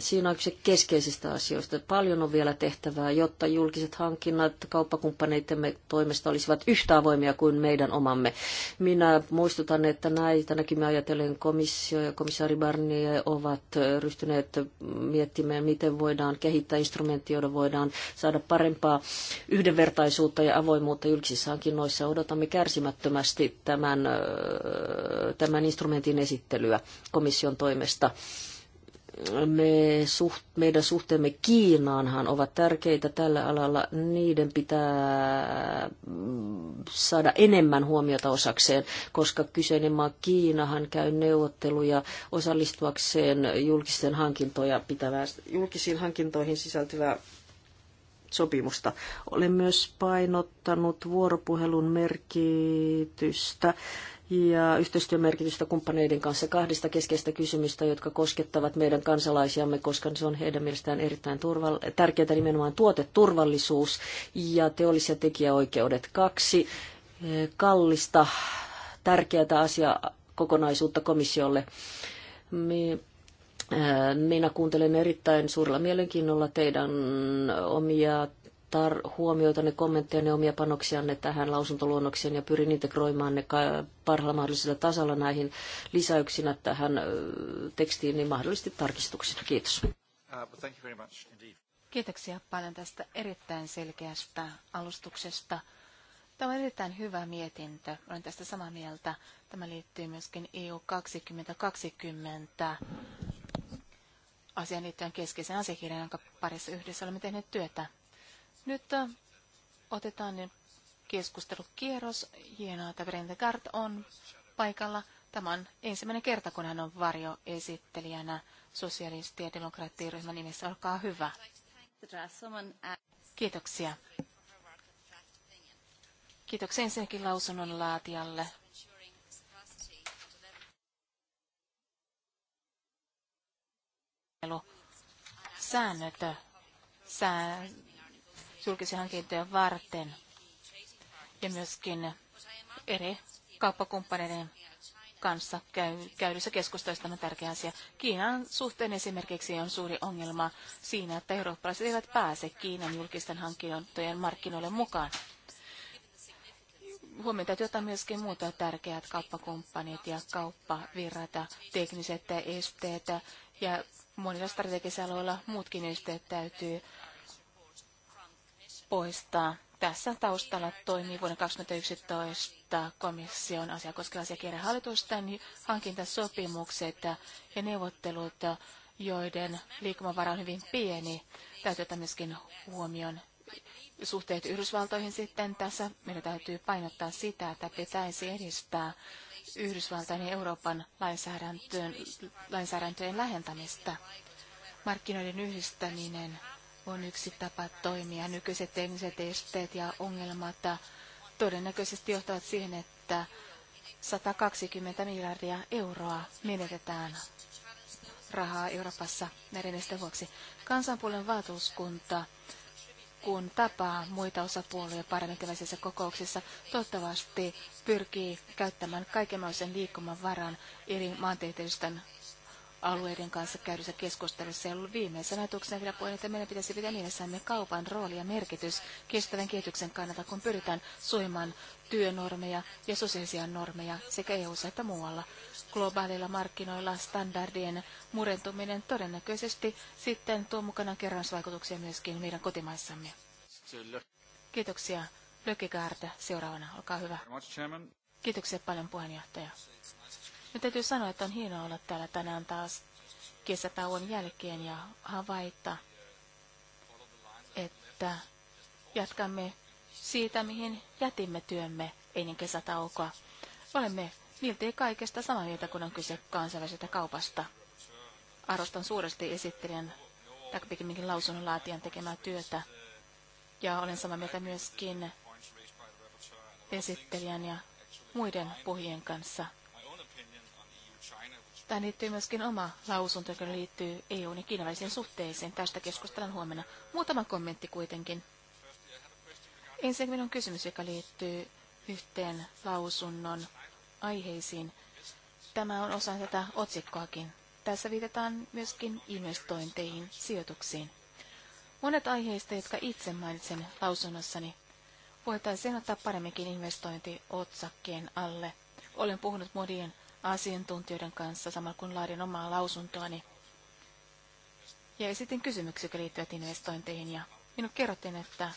Siinä on kyse keskeisistä asioista. Paljon on vielä tehtävää, jotta julkiset hankinnat kauppakumppaneitemme toimesta olisivat yhtä avoimia kuin meidän omamme. Minä muistutan, että näitä näkymiä ajatellen komissio ja komissaari Barnier ovat ryhtyneet miettimään, miten voidaan kehittää instrumentti, jolla voidaan saada parempaa yhdenvertaisuutta ja avoimuutta julkisissa hankinnoissa. Odotamme kärsimättömästi tämän, tämän instrumentin esittelyä komission toimesta me suht, meidän suhteemme Kiinaanhan ovat tärkeitä tällä alalla. Niiden pitää saada enemmän huomiota osakseen, koska kyseinen maa Kiinahan käy neuvotteluja osallistuakseen julkisten hankintoja pitävää, julkisiin hankintoihin sisältyvää sopimusta. Olen myös painottanut vuoropuhelun merkitystä ja yhteistyömerkitystä kumppaneiden kanssa kahdesta keskeistä kysymystä, jotka koskettavat meidän kansalaisiamme, koska se on heidän mielestään erittäin turval- tärkeää nimenomaan tuoteturvallisuus ja teollis- ja tekijäoikeudet. Kaksi eh, kallista, tärkeää asiaa kokonaisuutta komissiolle. Eh, minä kuuntelen erittäin suurella mielenkiinnolla teidän omia tar- huomioita ne kommentteja, ne omia panoksianne tähän lausuntoluonnokseen ja pyrin integroimaan ne parhaalla mahdollisella tasolla näihin lisäyksinä tähän tekstiin, niin mahdollisesti tarkistuksina. Kiitos. Kiitoksia paljon tästä erittäin selkeästä alustuksesta. Tämä on erittäin hyvä mietintö. Olen tästä samaa mieltä. Tämä liittyy myöskin EU 2020 asian liittyen keskeisen asiakirjan, jonka parissa yhdessä olemme tehneet työtä. Nyt äh, otetaan nyt keskustelukierros. Hienoa, että Brenda Gart on paikalla. Tämä on ensimmäinen kerta, kun hän on varjoesittelijänä sosiaalisti- ja demokraattiryhmän nimessä. Olkaa hyvä. Kiitoksia. Kiitoksia ensinnäkin lausunnon laatijalle. Säännöt sää, julkisia hankintoja varten ja myöskin eri kauppakumppaneiden kanssa käy, käydyssä keskustelussa tämä tärkeä asia. Kiinan suhteen esimerkiksi on suuri ongelma siinä, että eurooppalaiset eivät pääse Kiinan julkisten hankintojen markkinoille mukaan. Huomioon täytyy ottaa myöskin muuta tärkeät kauppakumppanit ja kauppavirrat, tekniset esteet ja monilla strategisilla aloilla muutkin esteet täytyy poistaa. Tässä taustalla toimii vuonna 2011 komission asia koskeva asiakirja hallitusten hankintasopimukset ja neuvottelut, joiden liikkumavara on hyvin pieni. Täytyy ottaa myöskin huomioon suhteet Yhdysvaltoihin sitten. Tässä meidän täytyy painottaa sitä, että pitäisi edistää Yhdysvaltain ja Euroopan lainsäädäntöön, lainsäädäntöjen lähentämistä. Markkinoiden yhdistäminen on yksi tapa toimia. Nykyiset tekniset esteet ja ongelmat todennäköisesti johtavat siihen, että 120 miljardia euroa menetetään rahaa Euroopassa näiden esteen vuoksi. Kansanpuolen valtuuskunta kun tapaa muita osapuolia parlamenttilaisissa kokouksissa, toivottavasti pyrkii käyttämään kaikenlaisen liikkuman varan eri maantieteellisten alueiden kanssa käydyssä keskustelussa. Ja viimeisen ajatuksena vielä puhun, että meidän pitäisi pitää mielessämme kaupan rooli ja merkitys kestävän kehityksen kannalta, kun pyritään suojamaan työnormeja ja sosiaalisia normeja sekä eu että muualla. Globaaleilla markkinoilla standardien murentuminen todennäköisesti sitten tuo mukana kerransvaikutuksia myöskin meidän kotimaissamme. Kiitoksia. Lökkikäärtä seuraavana, olkaa hyvä. Kiitoksia paljon puheenjohtaja. Nyt täytyy sanoa, että on hienoa olla täällä tänään taas kesätauon jälkeen ja havaita, että jatkamme siitä, mihin jätimme työmme ennen kesätaukoa. Olemme miltei kaikesta samaa mieltä, kun on kyse kansainvälisestä kaupasta. Arvostan suuresti esittelijän tai pikemminkin laatijan tekemää työtä. Ja olen samaa mieltä myöskin esittelijän ja muiden puhujien kanssa Tähän liittyy myöskin oma lausunto, joka liittyy EUn ja Kiinan välisiin suhteisiin. Tästä keskustellaan huomenna. Muutama kommentti kuitenkin. Ensinnäkin minun kysymys, joka liittyy yhteen lausunnon aiheisiin. Tämä on osa tätä otsikkoakin. Tässä viitataan myöskin investointeihin, sijoituksiin. Monet aiheista, jotka itse mainitsen lausunnossani, voitaisiin ottaa paremminkin investointiotsakkeen alle. Olen puhunut modien asiantuntijoiden kanssa samalla kun laadin omaa lausuntoani. Ja esitin kysymyksiä, jotka liittyvät investointeihin ja minun kerrottiin, että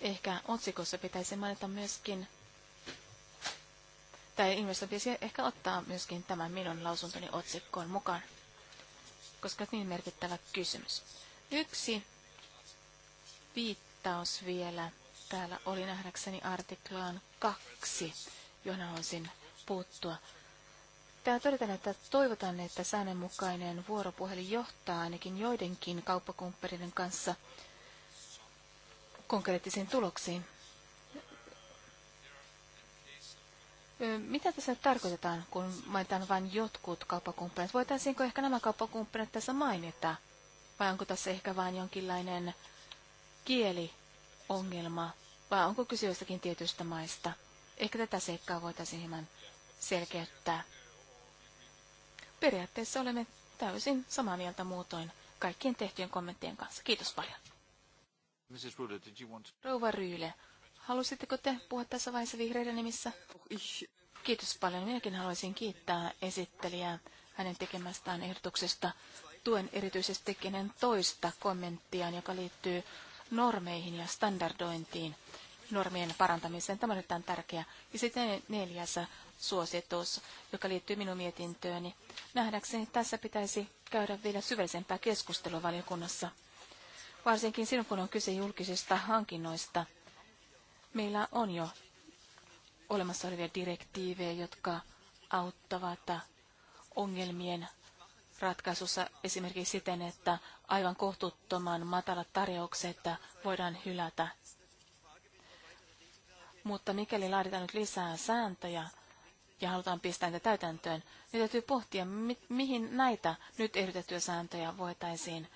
ehkä otsikossa pitäisi mainita myöskin, tai investointi pitäisi ehkä ottaa myöskin tämän minun lausuntoni otsikkoon mukaan, koska on niin merkittävä kysymys. Yksi viittaus vielä täällä oli nähdäkseni artiklaan kaksi, johon haluaisin puuttua. Pitää todetaan, että toivotan, että säännönmukainen vuoropuhelin johtaa ainakin joidenkin kauppakumppaneiden kanssa konkreettisiin tuloksiin. Mitä tässä nyt tarkoitetaan, kun mainitaan vain jotkut kauppakumppanit? Voitaisiinko ehkä nämä kauppakumppanit tässä mainita? Vai onko tässä ehkä vain jonkinlainen kieliongelma? Vai onko kyse jostakin tietystä maista? Ehkä tätä seikkaa voitaisiin hieman selkeyttää. Periaatteessa olemme täysin samaa mieltä muutoin kaikkien tehtyjen kommenttien kanssa. Kiitos paljon. Mrs. Ruder, did you want Rouva Ryyle, halusitteko te puhua tässä vaiheessa vihreiden nimissä? Oh, Kiitos paljon. Minäkin haluaisin kiittää esittelijää hänen tekemästään ehdotuksesta. Tuen erityisesti kenen toista kommenttiaan, joka liittyy normeihin ja standardointiin normien parantamiseen. Tämä on erittäin tärkeä. Ja sitten neljäs suositus, joka liittyy minun mietintööni. Nähdäkseni tässä pitäisi käydä vielä syvällisempää keskustelua valiokunnassa. Varsinkin silloin, kun on kyse julkisista hankinnoista. Meillä on jo olemassa olevia direktiivejä, jotka auttavat ongelmien ratkaisussa esimerkiksi siten, että aivan kohtuuttoman matalat tarjoukset voidaan hylätä. Mutta mikäli laaditaan nyt lisää sääntöjä, ja halutaan pistää niitä täytäntöön, niin täytyy pohtia, mi- mihin näitä nyt ehdotettuja sääntöjä voitaisiin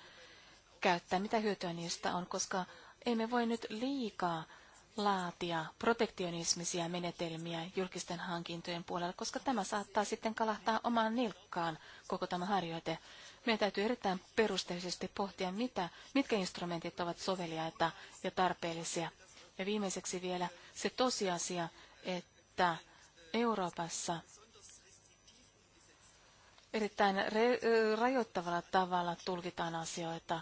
käyttää, mitä hyötyä niistä on, koska emme voi nyt liikaa laatia protektionismisia menetelmiä julkisten hankintojen puolella, koska tämä saattaa sitten kalahtaa omaan nilkkaan koko tämä harjoite. Meidän täytyy erittäin perusteellisesti pohtia, mitä, mitkä instrumentit ovat soveliaita ja tarpeellisia. Ja viimeiseksi vielä se tosiasia, että Euroopassa erittäin re- rajoittavalla tavalla tulkitaan asioita.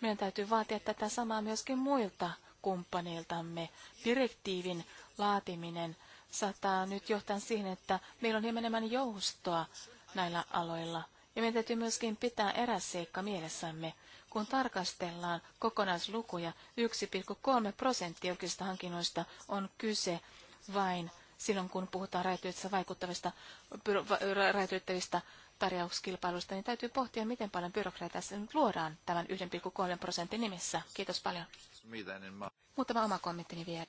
Meidän täytyy vaatia tätä samaa myöskin muilta kumppaniltamme. Direktiivin laatiminen saattaa nyt johtaa siihen, että meillä on hieman enemmän joustoa näillä aloilla. Ja meidän täytyy myöskin pitää eräs seikka mielessämme. Kun tarkastellaan kokonaislukuja, 1,3 prosenttia julkisista hankinnoista on kyse vain silloin, kun puhutaan rajatyössä vaikuttavista, rajatyöttävistä tarjouskilpailuista, niin täytyy pohtia, miten paljon byrokratiaa nyt luodaan tämän 1,3 prosentin nimissä. Kiitos paljon. Muutama oma kommenttini vielä.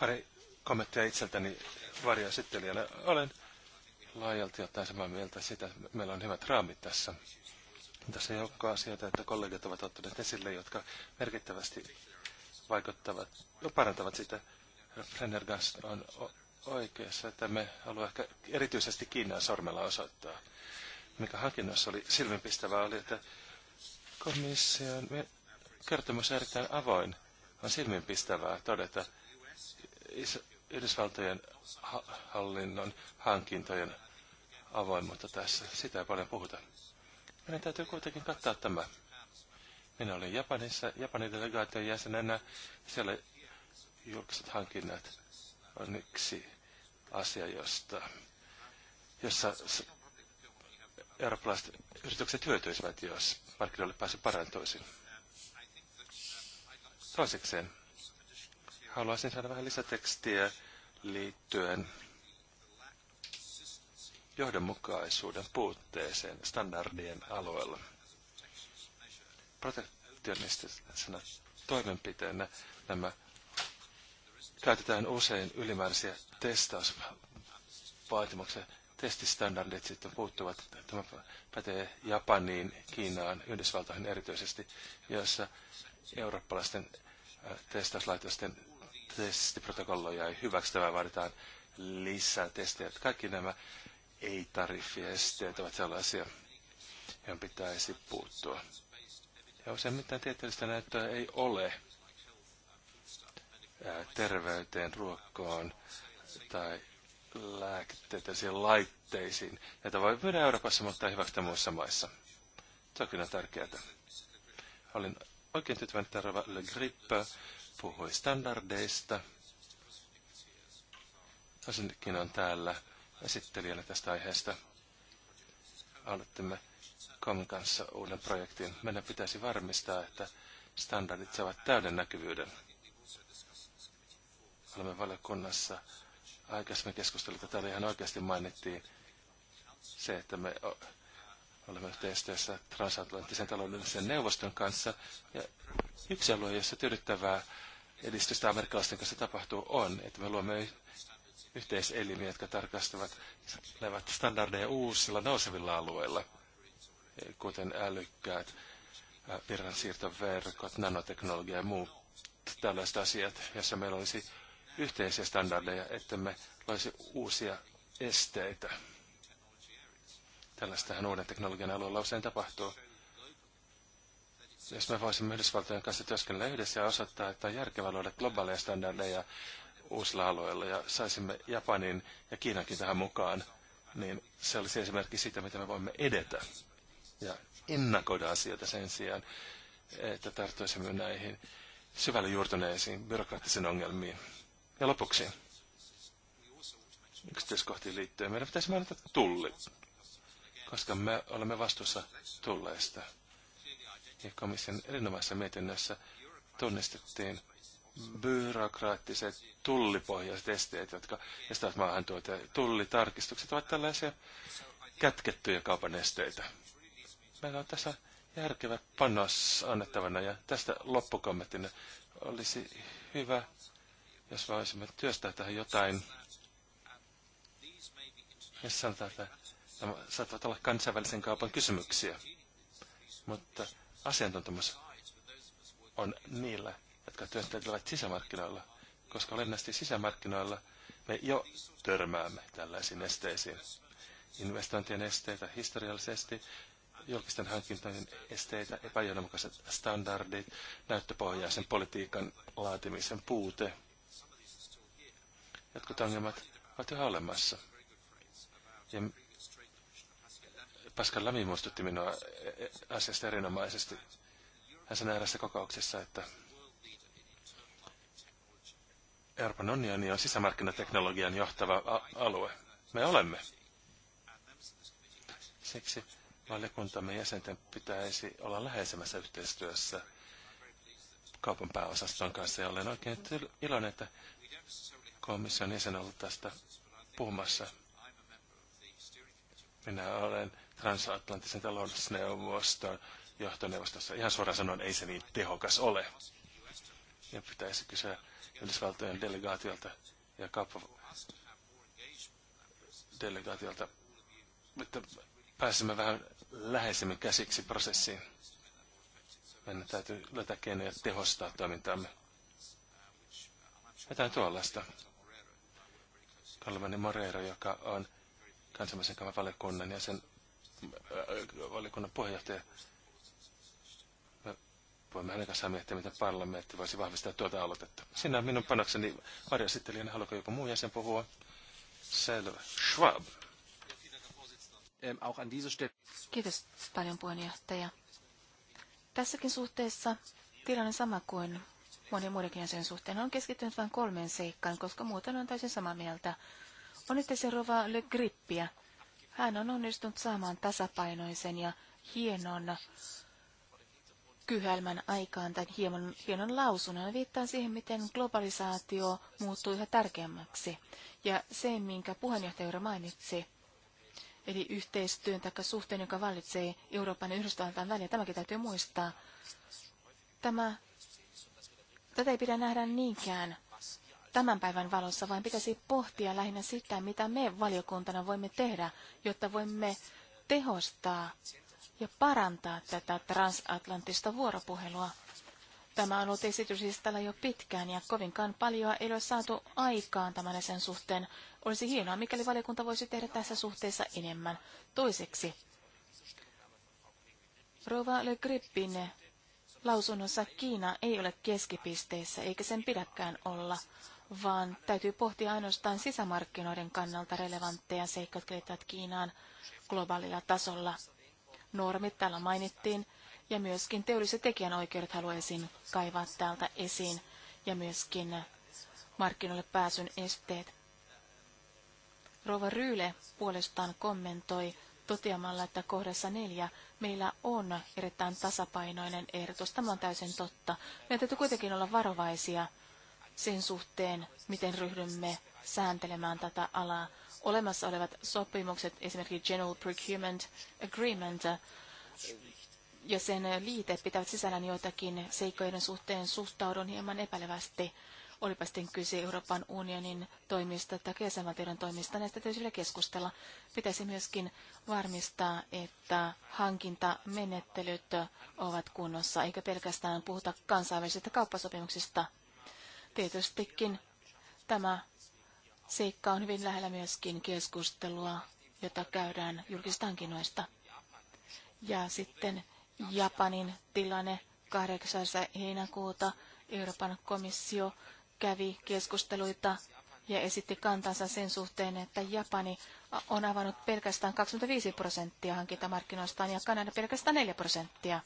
Pari kommenttia itseltäni varjoesittelijänä. Olen laajalti ottaen samaa mieltä sitä, että meillä on hyvät raamit tässä. Tässä on joukko asioita, että kollegat ovat ottaneet esille, jotka merkittävästi vaikuttavat ja parantavat sitä Flennergast on oikeassa, että me haluamme ehkä erityisesti Kiinan sormella osoittaa. Mikä hankinnassa oli silmipistävää oli, että komission kertomus on erittäin avoin. On silmiinpistävää todeta Yhdysvaltojen hallinnon hankintojen avoimuutta tässä. Sitä ei paljon puhuta. Meidän täytyy kuitenkin katsoa tämä. Minä olin Japanissa, Japanin delegaation jäsenenä. Siellä julkiset hankinnat on yksi asia, josta, jossa eurooppalaiset yritykset hyötyisivät, jos markkinoille pääsee parantoisin. Toisekseen haluaisin saada vähän lisätekstiä liittyen johdonmukaisuuden puutteeseen standardien alueella. Protektionistisena toimenpiteenä nämä käytetään usein ylimääräisiä testausvaatimuksia. Testistandardit sitten puuttuvat. Tämä pätee Japaniin, Kiinaan, Yhdysvaltoihin erityisesti, joissa eurooppalaisten testauslaitosten testiprotokolloja ei hyväksytä, vaaditaan lisää testejä. Kaikki nämä ei-tariffiesteet ovat sellaisia, joihin pitäisi puuttua. Ja useimmiten tieteellistä näyttöä ei ole terveyteen, ruokkoon tai siihen laitteisiin. Näitä voi myydä Euroopassa, mutta ei hyväksytä muissa maissa. Se on kyllä tärkeää. Olin oikein tyytyväinen, että Rova Le Grippe puhui standardeista. Asintikin on täällä esittelijänä tästä aiheesta. Aloitimme Komin kanssa uuden projektin. Meidän pitäisi varmistaa, että standardit saavat täyden näkyvyyden olemme valiokunnassa aikaisemmin keskustelleet, että täällä ihan oikeasti mainittiin se, että me olemme yhteistyössä transatlanttisen taloudellisen neuvoston kanssa. Ja yksi alue, jossa tyydyttävää edistystä amerikkalaisten kanssa tapahtuu, on, että me luomme yhteiselimiä, jotka tarkastavat levät standardeja uusilla nousevilla alueilla, kuten älykkäät äh, virransiirtoverkot, nanoteknologia ja muut tällaiset asiat, jossa meillä olisi yhteisiä standardeja, ettemme loisi uusia esteitä. Tällaistähän uuden teknologian alueella usein tapahtuu. Jos me voisimme Yhdysvaltojen kanssa työskennellä yhdessä ja osoittaa, että on järkevää luoda globaaleja standardeja uusilla alueilla ja saisimme Japanin ja Kiinankin tähän mukaan, niin se olisi esimerkki siitä, mitä me voimme edetä ja ennakoida asioita sen sijaan, että tarttuisimme näihin syvälle juurtuneisiin byrokraattisiin ongelmiin. Ja lopuksi yksityiskohtiin liittyen meidän pitäisi mainita tulli, koska me olemme vastuussa tulleista. Ja komission erinomaisessa mietinnössä tunnistettiin byrokraattiset tullipohjaiset esteet, jotka estävät tuota. Tullitarkistukset ovat tällaisia kätkettyjä kaupan esteitä. Meillä on tässä järkevä panos annettavana ja tästä loppukommenttina olisi hyvä jos voisimme työstää tähän jotain, jos sanotaan, että nämä saattavat olla kansainvälisen kaupan kysymyksiä, mutta asiantuntemus on niillä, jotka työskentelevät sisämarkkinoilla, koska olennaisesti sisämarkkinoilla me jo törmäämme tällaisiin esteisiin. Investointien esteitä historiallisesti, julkisten hankintojen esteitä, epäjohdonmukaiset standardit, näyttöpohjaisen politiikan laatimisen puute – Jotkut ongelmat ovat yhä olemassa. Ja Pascal Lamy muistutti minua asiasta erinomaisesti. Hän sanoi erässä kokouksessa, että Euroopan unioni on sisämarkkinateknologian johtava alue. Me olemme. Siksi valiokuntamme jäsenten pitäisi olla läheisemmässä yhteistyössä kaupan pääosaston kanssa. Ja olen oikein iloinen, että komission jäsen ollut tästä puhumassa. Minä olen transatlanttisen talousneuvoston johtoneuvostossa. Ihan suoraan sanoen ei se niin tehokas ole. Ja pitäisi kysyä Yhdysvaltojen delegaatiolta ja delegaatiolta, että pääsemme vähän läheisemmin käsiksi prosessiin. Meidän täytyy löytää keinoja tehostaa toimintaamme. Jotain tuollaista. Alvani Moreira, joka on kansainvälisen kaavan valiokunnan ja sen äh, valiokunnan puheenjohtaja. Me voimme hänen kanssaan miettiä, miten parlamentti voisi vahvistaa tuota aloitetta. Siinä on minun panokseni varjasittelijänä. Haluatko joku muu jäsen puhua? Selvä. Schwab. Ähm, Kiitos paljon puheenjohtaja. Tässäkin suhteessa tilanne sama kuin monen muidenkin asian suhteen. on keskittynyt vain kolmeen seikkaan, koska muuten on täysin samaa mieltä. On itse se Rova Le Grippiä. Hän on onnistunut saamaan tasapainoisen ja hienon kyhälmän aikaan tai hieman, hienon lausunnon. Viittaa siihen, miten globalisaatio muuttuu yhä tärkeämmäksi. Ja se, minkä puheenjohtaja mainitsi, eli yhteistyön tai suhteen, joka vallitsee Euroopan ja Yhdysvaltain väliä, tämäkin täytyy muistaa. Tämä Tätä ei pidä nähdä niinkään tämän päivän valossa, vaan pitäisi pohtia lähinnä sitä, mitä me valiokuntana voimme tehdä, jotta voimme tehostaa ja parantaa tätä transatlanttista vuoropuhelua. Tämä on ollut täällä jo pitkään ja kovinkaan paljon ei ole saatu aikaan tämän sen suhteen. Olisi hienoa, mikäli valiokunta voisi tehdä tässä suhteessa enemmän. Toiseksi, Rova Le Grippin lausunnossa Kiina ei ole keskipisteessä, eikä sen pidäkään olla, vaan täytyy pohtia ainoastaan sisämarkkinoiden kannalta relevantteja seikkoja, jotka liittyvät Kiinaan globaalilla tasolla. Normit täällä mainittiin, ja myöskin teolliset tekijänoikeudet haluaisin kaivaa täältä esiin, ja myöskin markkinoille pääsyn esteet. Rova Ryyle puolestaan kommentoi toteamalla, että kohdassa neljä meillä on erittäin tasapainoinen ehdotus. Tämä on täysin totta. Meidän täytyy kuitenkin olla varovaisia sen suhteen, miten ryhdymme sääntelemään tätä alaa. Olemassa olevat sopimukset, esimerkiksi General Procurement Agreement ja sen liite pitävät sisällään joitakin seikkojen suhteen suhtaudun hieman epäilevästi. Olipa sitten kyse Euroopan unionin toimista tai jäsenvaltioiden toimista, näistä täytyy vielä keskustella. Pitäisi myöskin varmistaa, että hankintamenettelyt ovat kunnossa, eikä pelkästään puhuta kansainvälisistä kauppasopimuksista. Tietystikin tämä seikka on hyvin lähellä myöskin keskustelua, jota käydään hankinnoista. Ja sitten Japanin tilanne 8. heinäkuuta Euroopan komissio kävi keskusteluita ja esitti kantansa sen suhteen, että Japani on avannut pelkästään 25 prosenttia hankintamarkkinoistaan ja Kanada pelkästään 4 prosenttia.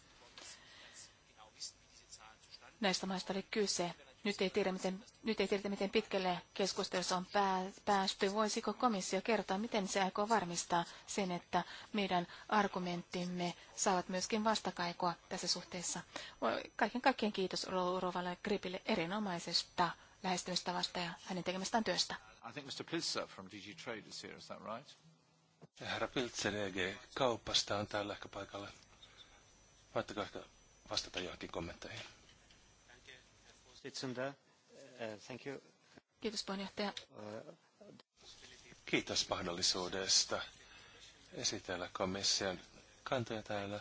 Näistä maista oli kyse. Nyt ei, tiedä, miten, nyt ei tiedä, miten pitkälle keskustelussa on päästy. Voisiko komissio kertoa, miten se aikoo varmistaa sen, että meidän argumenttimme saavat myöskin vastakaikoa tässä suhteessa? Kaiken kaikkien kiitos Rovalle Gripille erinomaisesta lähestymistavasta ja hänen tekemästään työstä. I think Mr. Pilser from DG Trade is here, is that right? Herra Piltzer EG kaupasta on täällä ehkä paikalla. Voitteko ehkä vastata johonkin kommentteihin? Uh, Kiitos puheenjohtaja. Kiitos mahdollisuudesta esitellä komission kantoja täällä.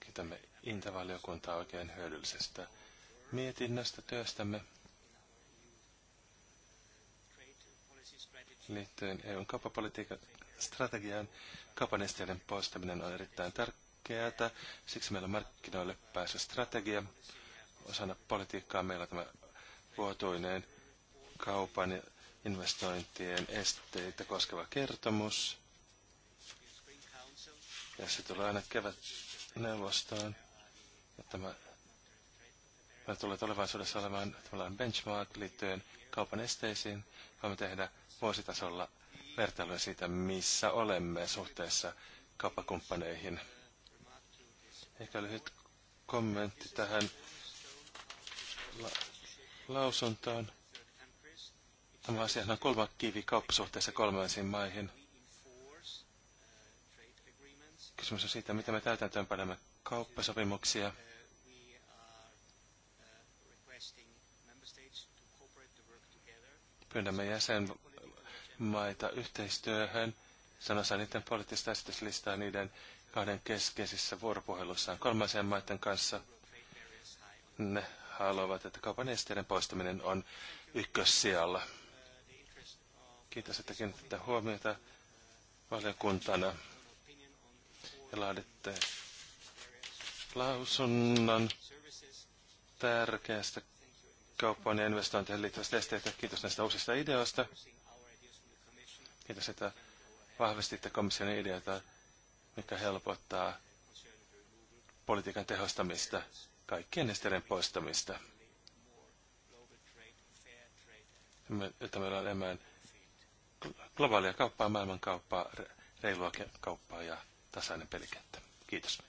Kiitämme Intavaliokuntaa oikein hyödyllisestä mietinnöstä työstämme liittyen EUn kauppapolitiikan strategiaan. Kaupan poistaminen on erittäin tärkeää tärkeää. Siksi meillä on markkinoille strategia, Osana politiikkaa meillä on tämä vuotuinen kaupan ja investointien esteitä koskeva kertomus. Ja se tulee aina kevät neuvostoon. Ja tämä, me tulee tulevaisuudessa olemaan tällainen benchmark liittyen kaupan esteisiin. Voimme tehdä vuositasolla vertailuja siitä, missä olemme suhteessa kauppakumppaneihin. Ehkä lyhyt kommentti tähän la- lausuntoon. Tämä asia on kolma kivi kauppasuhteessa kolmansiin maihin. Kysymys on siitä, miten me täytäntöön panemme kauppasopimuksia. Pyydämme jäsenmaita yhteistyöhön, sanossa niiden poliittista esityslistaa niiden kahden keskeisissä vuoropuhelussaan kolmansien maiden kanssa. Ne haluavat, että kaupan esteiden poistaminen on ykkössijalla. Kiitos, että kiinnitätte huomiota valiokuntana ja laaditte lausunnon tärkeästä kauppaan ja investointeihin liittyvästä esteitä. Kiitos näistä uusista ideoista. Kiitos, että vahvistitte komission ideoita mikä helpottaa politiikan tehostamista, kaikkien esteiden poistamista. että meillä on enemmän globaalia kauppaa, maailmankauppaa, reilua kauppaa ja tasainen pelikenttä. Kiitos.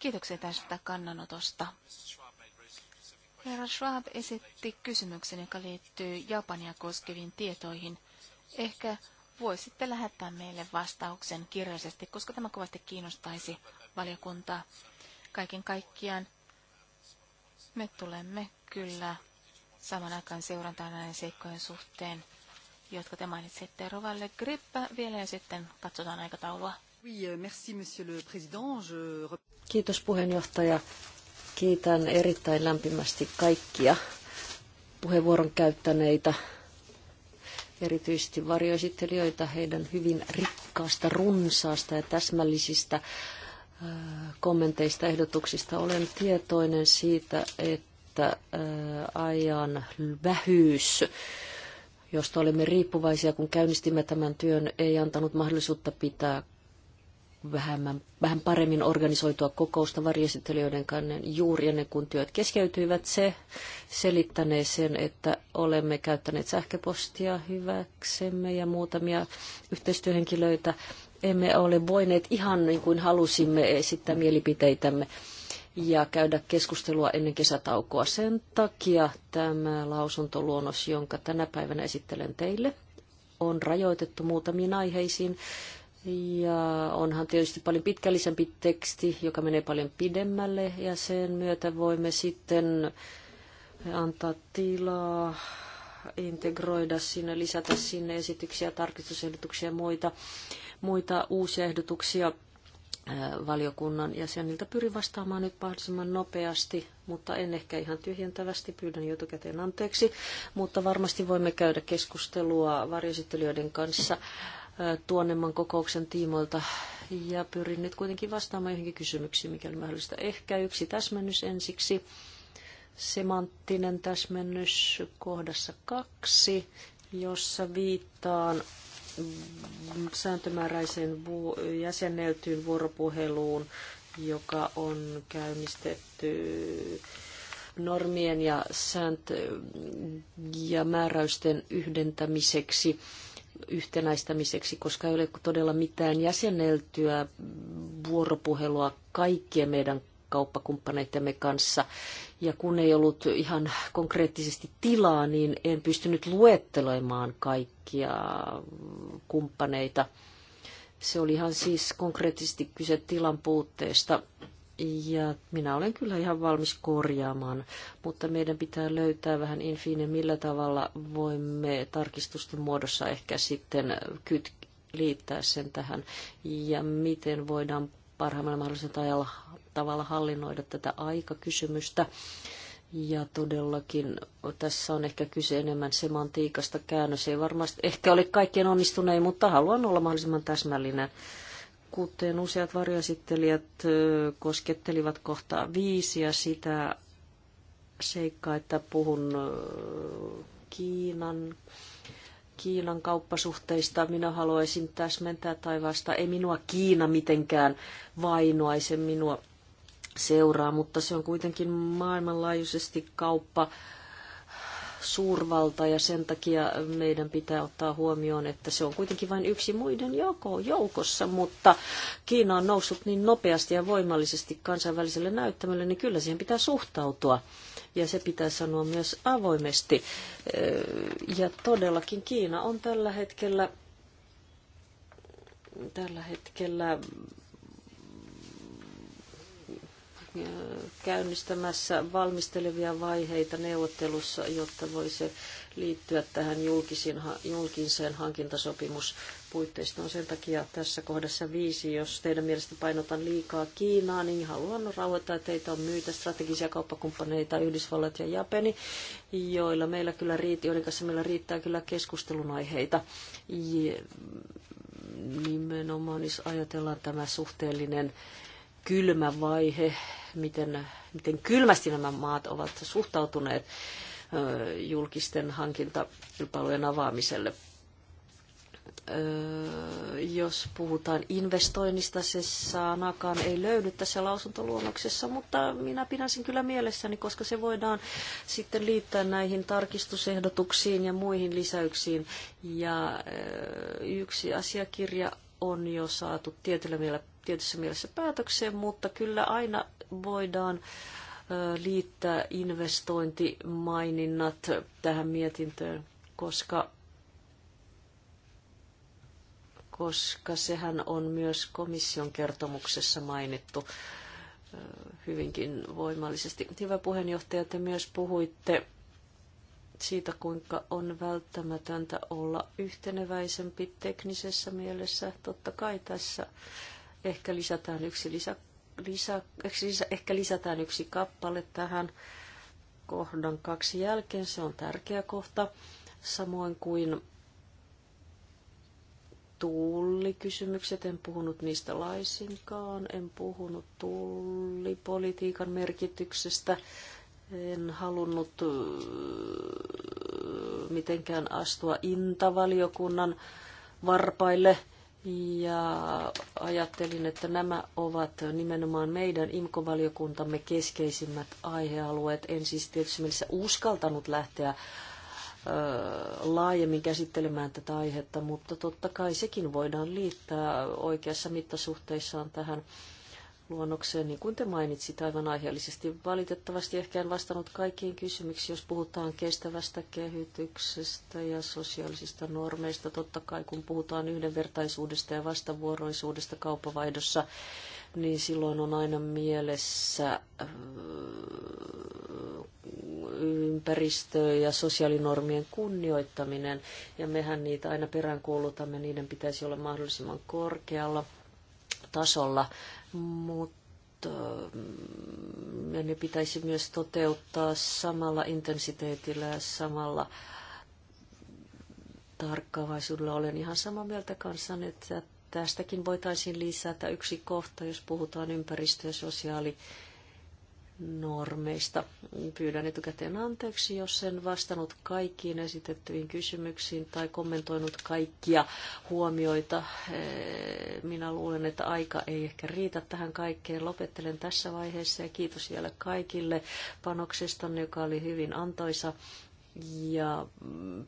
Kiitoksia tästä kannanotosta. Herra Schwab esitti kysymyksen, joka liittyy Japania koskeviin tietoihin. Ehkä voisitte lähettää meille vastauksen kirjallisesti, koska tämä kovasti kiinnostaisi valiokuntaa. Kaiken kaikkiaan me tulemme kyllä saman aikaan seurantaan näiden seikkojen suhteen, jotka te mainitsitte. Rovalle Grippä vielä ja sitten katsotaan aikataulua. Euh, Kiitos puheenjohtaja. Kiitän erittäin lämpimästi kaikkia puheenvuoron käyttäneitä erityisesti varjoesittelijöitä heidän hyvin rikkaasta, runsaasta ja täsmällisistä kommenteista, ehdotuksista. Olen tietoinen siitä, että ajan vähyys josta olemme riippuvaisia, kun käynnistimme tämän työn, ei antanut mahdollisuutta pitää vähemmän, vähän paremmin organisoitua kokousta varjesittelijöiden kanssa juuri ennen kuin työt keskeytyivät. Se selittänee sen, että olemme käyttäneet sähköpostia hyväksemme ja muutamia yhteistyöhenkilöitä. Emme ole voineet ihan niin kuin halusimme esittää mielipiteitämme ja käydä keskustelua ennen kesätaukoa. Sen takia tämä lausuntoluonnos, jonka tänä päivänä esittelen teille, on rajoitettu muutamiin aiheisiin ja onhan tietysti paljon pitkällisempi teksti, joka menee paljon pidemmälle ja sen myötä voimme sitten antaa tilaa, integroida sinne, lisätä sinne esityksiä, tarkistusehdotuksia ja muita, muita uusia ehdotuksia valiokunnan jäseniltä. Pyrin vastaamaan nyt mahdollisimman nopeasti, mutta en ehkä ihan tyhjentävästi, pyydän jo etukäteen anteeksi, mutta varmasti voimme käydä keskustelua varjoesittelijöiden kanssa. Mm tuonemman kokouksen tiimoilta. Ja pyrin nyt kuitenkin vastaamaan johonkin kysymyksiin, mikäli mahdollista. Ehkä yksi täsmennys ensiksi. Semanttinen täsmennys kohdassa kaksi, jossa viittaan sääntömääräiseen jäsenneltyyn vuoropuheluun, joka on käynnistetty normien ja sääntö- ja määräysten yhdentämiseksi yhtenäistämiseksi, koska ei ole todella mitään jäseneltyä vuoropuhelua kaikkien meidän kauppakumppaneittemme kanssa. Ja kun ei ollut ihan konkreettisesti tilaa, niin en pystynyt luettelemaan kaikkia kumppaneita. Se oli ihan siis konkreettisesti kyse tilan puutteesta ja minä olen kyllä ihan valmis korjaamaan, mutta meidän pitää löytää vähän infiine, millä tavalla voimme tarkistusten muodossa ehkä sitten kyt, liittää sen tähän ja miten voidaan parhaimmalla mahdollisella tavalla hallinnoida tätä aikakysymystä. Ja todellakin tässä on ehkä kyse enemmän semantiikasta. Käännös ei varmasti ehkä ole kaikkien onnistunein, mutta haluan olla mahdollisimman täsmällinen kuten useat varjoesittelijät koskettelivat kohtaa viisi ja sitä seikkaa, että puhun Kiinan, Kiinan kauppasuhteista. Minä haluaisin täsmentää tai vasta. Ei minua Kiina mitenkään vainoaisen minua seuraa, mutta se on kuitenkin maailmanlaajuisesti kauppa suurvalta ja sen takia meidän pitää ottaa huomioon, että se on kuitenkin vain yksi muiden joko, joukossa, mutta Kiina on noussut niin nopeasti ja voimallisesti kansainväliselle näyttämölle, niin kyllä siihen pitää suhtautua. Ja se pitää sanoa myös avoimesti. Ja todellakin Kiina on tällä hetkellä tällä hetkellä käynnistämässä valmistelevia vaiheita neuvottelussa, jotta voisi liittyä tähän julkisin, julkiseen hankintasopimuspuitteistoon. Sen takia tässä kohdassa viisi, jos teidän mielestä painotan liikaa Kiinaa, niin haluan rauhoittaa teitä on myytä strategisia kauppakumppaneita Yhdysvallat ja Japani, joilla meillä kyllä riitti, joiden kanssa meillä riittää kyllä keskustelun aiheita. nimenomaan, jos ajatellaan tämä suhteellinen kylmä vaihe, miten, miten kylmästi nämä maat ovat suhtautuneet julkisten hankintakilpailujen avaamiselle. Jos puhutaan investoinnista, se sanakaan ei löydy tässä lausuntoluonnoksessa, mutta minä pidän sen kyllä mielessäni, koska se voidaan sitten liittää näihin tarkistusehdotuksiin ja muihin lisäyksiin. Ja yksi asiakirja on jo saatu tietyllä mielellä tietyssä mielessä päätökseen, mutta kyllä aina voidaan liittää investointimaininnat tähän mietintöön, koska, koska sehän on myös komission kertomuksessa mainittu hyvinkin voimallisesti. Hyvä puheenjohtaja, te myös puhuitte siitä, kuinka on välttämätöntä olla yhteneväisempi teknisessä mielessä. Totta kai tässä ehkä lisätään yksi lisä lisä, ehkä lisätään yksi kappale tähän kohdan kaksi jälkeen. Se on tärkeä kohta. Samoin kuin tullikysymykset, en puhunut niistä laisinkaan, en puhunut tullipolitiikan merkityksestä, en halunnut mitenkään astua intavaliokunnan varpaille – ja ajattelin, että nämä ovat nimenomaan meidän imkovaliokuntamme keskeisimmät aihealueet. En siis tietysti mielessä uskaltanut lähteä laajemmin käsittelemään tätä aihetta, mutta totta kai sekin voidaan liittää oikeassa mittasuhteissaan tähän luonnokseen, niin kuin te mainitsit aivan aiheellisesti. Valitettavasti ehkä en vastannut kaikkiin kysymyksiin, jos puhutaan kestävästä kehityksestä ja sosiaalisista normeista. Totta kai, kun puhutaan yhdenvertaisuudesta ja vastavuoroisuudesta kaupavaihdossa, niin silloin on aina mielessä äh, ympäristö- ja sosiaalinormien kunnioittaminen, ja mehän niitä aina peräänkuulutamme, niiden pitäisi olla mahdollisimman korkealla tasolla mutta ja mm, ne pitäisi myös toteuttaa samalla intensiteetillä ja samalla tarkkaavaisuudella. Olen ihan samaa mieltä kanssanne, että tästäkin voitaisiin lisätä yksi kohta, jos puhutaan ympäristö- ja sosiaali- normeista. Pyydän etukäteen anteeksi, jos en vastannut kaikkiin esitettyihin kysymyksiin tai kommentoinut kaikkia huomioita. Eh, minä luulen, että aika ei ehkä riitä tähän kaikkeen. Lopettelen tässä vaiheessa ja kiitos vielä kaikille panoksestanne, joka oli hyvin antoisa. Ja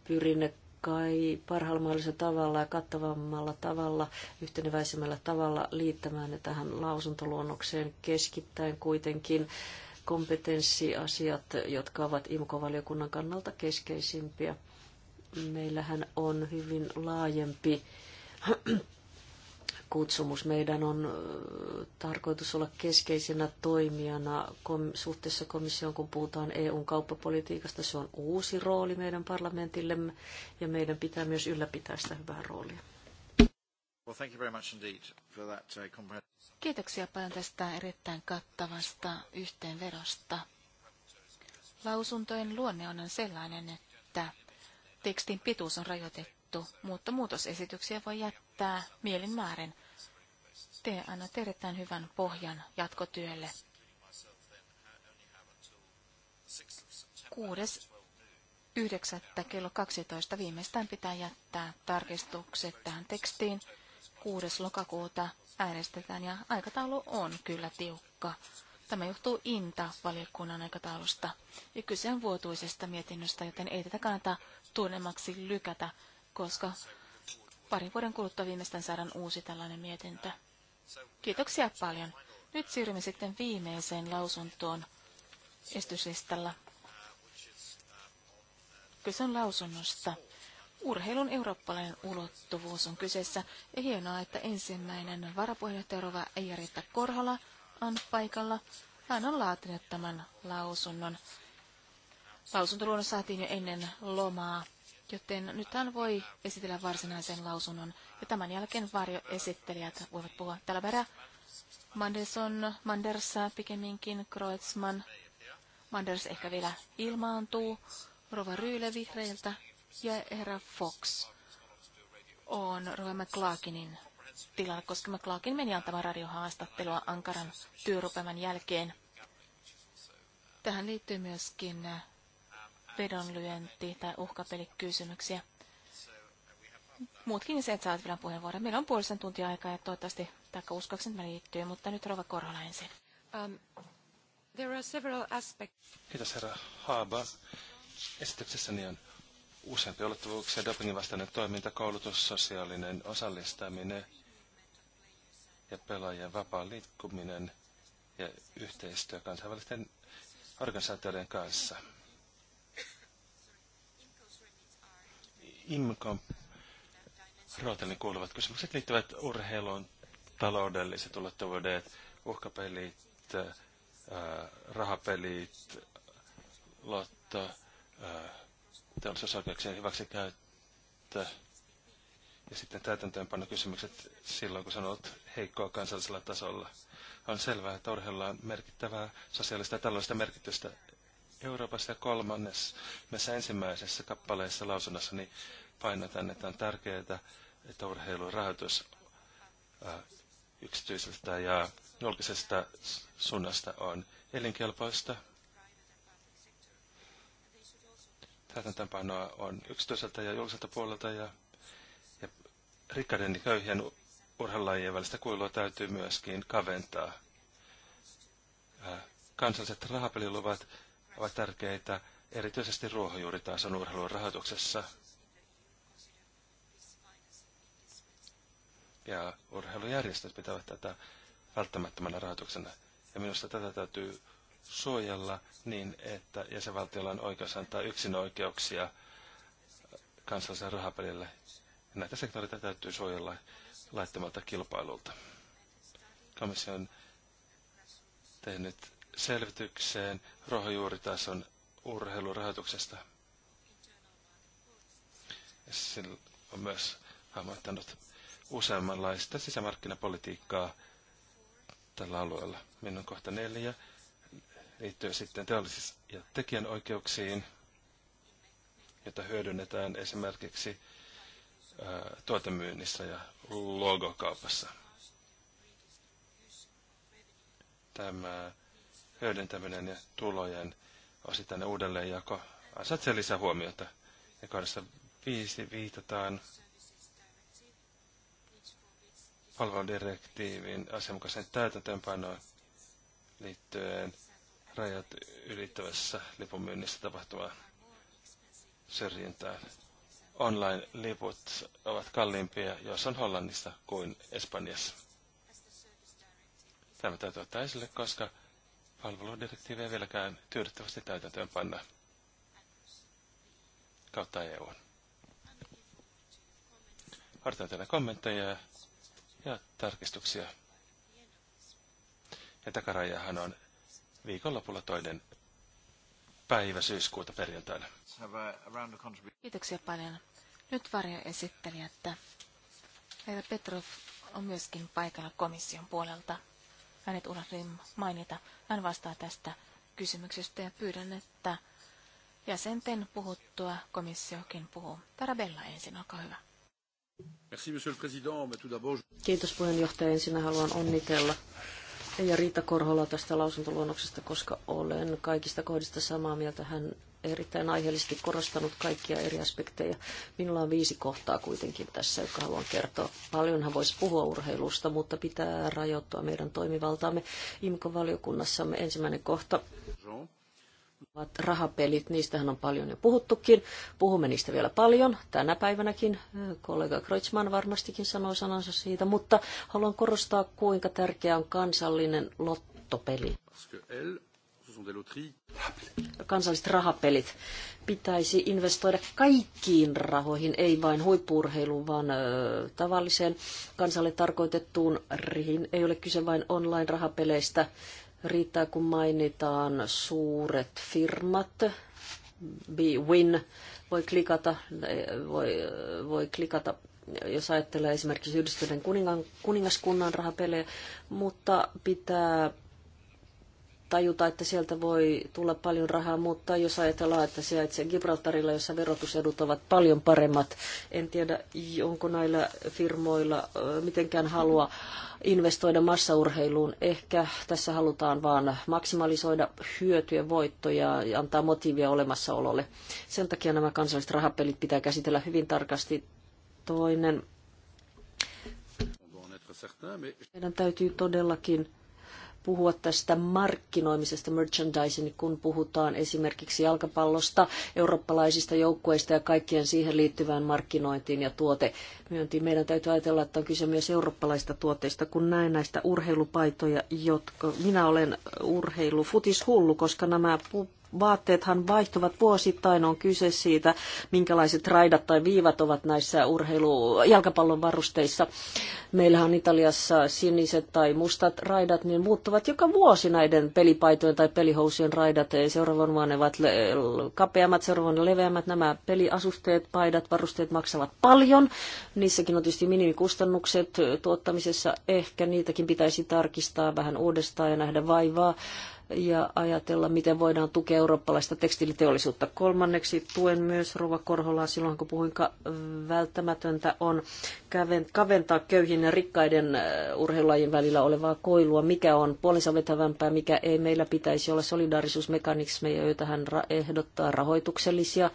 pyrin, kai parhaalla mahdollisella tavalla ja kattavammalla tavalla, yhteneväisemmällä tavalla liittämään ne tähän lausuntoluonnokseen keskittäen kuitenkin kompetenssiasiat, jotka ovat imco valiokunnan kannalta keskeisimpiä. Meillähän on hyvin laajempi kutsumus. Meidän on tarkoitus olla keskeisenä toimijana suhteessa komissioon, kun puhutaan EUn kauppapolitiikasta. Se on uusi rooli meidän parlamentillemme ja meidän pitää myös ylläpitää sitä hyvää roolia. Uh, Kiitoksia paljon tästä erittäin kattavasta yhteenvedosta. Lausuntojen luonne on sellainen, että tekstin pituus on rajoitettu, mutta muutosesityksiä voi jättää Tämä mielin määrin. Te annatte erittäin hyvän pohjan jatkotyölle. 6.9. kello 12 viimeistään pitää jättää tarkistukset tähän tekstiin. 6. lokakuuta äänestetään ja aikataulu on kyllä tiukka. Tämä johtuu INTA-valiokunnan aikataulusta ja kyse on vuotuisesta mietinnöstä, joten ei tätä kannata tunnemmaksi lykätä, koska parin vuoden kuluttua viimeistään saadaan uusi tällainen mietintö. Kiitoksia paljon. Nyt siirrymme sitten viimeiseen lausuntoon estyslistalla. Kyse on lausunnosta. Urheilun eurooppalainen ulottuvuus on kyseessä ja hienoa, että ensimmäinen varapuheenjohtaja Rova Eijaritta Korhola on paikalla. Hän on laatinut tämän lausunnon. Lausuntoluonnos saatiin jo ennen lomaa Joten nyt hän voi esitellä varsinaisen lausunnon ja tämän jälkeen varjoesittelijät voivat puhua. Tällä perä, Manderson, Manders pikemminkin, Kreutzmann, Manders ehkä vielä ilmaantuu, Rova Ryyle vihreiltä ja herra Fox on Rova McClarkinin tilalla, koska McClarkin meni antamaan radiohaastattelua Ankaran työrupeman jälkeen. Tähän liittyy myöskin vedonlyönti- tai uhkapelikysymyksiä. Muutkin se että saat vielä puheenvuoron. Meillä on puolisen tuntia aikaa ja toivottavasti, taikka että me liittyy, mutta nyt Rova Korhola ensin. Um, there are several aspects. Kiitos herra Haaba. Esityksessäni on useampia olettavuuksia, dopingin vastainen toiminta, koulutus, sosiaalinen osallistaminen ja pelaajien vapaa liikkuminen ja yhteistyö kansainvälisten organisaatioiden kanssa. IMCON rooteliin kuuluvat kysymykset liittyvät urheiluun, taloudelliset ulottuvuudet, uhkapelit, äh, rahapelit, lotto, äh, teollisuusoikeuksien hyväksikäyttö ja sitten kysymykset silloin, kun sanot heikkoa kansallisella tasolla. On selvää, että urheilulla on merkittävää sosiaalista ja taloudellista merkitystä ja kolmannessa ensimmäisessä kappaleessa niin painotan, että on tärkeää, että urheilun rahoitus yksityiseltä ja julkisesta suunnasta on elinkelpoista. Täytäntöönpanoa on yksityiseltä ja julkiselta puolelta ja, ja rikkaiden ja köyhien urheilulajien välistä kuilua täytyy myöskin kaventaa. Kansalliset rahapeliluvat ovat tärkeitä erityisesti ruohonjuuritason urheilun rahoituksessa. Ja urheilujärjestöt pitävät tätä välttämättömänä rahoituksena. Ja minusta tätä täytyy suojella niin, että jäsenvaltiolla on oikeus antaa yksin oikeuksia kansallisen rahapelille. Ja näitä sektoreita täytyy suojella laittamalta kilpailulta. Komissio on tehnyt selvitykseen ruohonjuuritason urheilurahoituksesta. Sillä on myös hahmottanut useammanlaista sisämarkkinapolitiikkaa tällä alueella. Minun kohta neljä liittyy sitten teollis- ja tekijänoikeuksiin, jota hyödynnetään esimerkiksi tuotemyynnissä ja logokaupassa. Tämä hyödyntäminen ja tulojen osittainen uudelleenjako sen lisää huomiota. Ja kohdassa viisi viitataan palveludirektiivin asianmukaisen täytäntöönpanoon liittyen rajat ylittävässä lipunmyynnissä tapahtuvaan syrjintään. Online-liput ovat kalliimpia, jos on Hollannissa kuin Espanjassa. Tämä täytyy ottaa esille, koska palveludirektiiviä vieläkään tyydyttävästi täytäntöön panna kautta EU. Odotan teillä kommentteja ja tarkistuksia. Ja takarajahan on viikonlopulla toinen päivä syyskuuta perjantaina. Kiitoksia paljon. Nyt varjoesittelijä, että Petrov on myöskin paikalla komission puolelta hänet unohdin mainita. Hän vastaa tästä kysymyksestä ja pyydän, että jäsenten puhuttua komissiokin puhuu. Tarabella ensin, olkaa hyvä. Kiitos puheenjohtaja. Ensin haluan onnitella ja Riitta Korhola tästä lausuntoluonnoksesta, koska olen kaikista kohdista samaa mieltä. Hän erittäin aiheellisesti korostanut kaikkia eri aspekteja. Minulla on viisi kohtaa kuitenkin tässä, jotka haluan kertoa. Paljonhan voisi puhua urheilusta, mutta pitää rajoittua meidän toimivaltaamme. IMKO-valiokunnassamme ensimmäinen kohta. Jean rahapelit, niistähän on paljon jo puhuttukin. Puhumme niistä vielä paljon tänä päivänäkin. Kollega Kreutzmann varmastikin sanoi sanansa siitä, mutta haluan korostaa, kuinka tärkeä on kansallinen lottopeli. Kansalliset rahapelit pitäisi investoida kaikkiin rahoihin, ei vain huippurheiluun, vaan ö, tavalliseen kansalle tarkoitettuun rihin. Ei ole kyse vain online-rahapeleistä, Riittää, kun mainitaan suuret firmat, win voi klikata, voi, voi klikata jos ajattelee esimerkiksi yhdistyneen kuningaskunnan rahapelejä, mutta pitää tajuta, että sieltä voi tulla paljon rahaa, mutta jos ajatellaan, että sijaitsee Gibraltarilla, jossa verotusedut ovat paljon paremmat, en tiedä, onko näillä firmoilla mitenkään halua investoida massaurheiluun. Ehkä tässä halutaan vaan maksimalisoida hyötyjä, voittoja ja antaa motiivia olemassaololle. Sen takia nämä kansalliset rahapelit pitää käsitellä hyvin tarkasti. Toinen. Meidän täytyy todellakin puhua tästä markkinoimisesta, merchandising, kun puhutaan esimerkiksi jalkapallosta, eurooppalaisista joukkueista ja kaikkien siihen liittyvään markkinointiin ja tuotemyyntiin. Meidän täytyy ajatella, että on kyse myös eurooppalaisista tuotteista, kun näen näistä urheilupaitoja, jotka minä olen urheilu futishullu, koska nämä vaatteethan vaihtuvat vuosittain. On kyse siitä, minkälaiset raidat tai viivat ovat näissä urheilu- jalkapallon varusteissa. Meillähän on Italiassa siniset tai mustat raidat, niin muuttuvat joka vuosi näiden pelipaitojen tai pelihousien raidat. Seuraavan vuonna ne ovat kapeammat, seuraavan leveämmät. Nämä peliasusteet, paidat, varusteet maksavat paljon. Niissäkin on tietysti minimikustannukset tuottamisessa. Ehkä niitäkin pitäisi tarkistaa vähän uudestaan ja nähdä vaivaa ja ajatella, miten voidaan tukea eurooppalaista tekstiiliteollisuutta. Kolmanneksi tuen myös Rova Korholaa silloin, kun puhuin, välttämätöntä on kaventaa köyhien ja rikkaiden äh, urheilulajien välillä olevaa koilua, mikä on puolensa vetävämpää, mikä ei meillä pitäisi olla solidaarisuusmekanismeja, joita hän ehdottaa rahoituksellisia.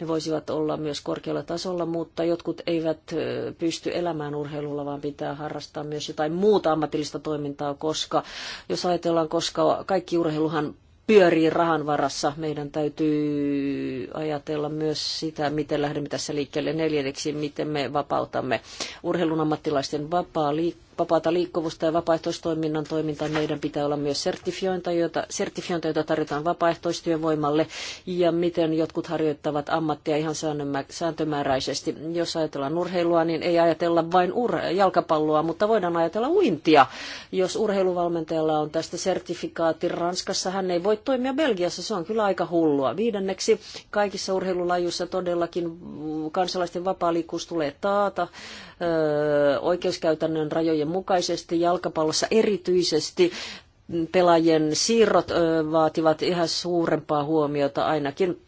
Ne voisivat olla myös korkealla tasolla, mutta jotkut eivät äh, pysty elämään urheilulla, vaan pitää harrastaa myös jotain muuta ammatillista toimintaa, koska jos ajatellaan, koska kaikki Urheiluhan pyörii rahan varassa. Meidän täytyy ajatella myös sitä, miten lähdemme tässä liikkeelle neljänneksi, miten me vapautamme urheilun ammattilaisten vapaa liikkuvuutta vapaata liikkuvuutta ja vapaaehtoistoiminnan toimintaa. Meidän pitää olla myös sertifiointa, jota, sertifiointa, jota tarjotaan vapaaehtoistyövoimalle ja miten jotkut harjoittavat ammattia ihan sääntömääräisesti. Jos ajatellaan urheilua, niin ei ajatella vain ur- jalkapalloa, mutta voidaan ajatella uintia. Jos urheiluvalmentajalla on tästä sertifikaatti Ranskassa, hän ei voi toimia Belgiassa, se on kyllä aika hullua. Viidenneksi kaikissa urheilulajuissa todellakin kansalaisten vapaa liikkuvuus tulee taata öö, oikeuskäytännön rajojen sääntöjen mukaisesti, jalkapallossa erityisesti pelaajien siirrot vaativat yhä suurempaa huomiota ainakin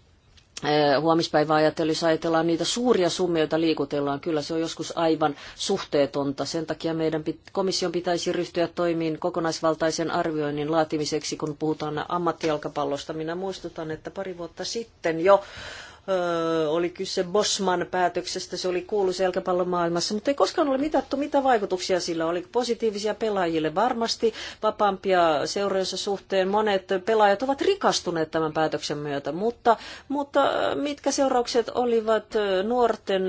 huomispäivää ajatellen, jos ajatellaan niitä suuria summia, joita liikutellaan, kyllä se on joskus aivan suhteetonta. Sen takia meidän komission pitäisi ryhtyä toimiin kokonaisvaltaisen arvioinnin laatimiseksi, kun puhutaan ammattijalkapallosta. Minä muistutan, että pari vuotta sitten jo oli kyse Bosman päätöksestä, se oli kuuluisa jalkapallomaailmassa, mutta ei koskaan ole mitattu, mitä vaikutuksia sillä oli. Positiivisia pelaajille varmasti, vapaampia seurojensa suhteen. Monet pelaajat ovat rikastuneet tämän päätöksen myötä, mutta, mutta mitkä seuraukset olivat nuorten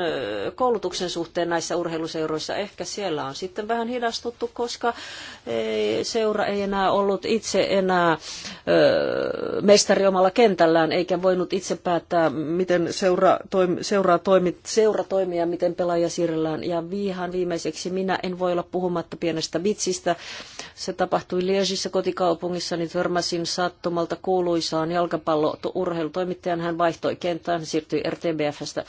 koulutuksen suhteen näissä urheiluseuroissa? Ehkä siellä on sitten vähän hidastuttu, koska ei, seura ei enää ollut itse enää ö, mestari omalla kentällään, eikä voinut itse päättää, mitä miten seura, toim, seuraa toimi, seura toimia, miten pelaaja siirrellään. Ja viihan viimeiseksi minä en voi olla puhumatta pienestä vitsistä. Se tapahtui Liesissä kotikaupungissa, niin törmäsin sattumalta kuuluisaan jalkapallourheilutoimittajan. Hän vaihtoi kenttään, siirtyi RTBFstä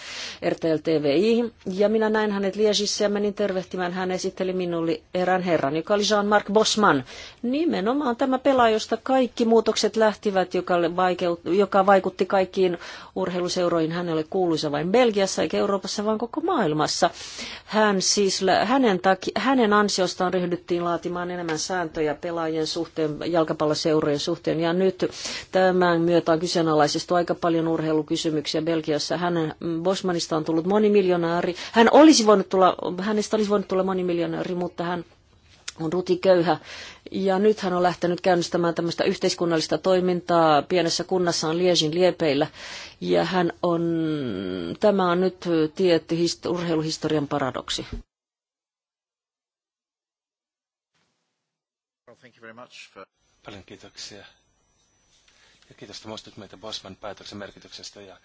RTLTVIhin. Ja minä näin hänet Liesissä ja menin tervehtimään. Hän esitteli minulle erään herran, joka oli Jean-Marc Bosman. Nimenomaan tämä pelaaja, josta kaikki muutokset lähtivät, joka, vaikeut, joka vaikutti kaikkiin urheiluseuroihin euroihin. Hän oli kuuluisa vain Belgiassa eikä Euroopassa, vaan koko maailmassa. Hän siis, hänen, taki, hänen ansiostaan ryhdyttiin laatimaan enemmän sääntöjä pelaajien suhteen, jalkapalloseurojen suhteen. Ja nyt tämän myötä on kyseenalaisesti aika paljon urheilukysymyksiä Belgiassa. Hänen mm, Bosmanista on tullut monimiljonääri. Hän olisi voinut tulla, hänestä olisi voinut tulla monimiljonääri, mutta hän on rutiköyhä. Ja nyt hän on lähtenyt käynnistämään tämmöistä yhteiskunnallista toimintaa pienessä kunnassaan Liesin liepeillä. Ja hän on, tämä on nyt tietty urheiluhistorian paradoksi. Paljon kiitoksia. Ja kiitos, että muistut meitä Bosman päätöksen merkityksestä ja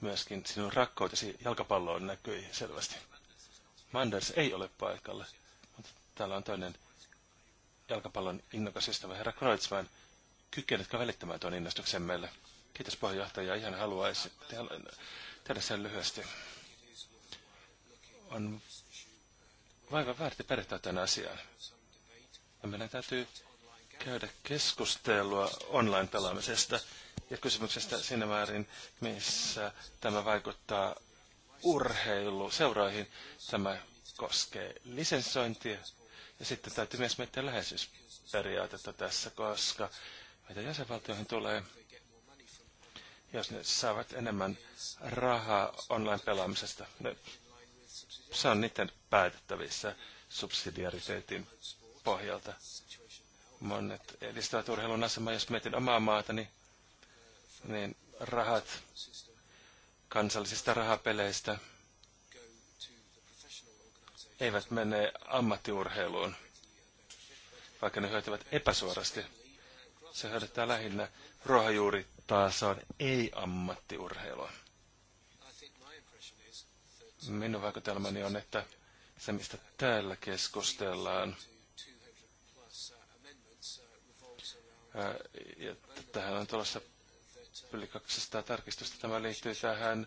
myöskin sinun rakkautesi jalkapalloon näkyi selvästi. Manders ei ole paikalla, mutta täällä on toinen jalkapallon innokas ystävä herra Kreutzmann. Kykenetkö välittämään tuon innostuksen meille? Kiitos puheenjohtaja. Ihan haluaisin tehdä sen lyhyesti. On vaivan väärti perehtyä tämän asiaan. Ja meidän täytyy käydä keskustelua online-pelaamisesta ja kysymyksestä siinä määrin, missä tämä vaikuttaa urheiluseuroihin. Tämä koskee lisensointia, ja sitten täytyy myös miettiä läheisyysperiaatetta tässä, koska mitä jäsenvaltioihin tulee, jos ne saavat enemmän rahaa online-pelaamisesta, ne, se on niiden päätettävissä subsidiariteetin pohjalta. Monet edistävät urheilun asemaa, jos mietin omaa maatani, niin rahat kansallisista rahapeleistä – eivät mene ammattiurheiluun, vaikka ne hyötyvät epäsuorasti. Se hyödyttää lähinnä ruohonjuuritasoon ei-ammattiurheilua. Minun vaikutelmani on, että se, mistä täällä keskustellaan, ja tähän on tulossa yli 200 tarkistusta. Tämä liittyy tähän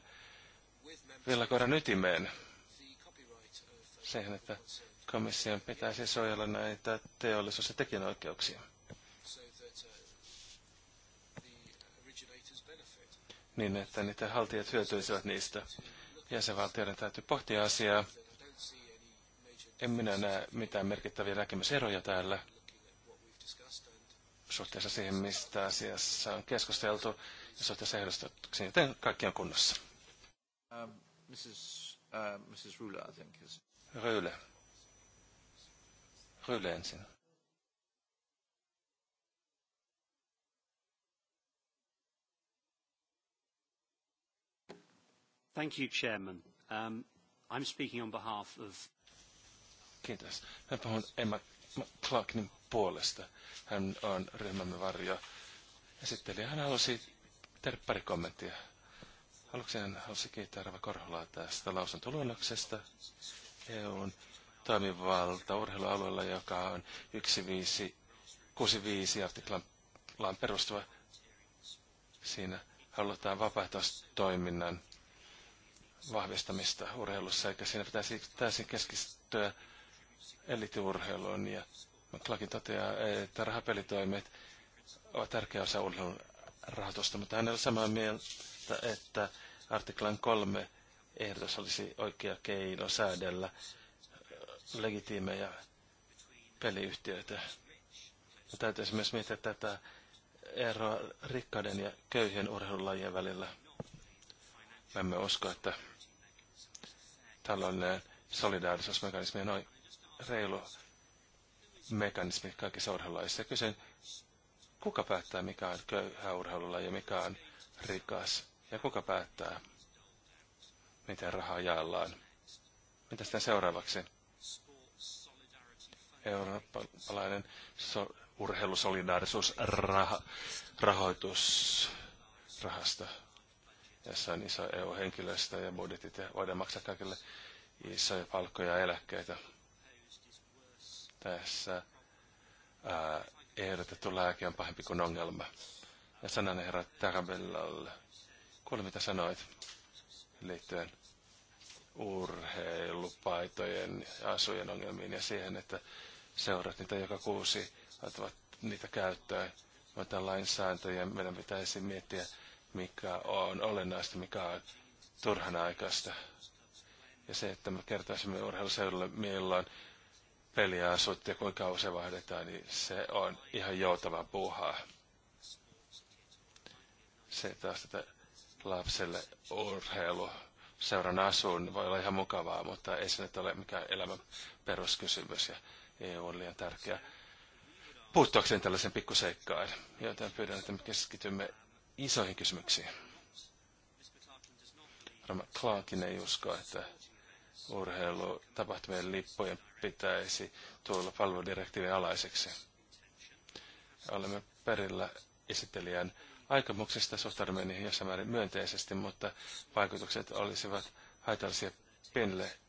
villakoiran ytimeen siihen, että komission pitäisi suojella näitä teollisuus- ja tekijänoikeuksia. Niin, että niitä haltijat hyötyisivät niistä. Jäsenvaltioiden täytyy pohtia asiaa. En minä näe mitään merkittäviä näkemyseroja täällä suhteessa siihen, mistä asiassa on keskusteltu ja suhteessa ehdostuksiin, joten kaikki on kunnossa. Um, Mrs. Uh, Mrs. Rula, I think, is... Ryyle. Ryyle ensin. Thank you, Chairman. Um, I'm speaking on behalf of... Kiitos. Mä puhun Emma Clarkinin puolesta. Hän on ryhmämme varjo esittelijä. Hän halusi tehdä pari kommenttia. Aluksi hän halusi kiittää Rava Korholaa tästä lausuntoluonnoksesta. EUn toimivalta urheilualueella, joka on 165 artiklaan perustuva. Siinä halutaan vapaaehtoistoiminnan vahvistamista urheilussa, eikä siinä pitäisi täysin keskittyä elitiurheiluun. Ja McClarkin toteaa, että rahapelitoimet ovat tärkeä osa urheilun rahoitusta, mutta hänellä samaa mieltä, että artiklan kolme ehdotus olisi oikea keino säädellä legitiimejä peliyhtiöitä. Ja täytyisi myös miettiä tätä eroa rikkaiden ja köyhien urheilulajien välillä. Mä emme usko, että tällainen solidaarisuusmekanismi on reilu mekanismi kaikissa urheilulajissa. Kysyn, kuka päättää mikä on köyhä urheilulaji ja mikä on rikas? Ja kuka päättää, miten rahaa jaellaan. Mitä sitten seuraavaksi? Eurooppalainen so- urheilusolidaarisuusrahoitusrahasto, jossa on iso EU-henkilöstö ja budjetit ja voidaan maksaa kaikille isoja palkkoja ja eläkkeitä. Tässä ää, ehdotettu lääke on pahempi kuin ongelma. Ja sanan herra Tarabellalle. Kuule mitä sanoit liittyen urheilupaitojen ja asujen ongelmiin ja siihen, että seurat niitä joka kuusi ottavat niitä käyttöön. Mutta lainsääntöjä meidän pitäisi miettiä, mikä on olennaista, mikä on turhanaikaista. Ja se, että me kertoisimme urheiluseudulle, milloin peliä asut ja kuinka usein vaihdetaan, niin se on ihan joutava puhaa. Se taas, että lapselle urheilu seuran asuun voi olla ihan mukavaa, mutta ei se nyt ole mikään elämän peruskysymys ja EU on liian tärkeä puuttuakseen tällaisen pikkuseikkaan, joten pyydän, että me keskitymme isoihin kysymyksiin. Rama Clarkin ei usko, että urheilutapahtumien lippojen pitäisi tulla palveludirektiivin alaiseksi. Olemme perillä esittelijän aikomuksesta suhtaudumme niihin jossain määrin myönteisesti, mutta vaikutukset olisivat haitallisia pienille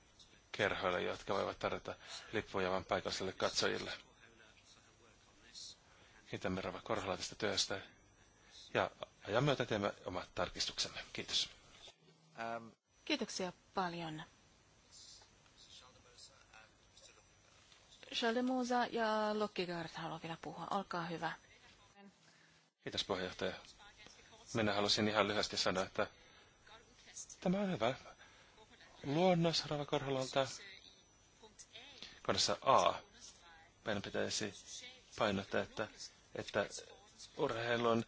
kerhoille, jotka voivat tarjota lippuja vain paikallisille katsojille. Kiitämme Rava Korhola tästä työstä ja ajan myötä teemme omat tarkistuksemme. Kiitos. Ähm. Kiitoksia paljon. Charles ja Lokkigaard haluaa vielä puhua. Olkaa hyvä. Kiitos puheenjohtaja. Minä halusin ihan lyhyesti sanoa, että tämä on hyvä luonnos Rava Korholalta. Kohdassa A. Meidän pitäisi painottaa, että, että urheilun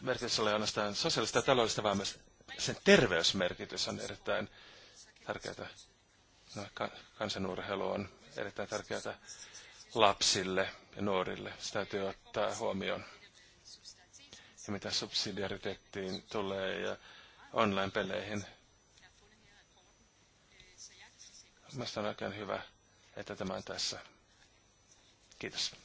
merkitys ole ainoastaan sosiaalista ja taloudellista, vaan myös sen terveysmerkitys on erittäin tärkeää. No, kansanurheilu on erittäin tärkeää lapsille ja nuorille. Se täytyy ottaa huomioon ja mitä subsidiariteettiin tulee ja online-peleihin. Mielestäni on oikein hyvä, että tämä on tässä. Kiitos.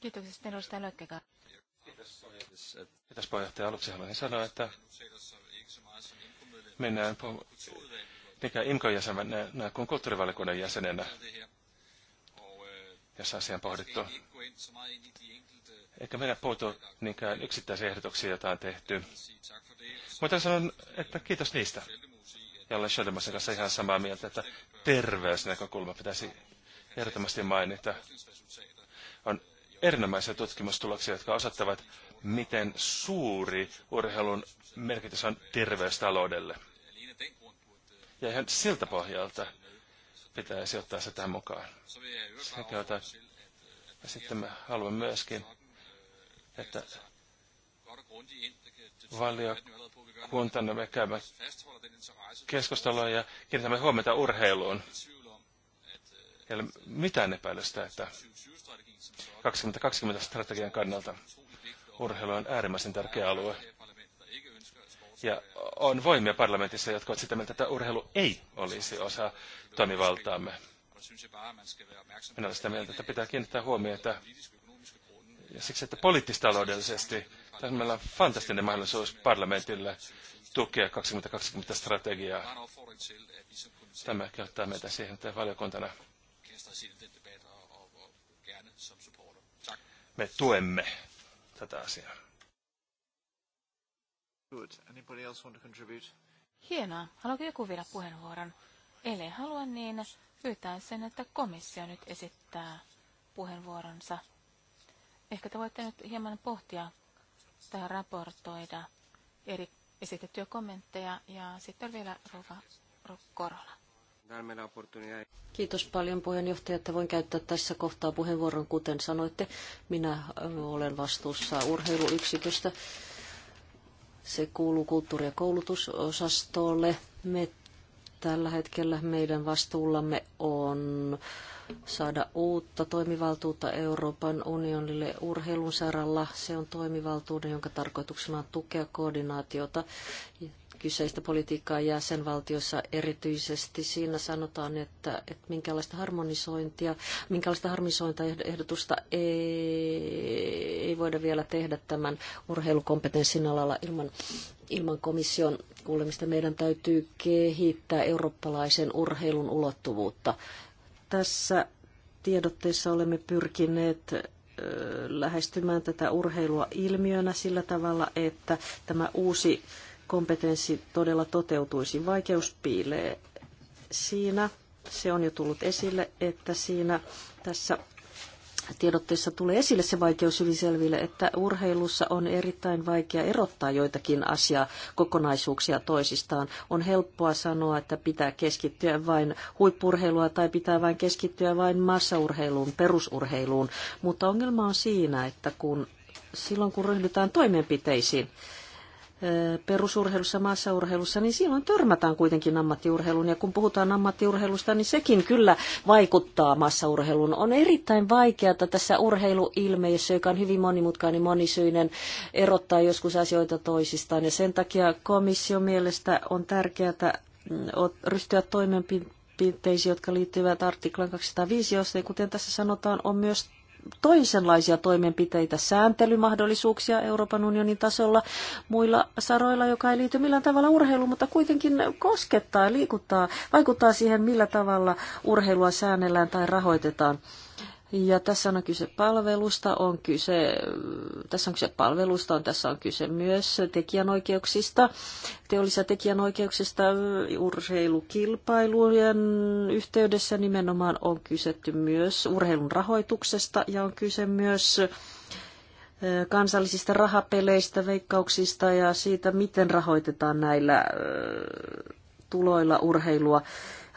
Kiitoksia sitten edustaja Lökkäkaan. Kiitos puheenjohtaja. Aluksi haluan sanoa, että minä en puhu IMKO-jäsenenä kuin kulttuurivaliokunnan jäsenenä jos asian pohdittua. Ehkä meidän puhuttu niinkään yksittäisiä ehdotuksia, joita on tehty. Mutta sanon, että kiitos niistä. Ja olen Schödemosen kanssa ihan samaa mieltä, että terveysnäkökulma pitäisi ehdottomasti mainita. On erinomaisia tutkimustuloksia, jotka osoittavat, miten suuri urheilun merkitys on terveystaloudelle. Ja ihan siltä pohjalta pitäisi ottaa sitä mukaan. Sekä ota, ja sitten mä haluan myöskin, että valiokuntana me käymme keskustelua ja kiinnitämme huomiota urheiluun. Ei ole mitään epäilystä, että 2020 strategian kannalta urheilu on äärimmäisen tärkeä alue. Ja on voimia parlamentissa, jotka ovat sitä mieltä, että urheilu ei olisi osa toimivaltaamme. Minä olen sitä mieltä, että pitää kiinnittää huomiota ja siksi, että poliittistaloudellisesti meillä on fantastinen mahdollisuus parlamentille tukea 2020 strategiaa. Tämä kehottaa meitä siihen, että valiokuntana me tuemme tätä asiaa. Good. Anybody else want to contribute? Hienoa. Haluaako joku vielä puheenvuoron? Ellei halua, niin pyytään sen, että komissio nyt esittää puheenvuoronsa. Ehkä te voitte nyt hieman pohtia tai raportoida eri esitettyjä kommentteja ja sitten vielä Rova Korola. Kiitos paljon puheenjohtaja, että voin käyttää tässä kohtaa puheenvuoron. Kuten sanoitte, minä olen vastuussa urheiluyksiköstä. Se kuuluu kulttuuri- ja koulutusosastolle. Me tällä hetkellä meidän vastuullamme on saada uutta toimivaltuutta Euroopan unionille urheilun saralla. Se on toimivaltuuden, jonka tarkoituksena on tukea koordinaatiota kyseistä politiikkaa jäsenvaltiossa erityisesti. Siinä sanotaan, että, että minkälaista harmonisointia, minkälaista harmonisointia ehdotusta ei, ei voida vielä tehdä tämän urheilukompetenssin alalla ilman, ilman komission kuulemista. Meidän täytyy kehittää eurooppalaisen urheilun ulottuvuutta. Tässä tiedotteessa olemme pyrkineet lähestymään tätä urheilua ilmiönä sillä tavalla, että tämä uusi kompetenssi todella toteutuisi. Vaikeus piilee siinä, se on jo tullut esille, että siinä tässä tiedotteessa tulee esille se vaikeus hyvin selville, että urheilussa on erittäin vaikea erottaa joitakin asiaa, kokonaisuuksia toisistaan. On helppoa sanoa, että pitää keskittyä vain huippurheilua tai pitää vain keskittyä vain massaurheiluun, perusurheiluun. Mutta ongelma on siinä, että kun silloin kun ryhdytään toimenpiteisiin, perusurheilussa, massaurheilussa, niin silloin törmätään kuitenkin ammattiurheiluun. Ja kun puhutaan ammattiurheilusta, niin sekin kyllä vaikuttaa massaurheiluun. On erittäin vaikeaa tässä urheiluilmeessä, joka on hyvin monimutkainen, monisyinen, erottaa joskus asioita toisistaan. Ja sen takia komission mielestä on tärkeää mm, ryhtyä toimenpiteisiin, jotka liittyvät artiklan 205, jossa kuten tässä sanotaan, on myös toisenlaisia toimenpiteitä, sääntelymahdollisuuksia Euroopan unionin tasolla muilla saroilla, joka ei liity millään tavalla urheiluun, mutta kuitenkin koskettaa, liikuttaa, vaikuttaa siihen, millä tavalla urheilua säännellään tai rahoitetaan. Ja tässä on kyse palvelusta, on kyse, tässä on kyse palvelusta, on, tässä on kyse myös tekijänoikeuksista, teollisista tekijänoikeuksista, urheilukilpailujen yhteydessä nimenomaan on kysetty myös urheilun rahoituksesta ja on kyse myös kansallisista rahapeleistä, veikkauksista ja siitä, miten rahoitetaan näillä tuloilla urheilua.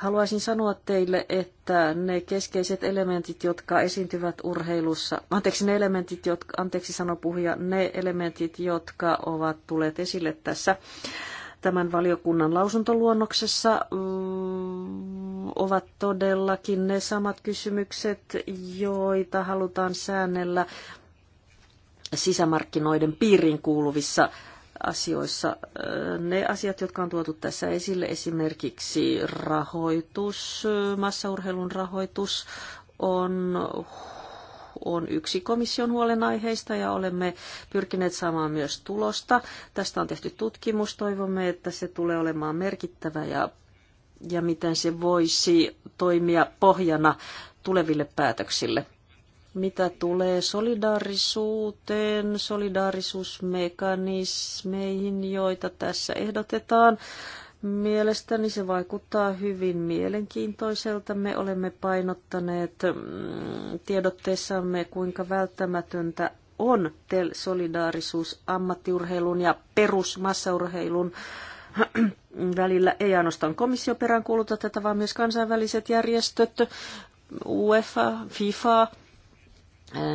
Haluaisin sanoa teille, että ne keskeiset elementit, jotka esiintyvät urheilussa, anteeksi ne elementit, jotka, anteeksi sano puhuja, ne elementit, jotka ovat tulleet esille tässä tämän valiokunnan lausuntoluonnoksessa, mm, ovat todellakin ne samat kysymykset, joita halutaan säännellä sisämarkkinoiden piiriin kuuluvissa asioissa. Ne asiat, jotka on tuotu tässä esille, esimerkiksi rahoitus, massaurheilun rahoitus, on on yksi komission huolenaiheista ja olemme pyrkineet saamaan myös tulosta. Tästä on tehty tutkimus. Toivomme, että se tulee olemaan merkittävä ja, ja miten se voisi toimia pohjana tuleville päätöksille. Mitä tulee solidaarisuuteen, solidaarisuusmekanismeihin, joita tässä ehdotetaan, Mielestäni se vaikuttaa hyvin mielenkiintoiselta. Me olemme painottaneet mm, tiedotteessamme, kuinka välttämätöntä on solidaarisuus ammattiurheilun ja perusmassaurheilun [CLEARS THROAT] välillä. Ei ainoastaan komissio peräänkuuluta tätä, vaan myös kansainväliset järjestöt, UEFA, FIFA,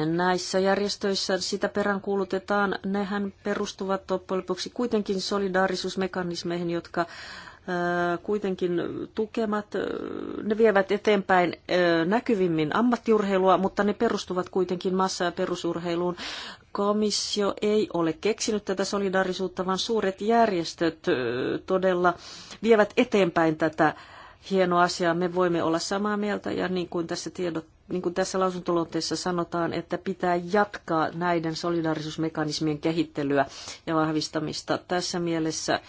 Näissä järjestöissä sitä peräänkuulutetaan, nehän perustuvat loppujen lopuksi kuitenkin solidaarisuusmekanismeihin, jotka kuitenkin tukemat, ne vievät eteenpäin näkyvimmin ammattiurheilua, mutta ne perustuvat kuitenkin massa- ja perusurheiluun. Komissio ei ole keksinyt tätä solidaarisuutta, vaan suuret järjestöt todella vievät eteenpäin tätä hienoa asiaa. Me voimme olla samaa mieltä ja niin kuin tässä tiedot, niin kuin tässä lausuntolotteessa sanotaan, että pitää jatkaa näiden solidaarisuusmekanismien kehittelyä ja vahvistamista. Tässä mielessä äh,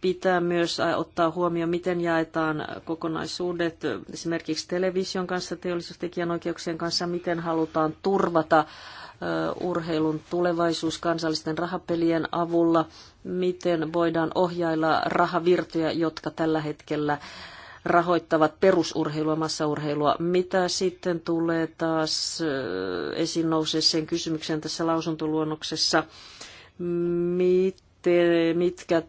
pitää myös ottaa huomioon, miten jaetaan kokonaisuudet esimerkiksi television kanssa, teollisuustekijänoikeuksien kanssa, miten halutaan turvata äh, urheilun tulevaisuus kansallisten rahapelien avulla, miten voidaan ohjailla rahavirtoja, jotka tällä hetkellä rahoittavat perusurheilua, massaurheilua. Mitä sitten tulee taas eh, esiin sen kysymykseen tässä lausuntoluonnoksessa, miten, mitkä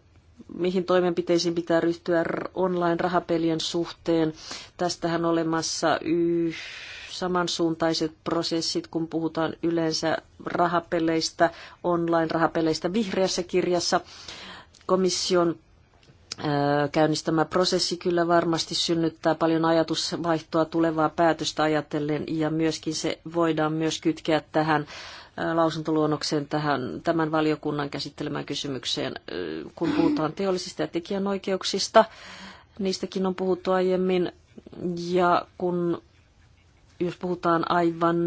mihin toimenpiteisiin pitää ryhtyä online-rahapelien suhteen. Tästähän olemassa y- samansuuntaiset prosessit, kun puhutaan yleensä rahapeleistä, online-rahapeleistä vihreässä kirjassa. Komission käynnistämä prosessi kyllä varmasti synnyttää paljon ajatusvaihtoa tulevaa päätöstä ajatellen ja myöskin se voidaan myös kytkeä tähän lausuntoluonnokseen tähän, tämän valiokunnan käsittelemään kysymykseen, kun puhutaan teollisista ja tekijänoikeuksista. Niistäkin on puhuttu aiemmin. Ja kun, jos puhutaan aivan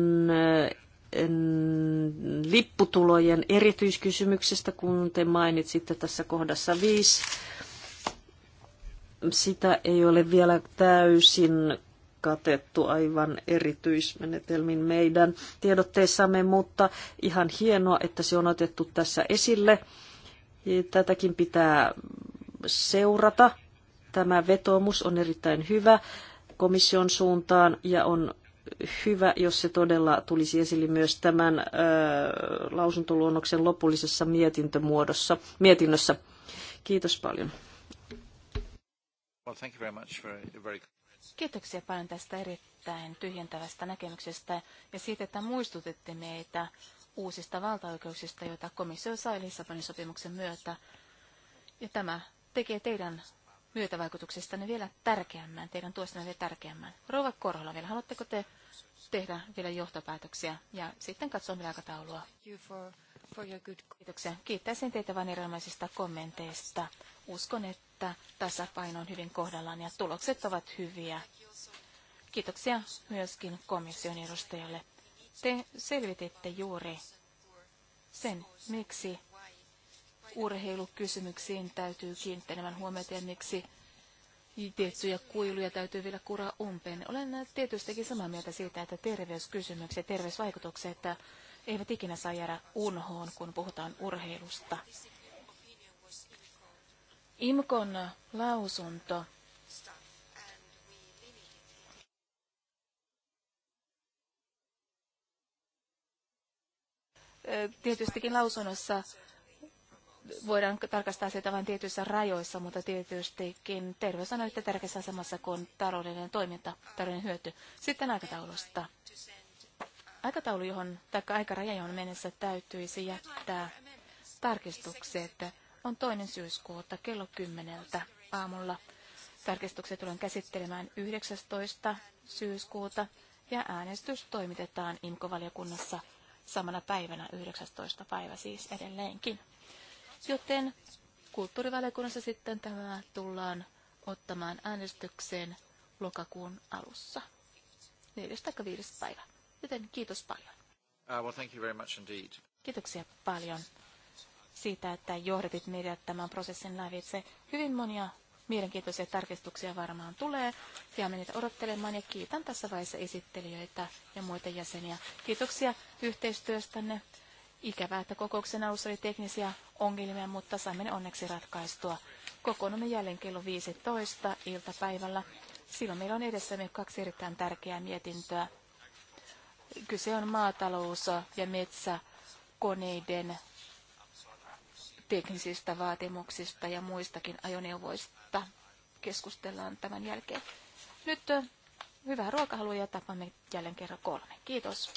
lipputulojen erityiskysymyksestä, kun te mainitsitte tässä kohdassa viisi, sitä ei ole vielä täysin katettu aivan erityismenetelmin meidän tiedotteissamme, mutta ihan hienoa, että se on otettu tässä esille. Tätäkin pitää seurata. Tämä vetoomus on erittäin hyvä komission suuntaan ja on hyvä, jos se todella tulisi esille myös tämän ö, lausuntoluonnoksen lopullisessa mietintömuodossa, mietinnössä. Kiitos paljon. Well, thank you very much for very... Kiitoksia paljon tästä erittäin tyhjentävästä näkemyksestä ja siitä, että muistutitte meitä uusista valtaoikeuksista, joita komissio sai Lissabonin sopimuksen myötä. Ja tämä tekee teidän myötävaikutuksestanne vielä tärkeämmän, teidän tuostanne vielä tärkeämmän. Rouva Korhola vielä, haluatteko te tehdä vielä johtopäätöksiä ja sitten katsoa vielä aikataulua? for your good... Kiitoksia. Kiittäisin teitä vain erilaisista kommenteista. Uskon, että tasapaino on hyvin kohdallaan ja tulokset ovat hyviä. Kiitoksia myöskin komission edustajalle. Te selvititte juuri sen, miksi urheilukysymyksiin täytyy kiinnittää enemmän huomiota ja miksi tiettyjä kuiluja täytyy vielä kuraa umpeen. Olen tietystikin samaa mieltä siitä, että terveyskysymykset, terveysvaikutukset eivät ikinä saa jäädä unhoon, kun puhutaan urheilusta. IMKON lausunto tietystikin lausunnossa voidaan tarkastaa sitä vain tietyissä rajoissa, mutta tietystikin terveys on yhtä tärkeässä asemassa kuin taloudellinen toiminta, taloudellinen hyöty. Sitten aikataulusta. Aikataulu, johon, tai aikaraja, johon mennessä täytyisi jättää tarkistukset, on toinen syyskuuta kello kymmeneltä aamulla. Tarkistukset tulen käsittelemään 19. syyskuuta ja äänestys toimitetaan imkovaliokunnassa samana päivänä 19. päivä siis edelleenkin. Joten kulttuurivaliokunnassa sitten tämä tullaan ottamaan äänestykseen lokakuun alussa. 4. tai 5. päivä. Joten kiitos paljon. Uh, well, thank you very much indeed. Kiitoksia paljon siitä, että johdatit meidät tämän prosessin lävitse. Hyvin monia mielenkiintoisia tarkistuksia varmaan tulee. Ja menet odottelemaan ja kiitän tässä vaiheessa esittelijöitä ja muita jäseniä. Kiitoksia yhteistyöstänne. Ikävää, että kokouksen alussa oli teknisiä ongelmia, mutta saimme ne onneksi ratkaistua. Kokoonnumme jälleen kello 15 iltapäivällä. Silloin meillä on edessämme kaksi erittäin tärkeää mietintöä. Kyse on maatalous- ja metsäkoneiden teknisistä vaatimuksista ja muistakin ajoneuvoista keskustellaan tämän jälkeen. Nyt hyvää ruokahalua ja tapaamme jälleen kerran kolme. Kiitos.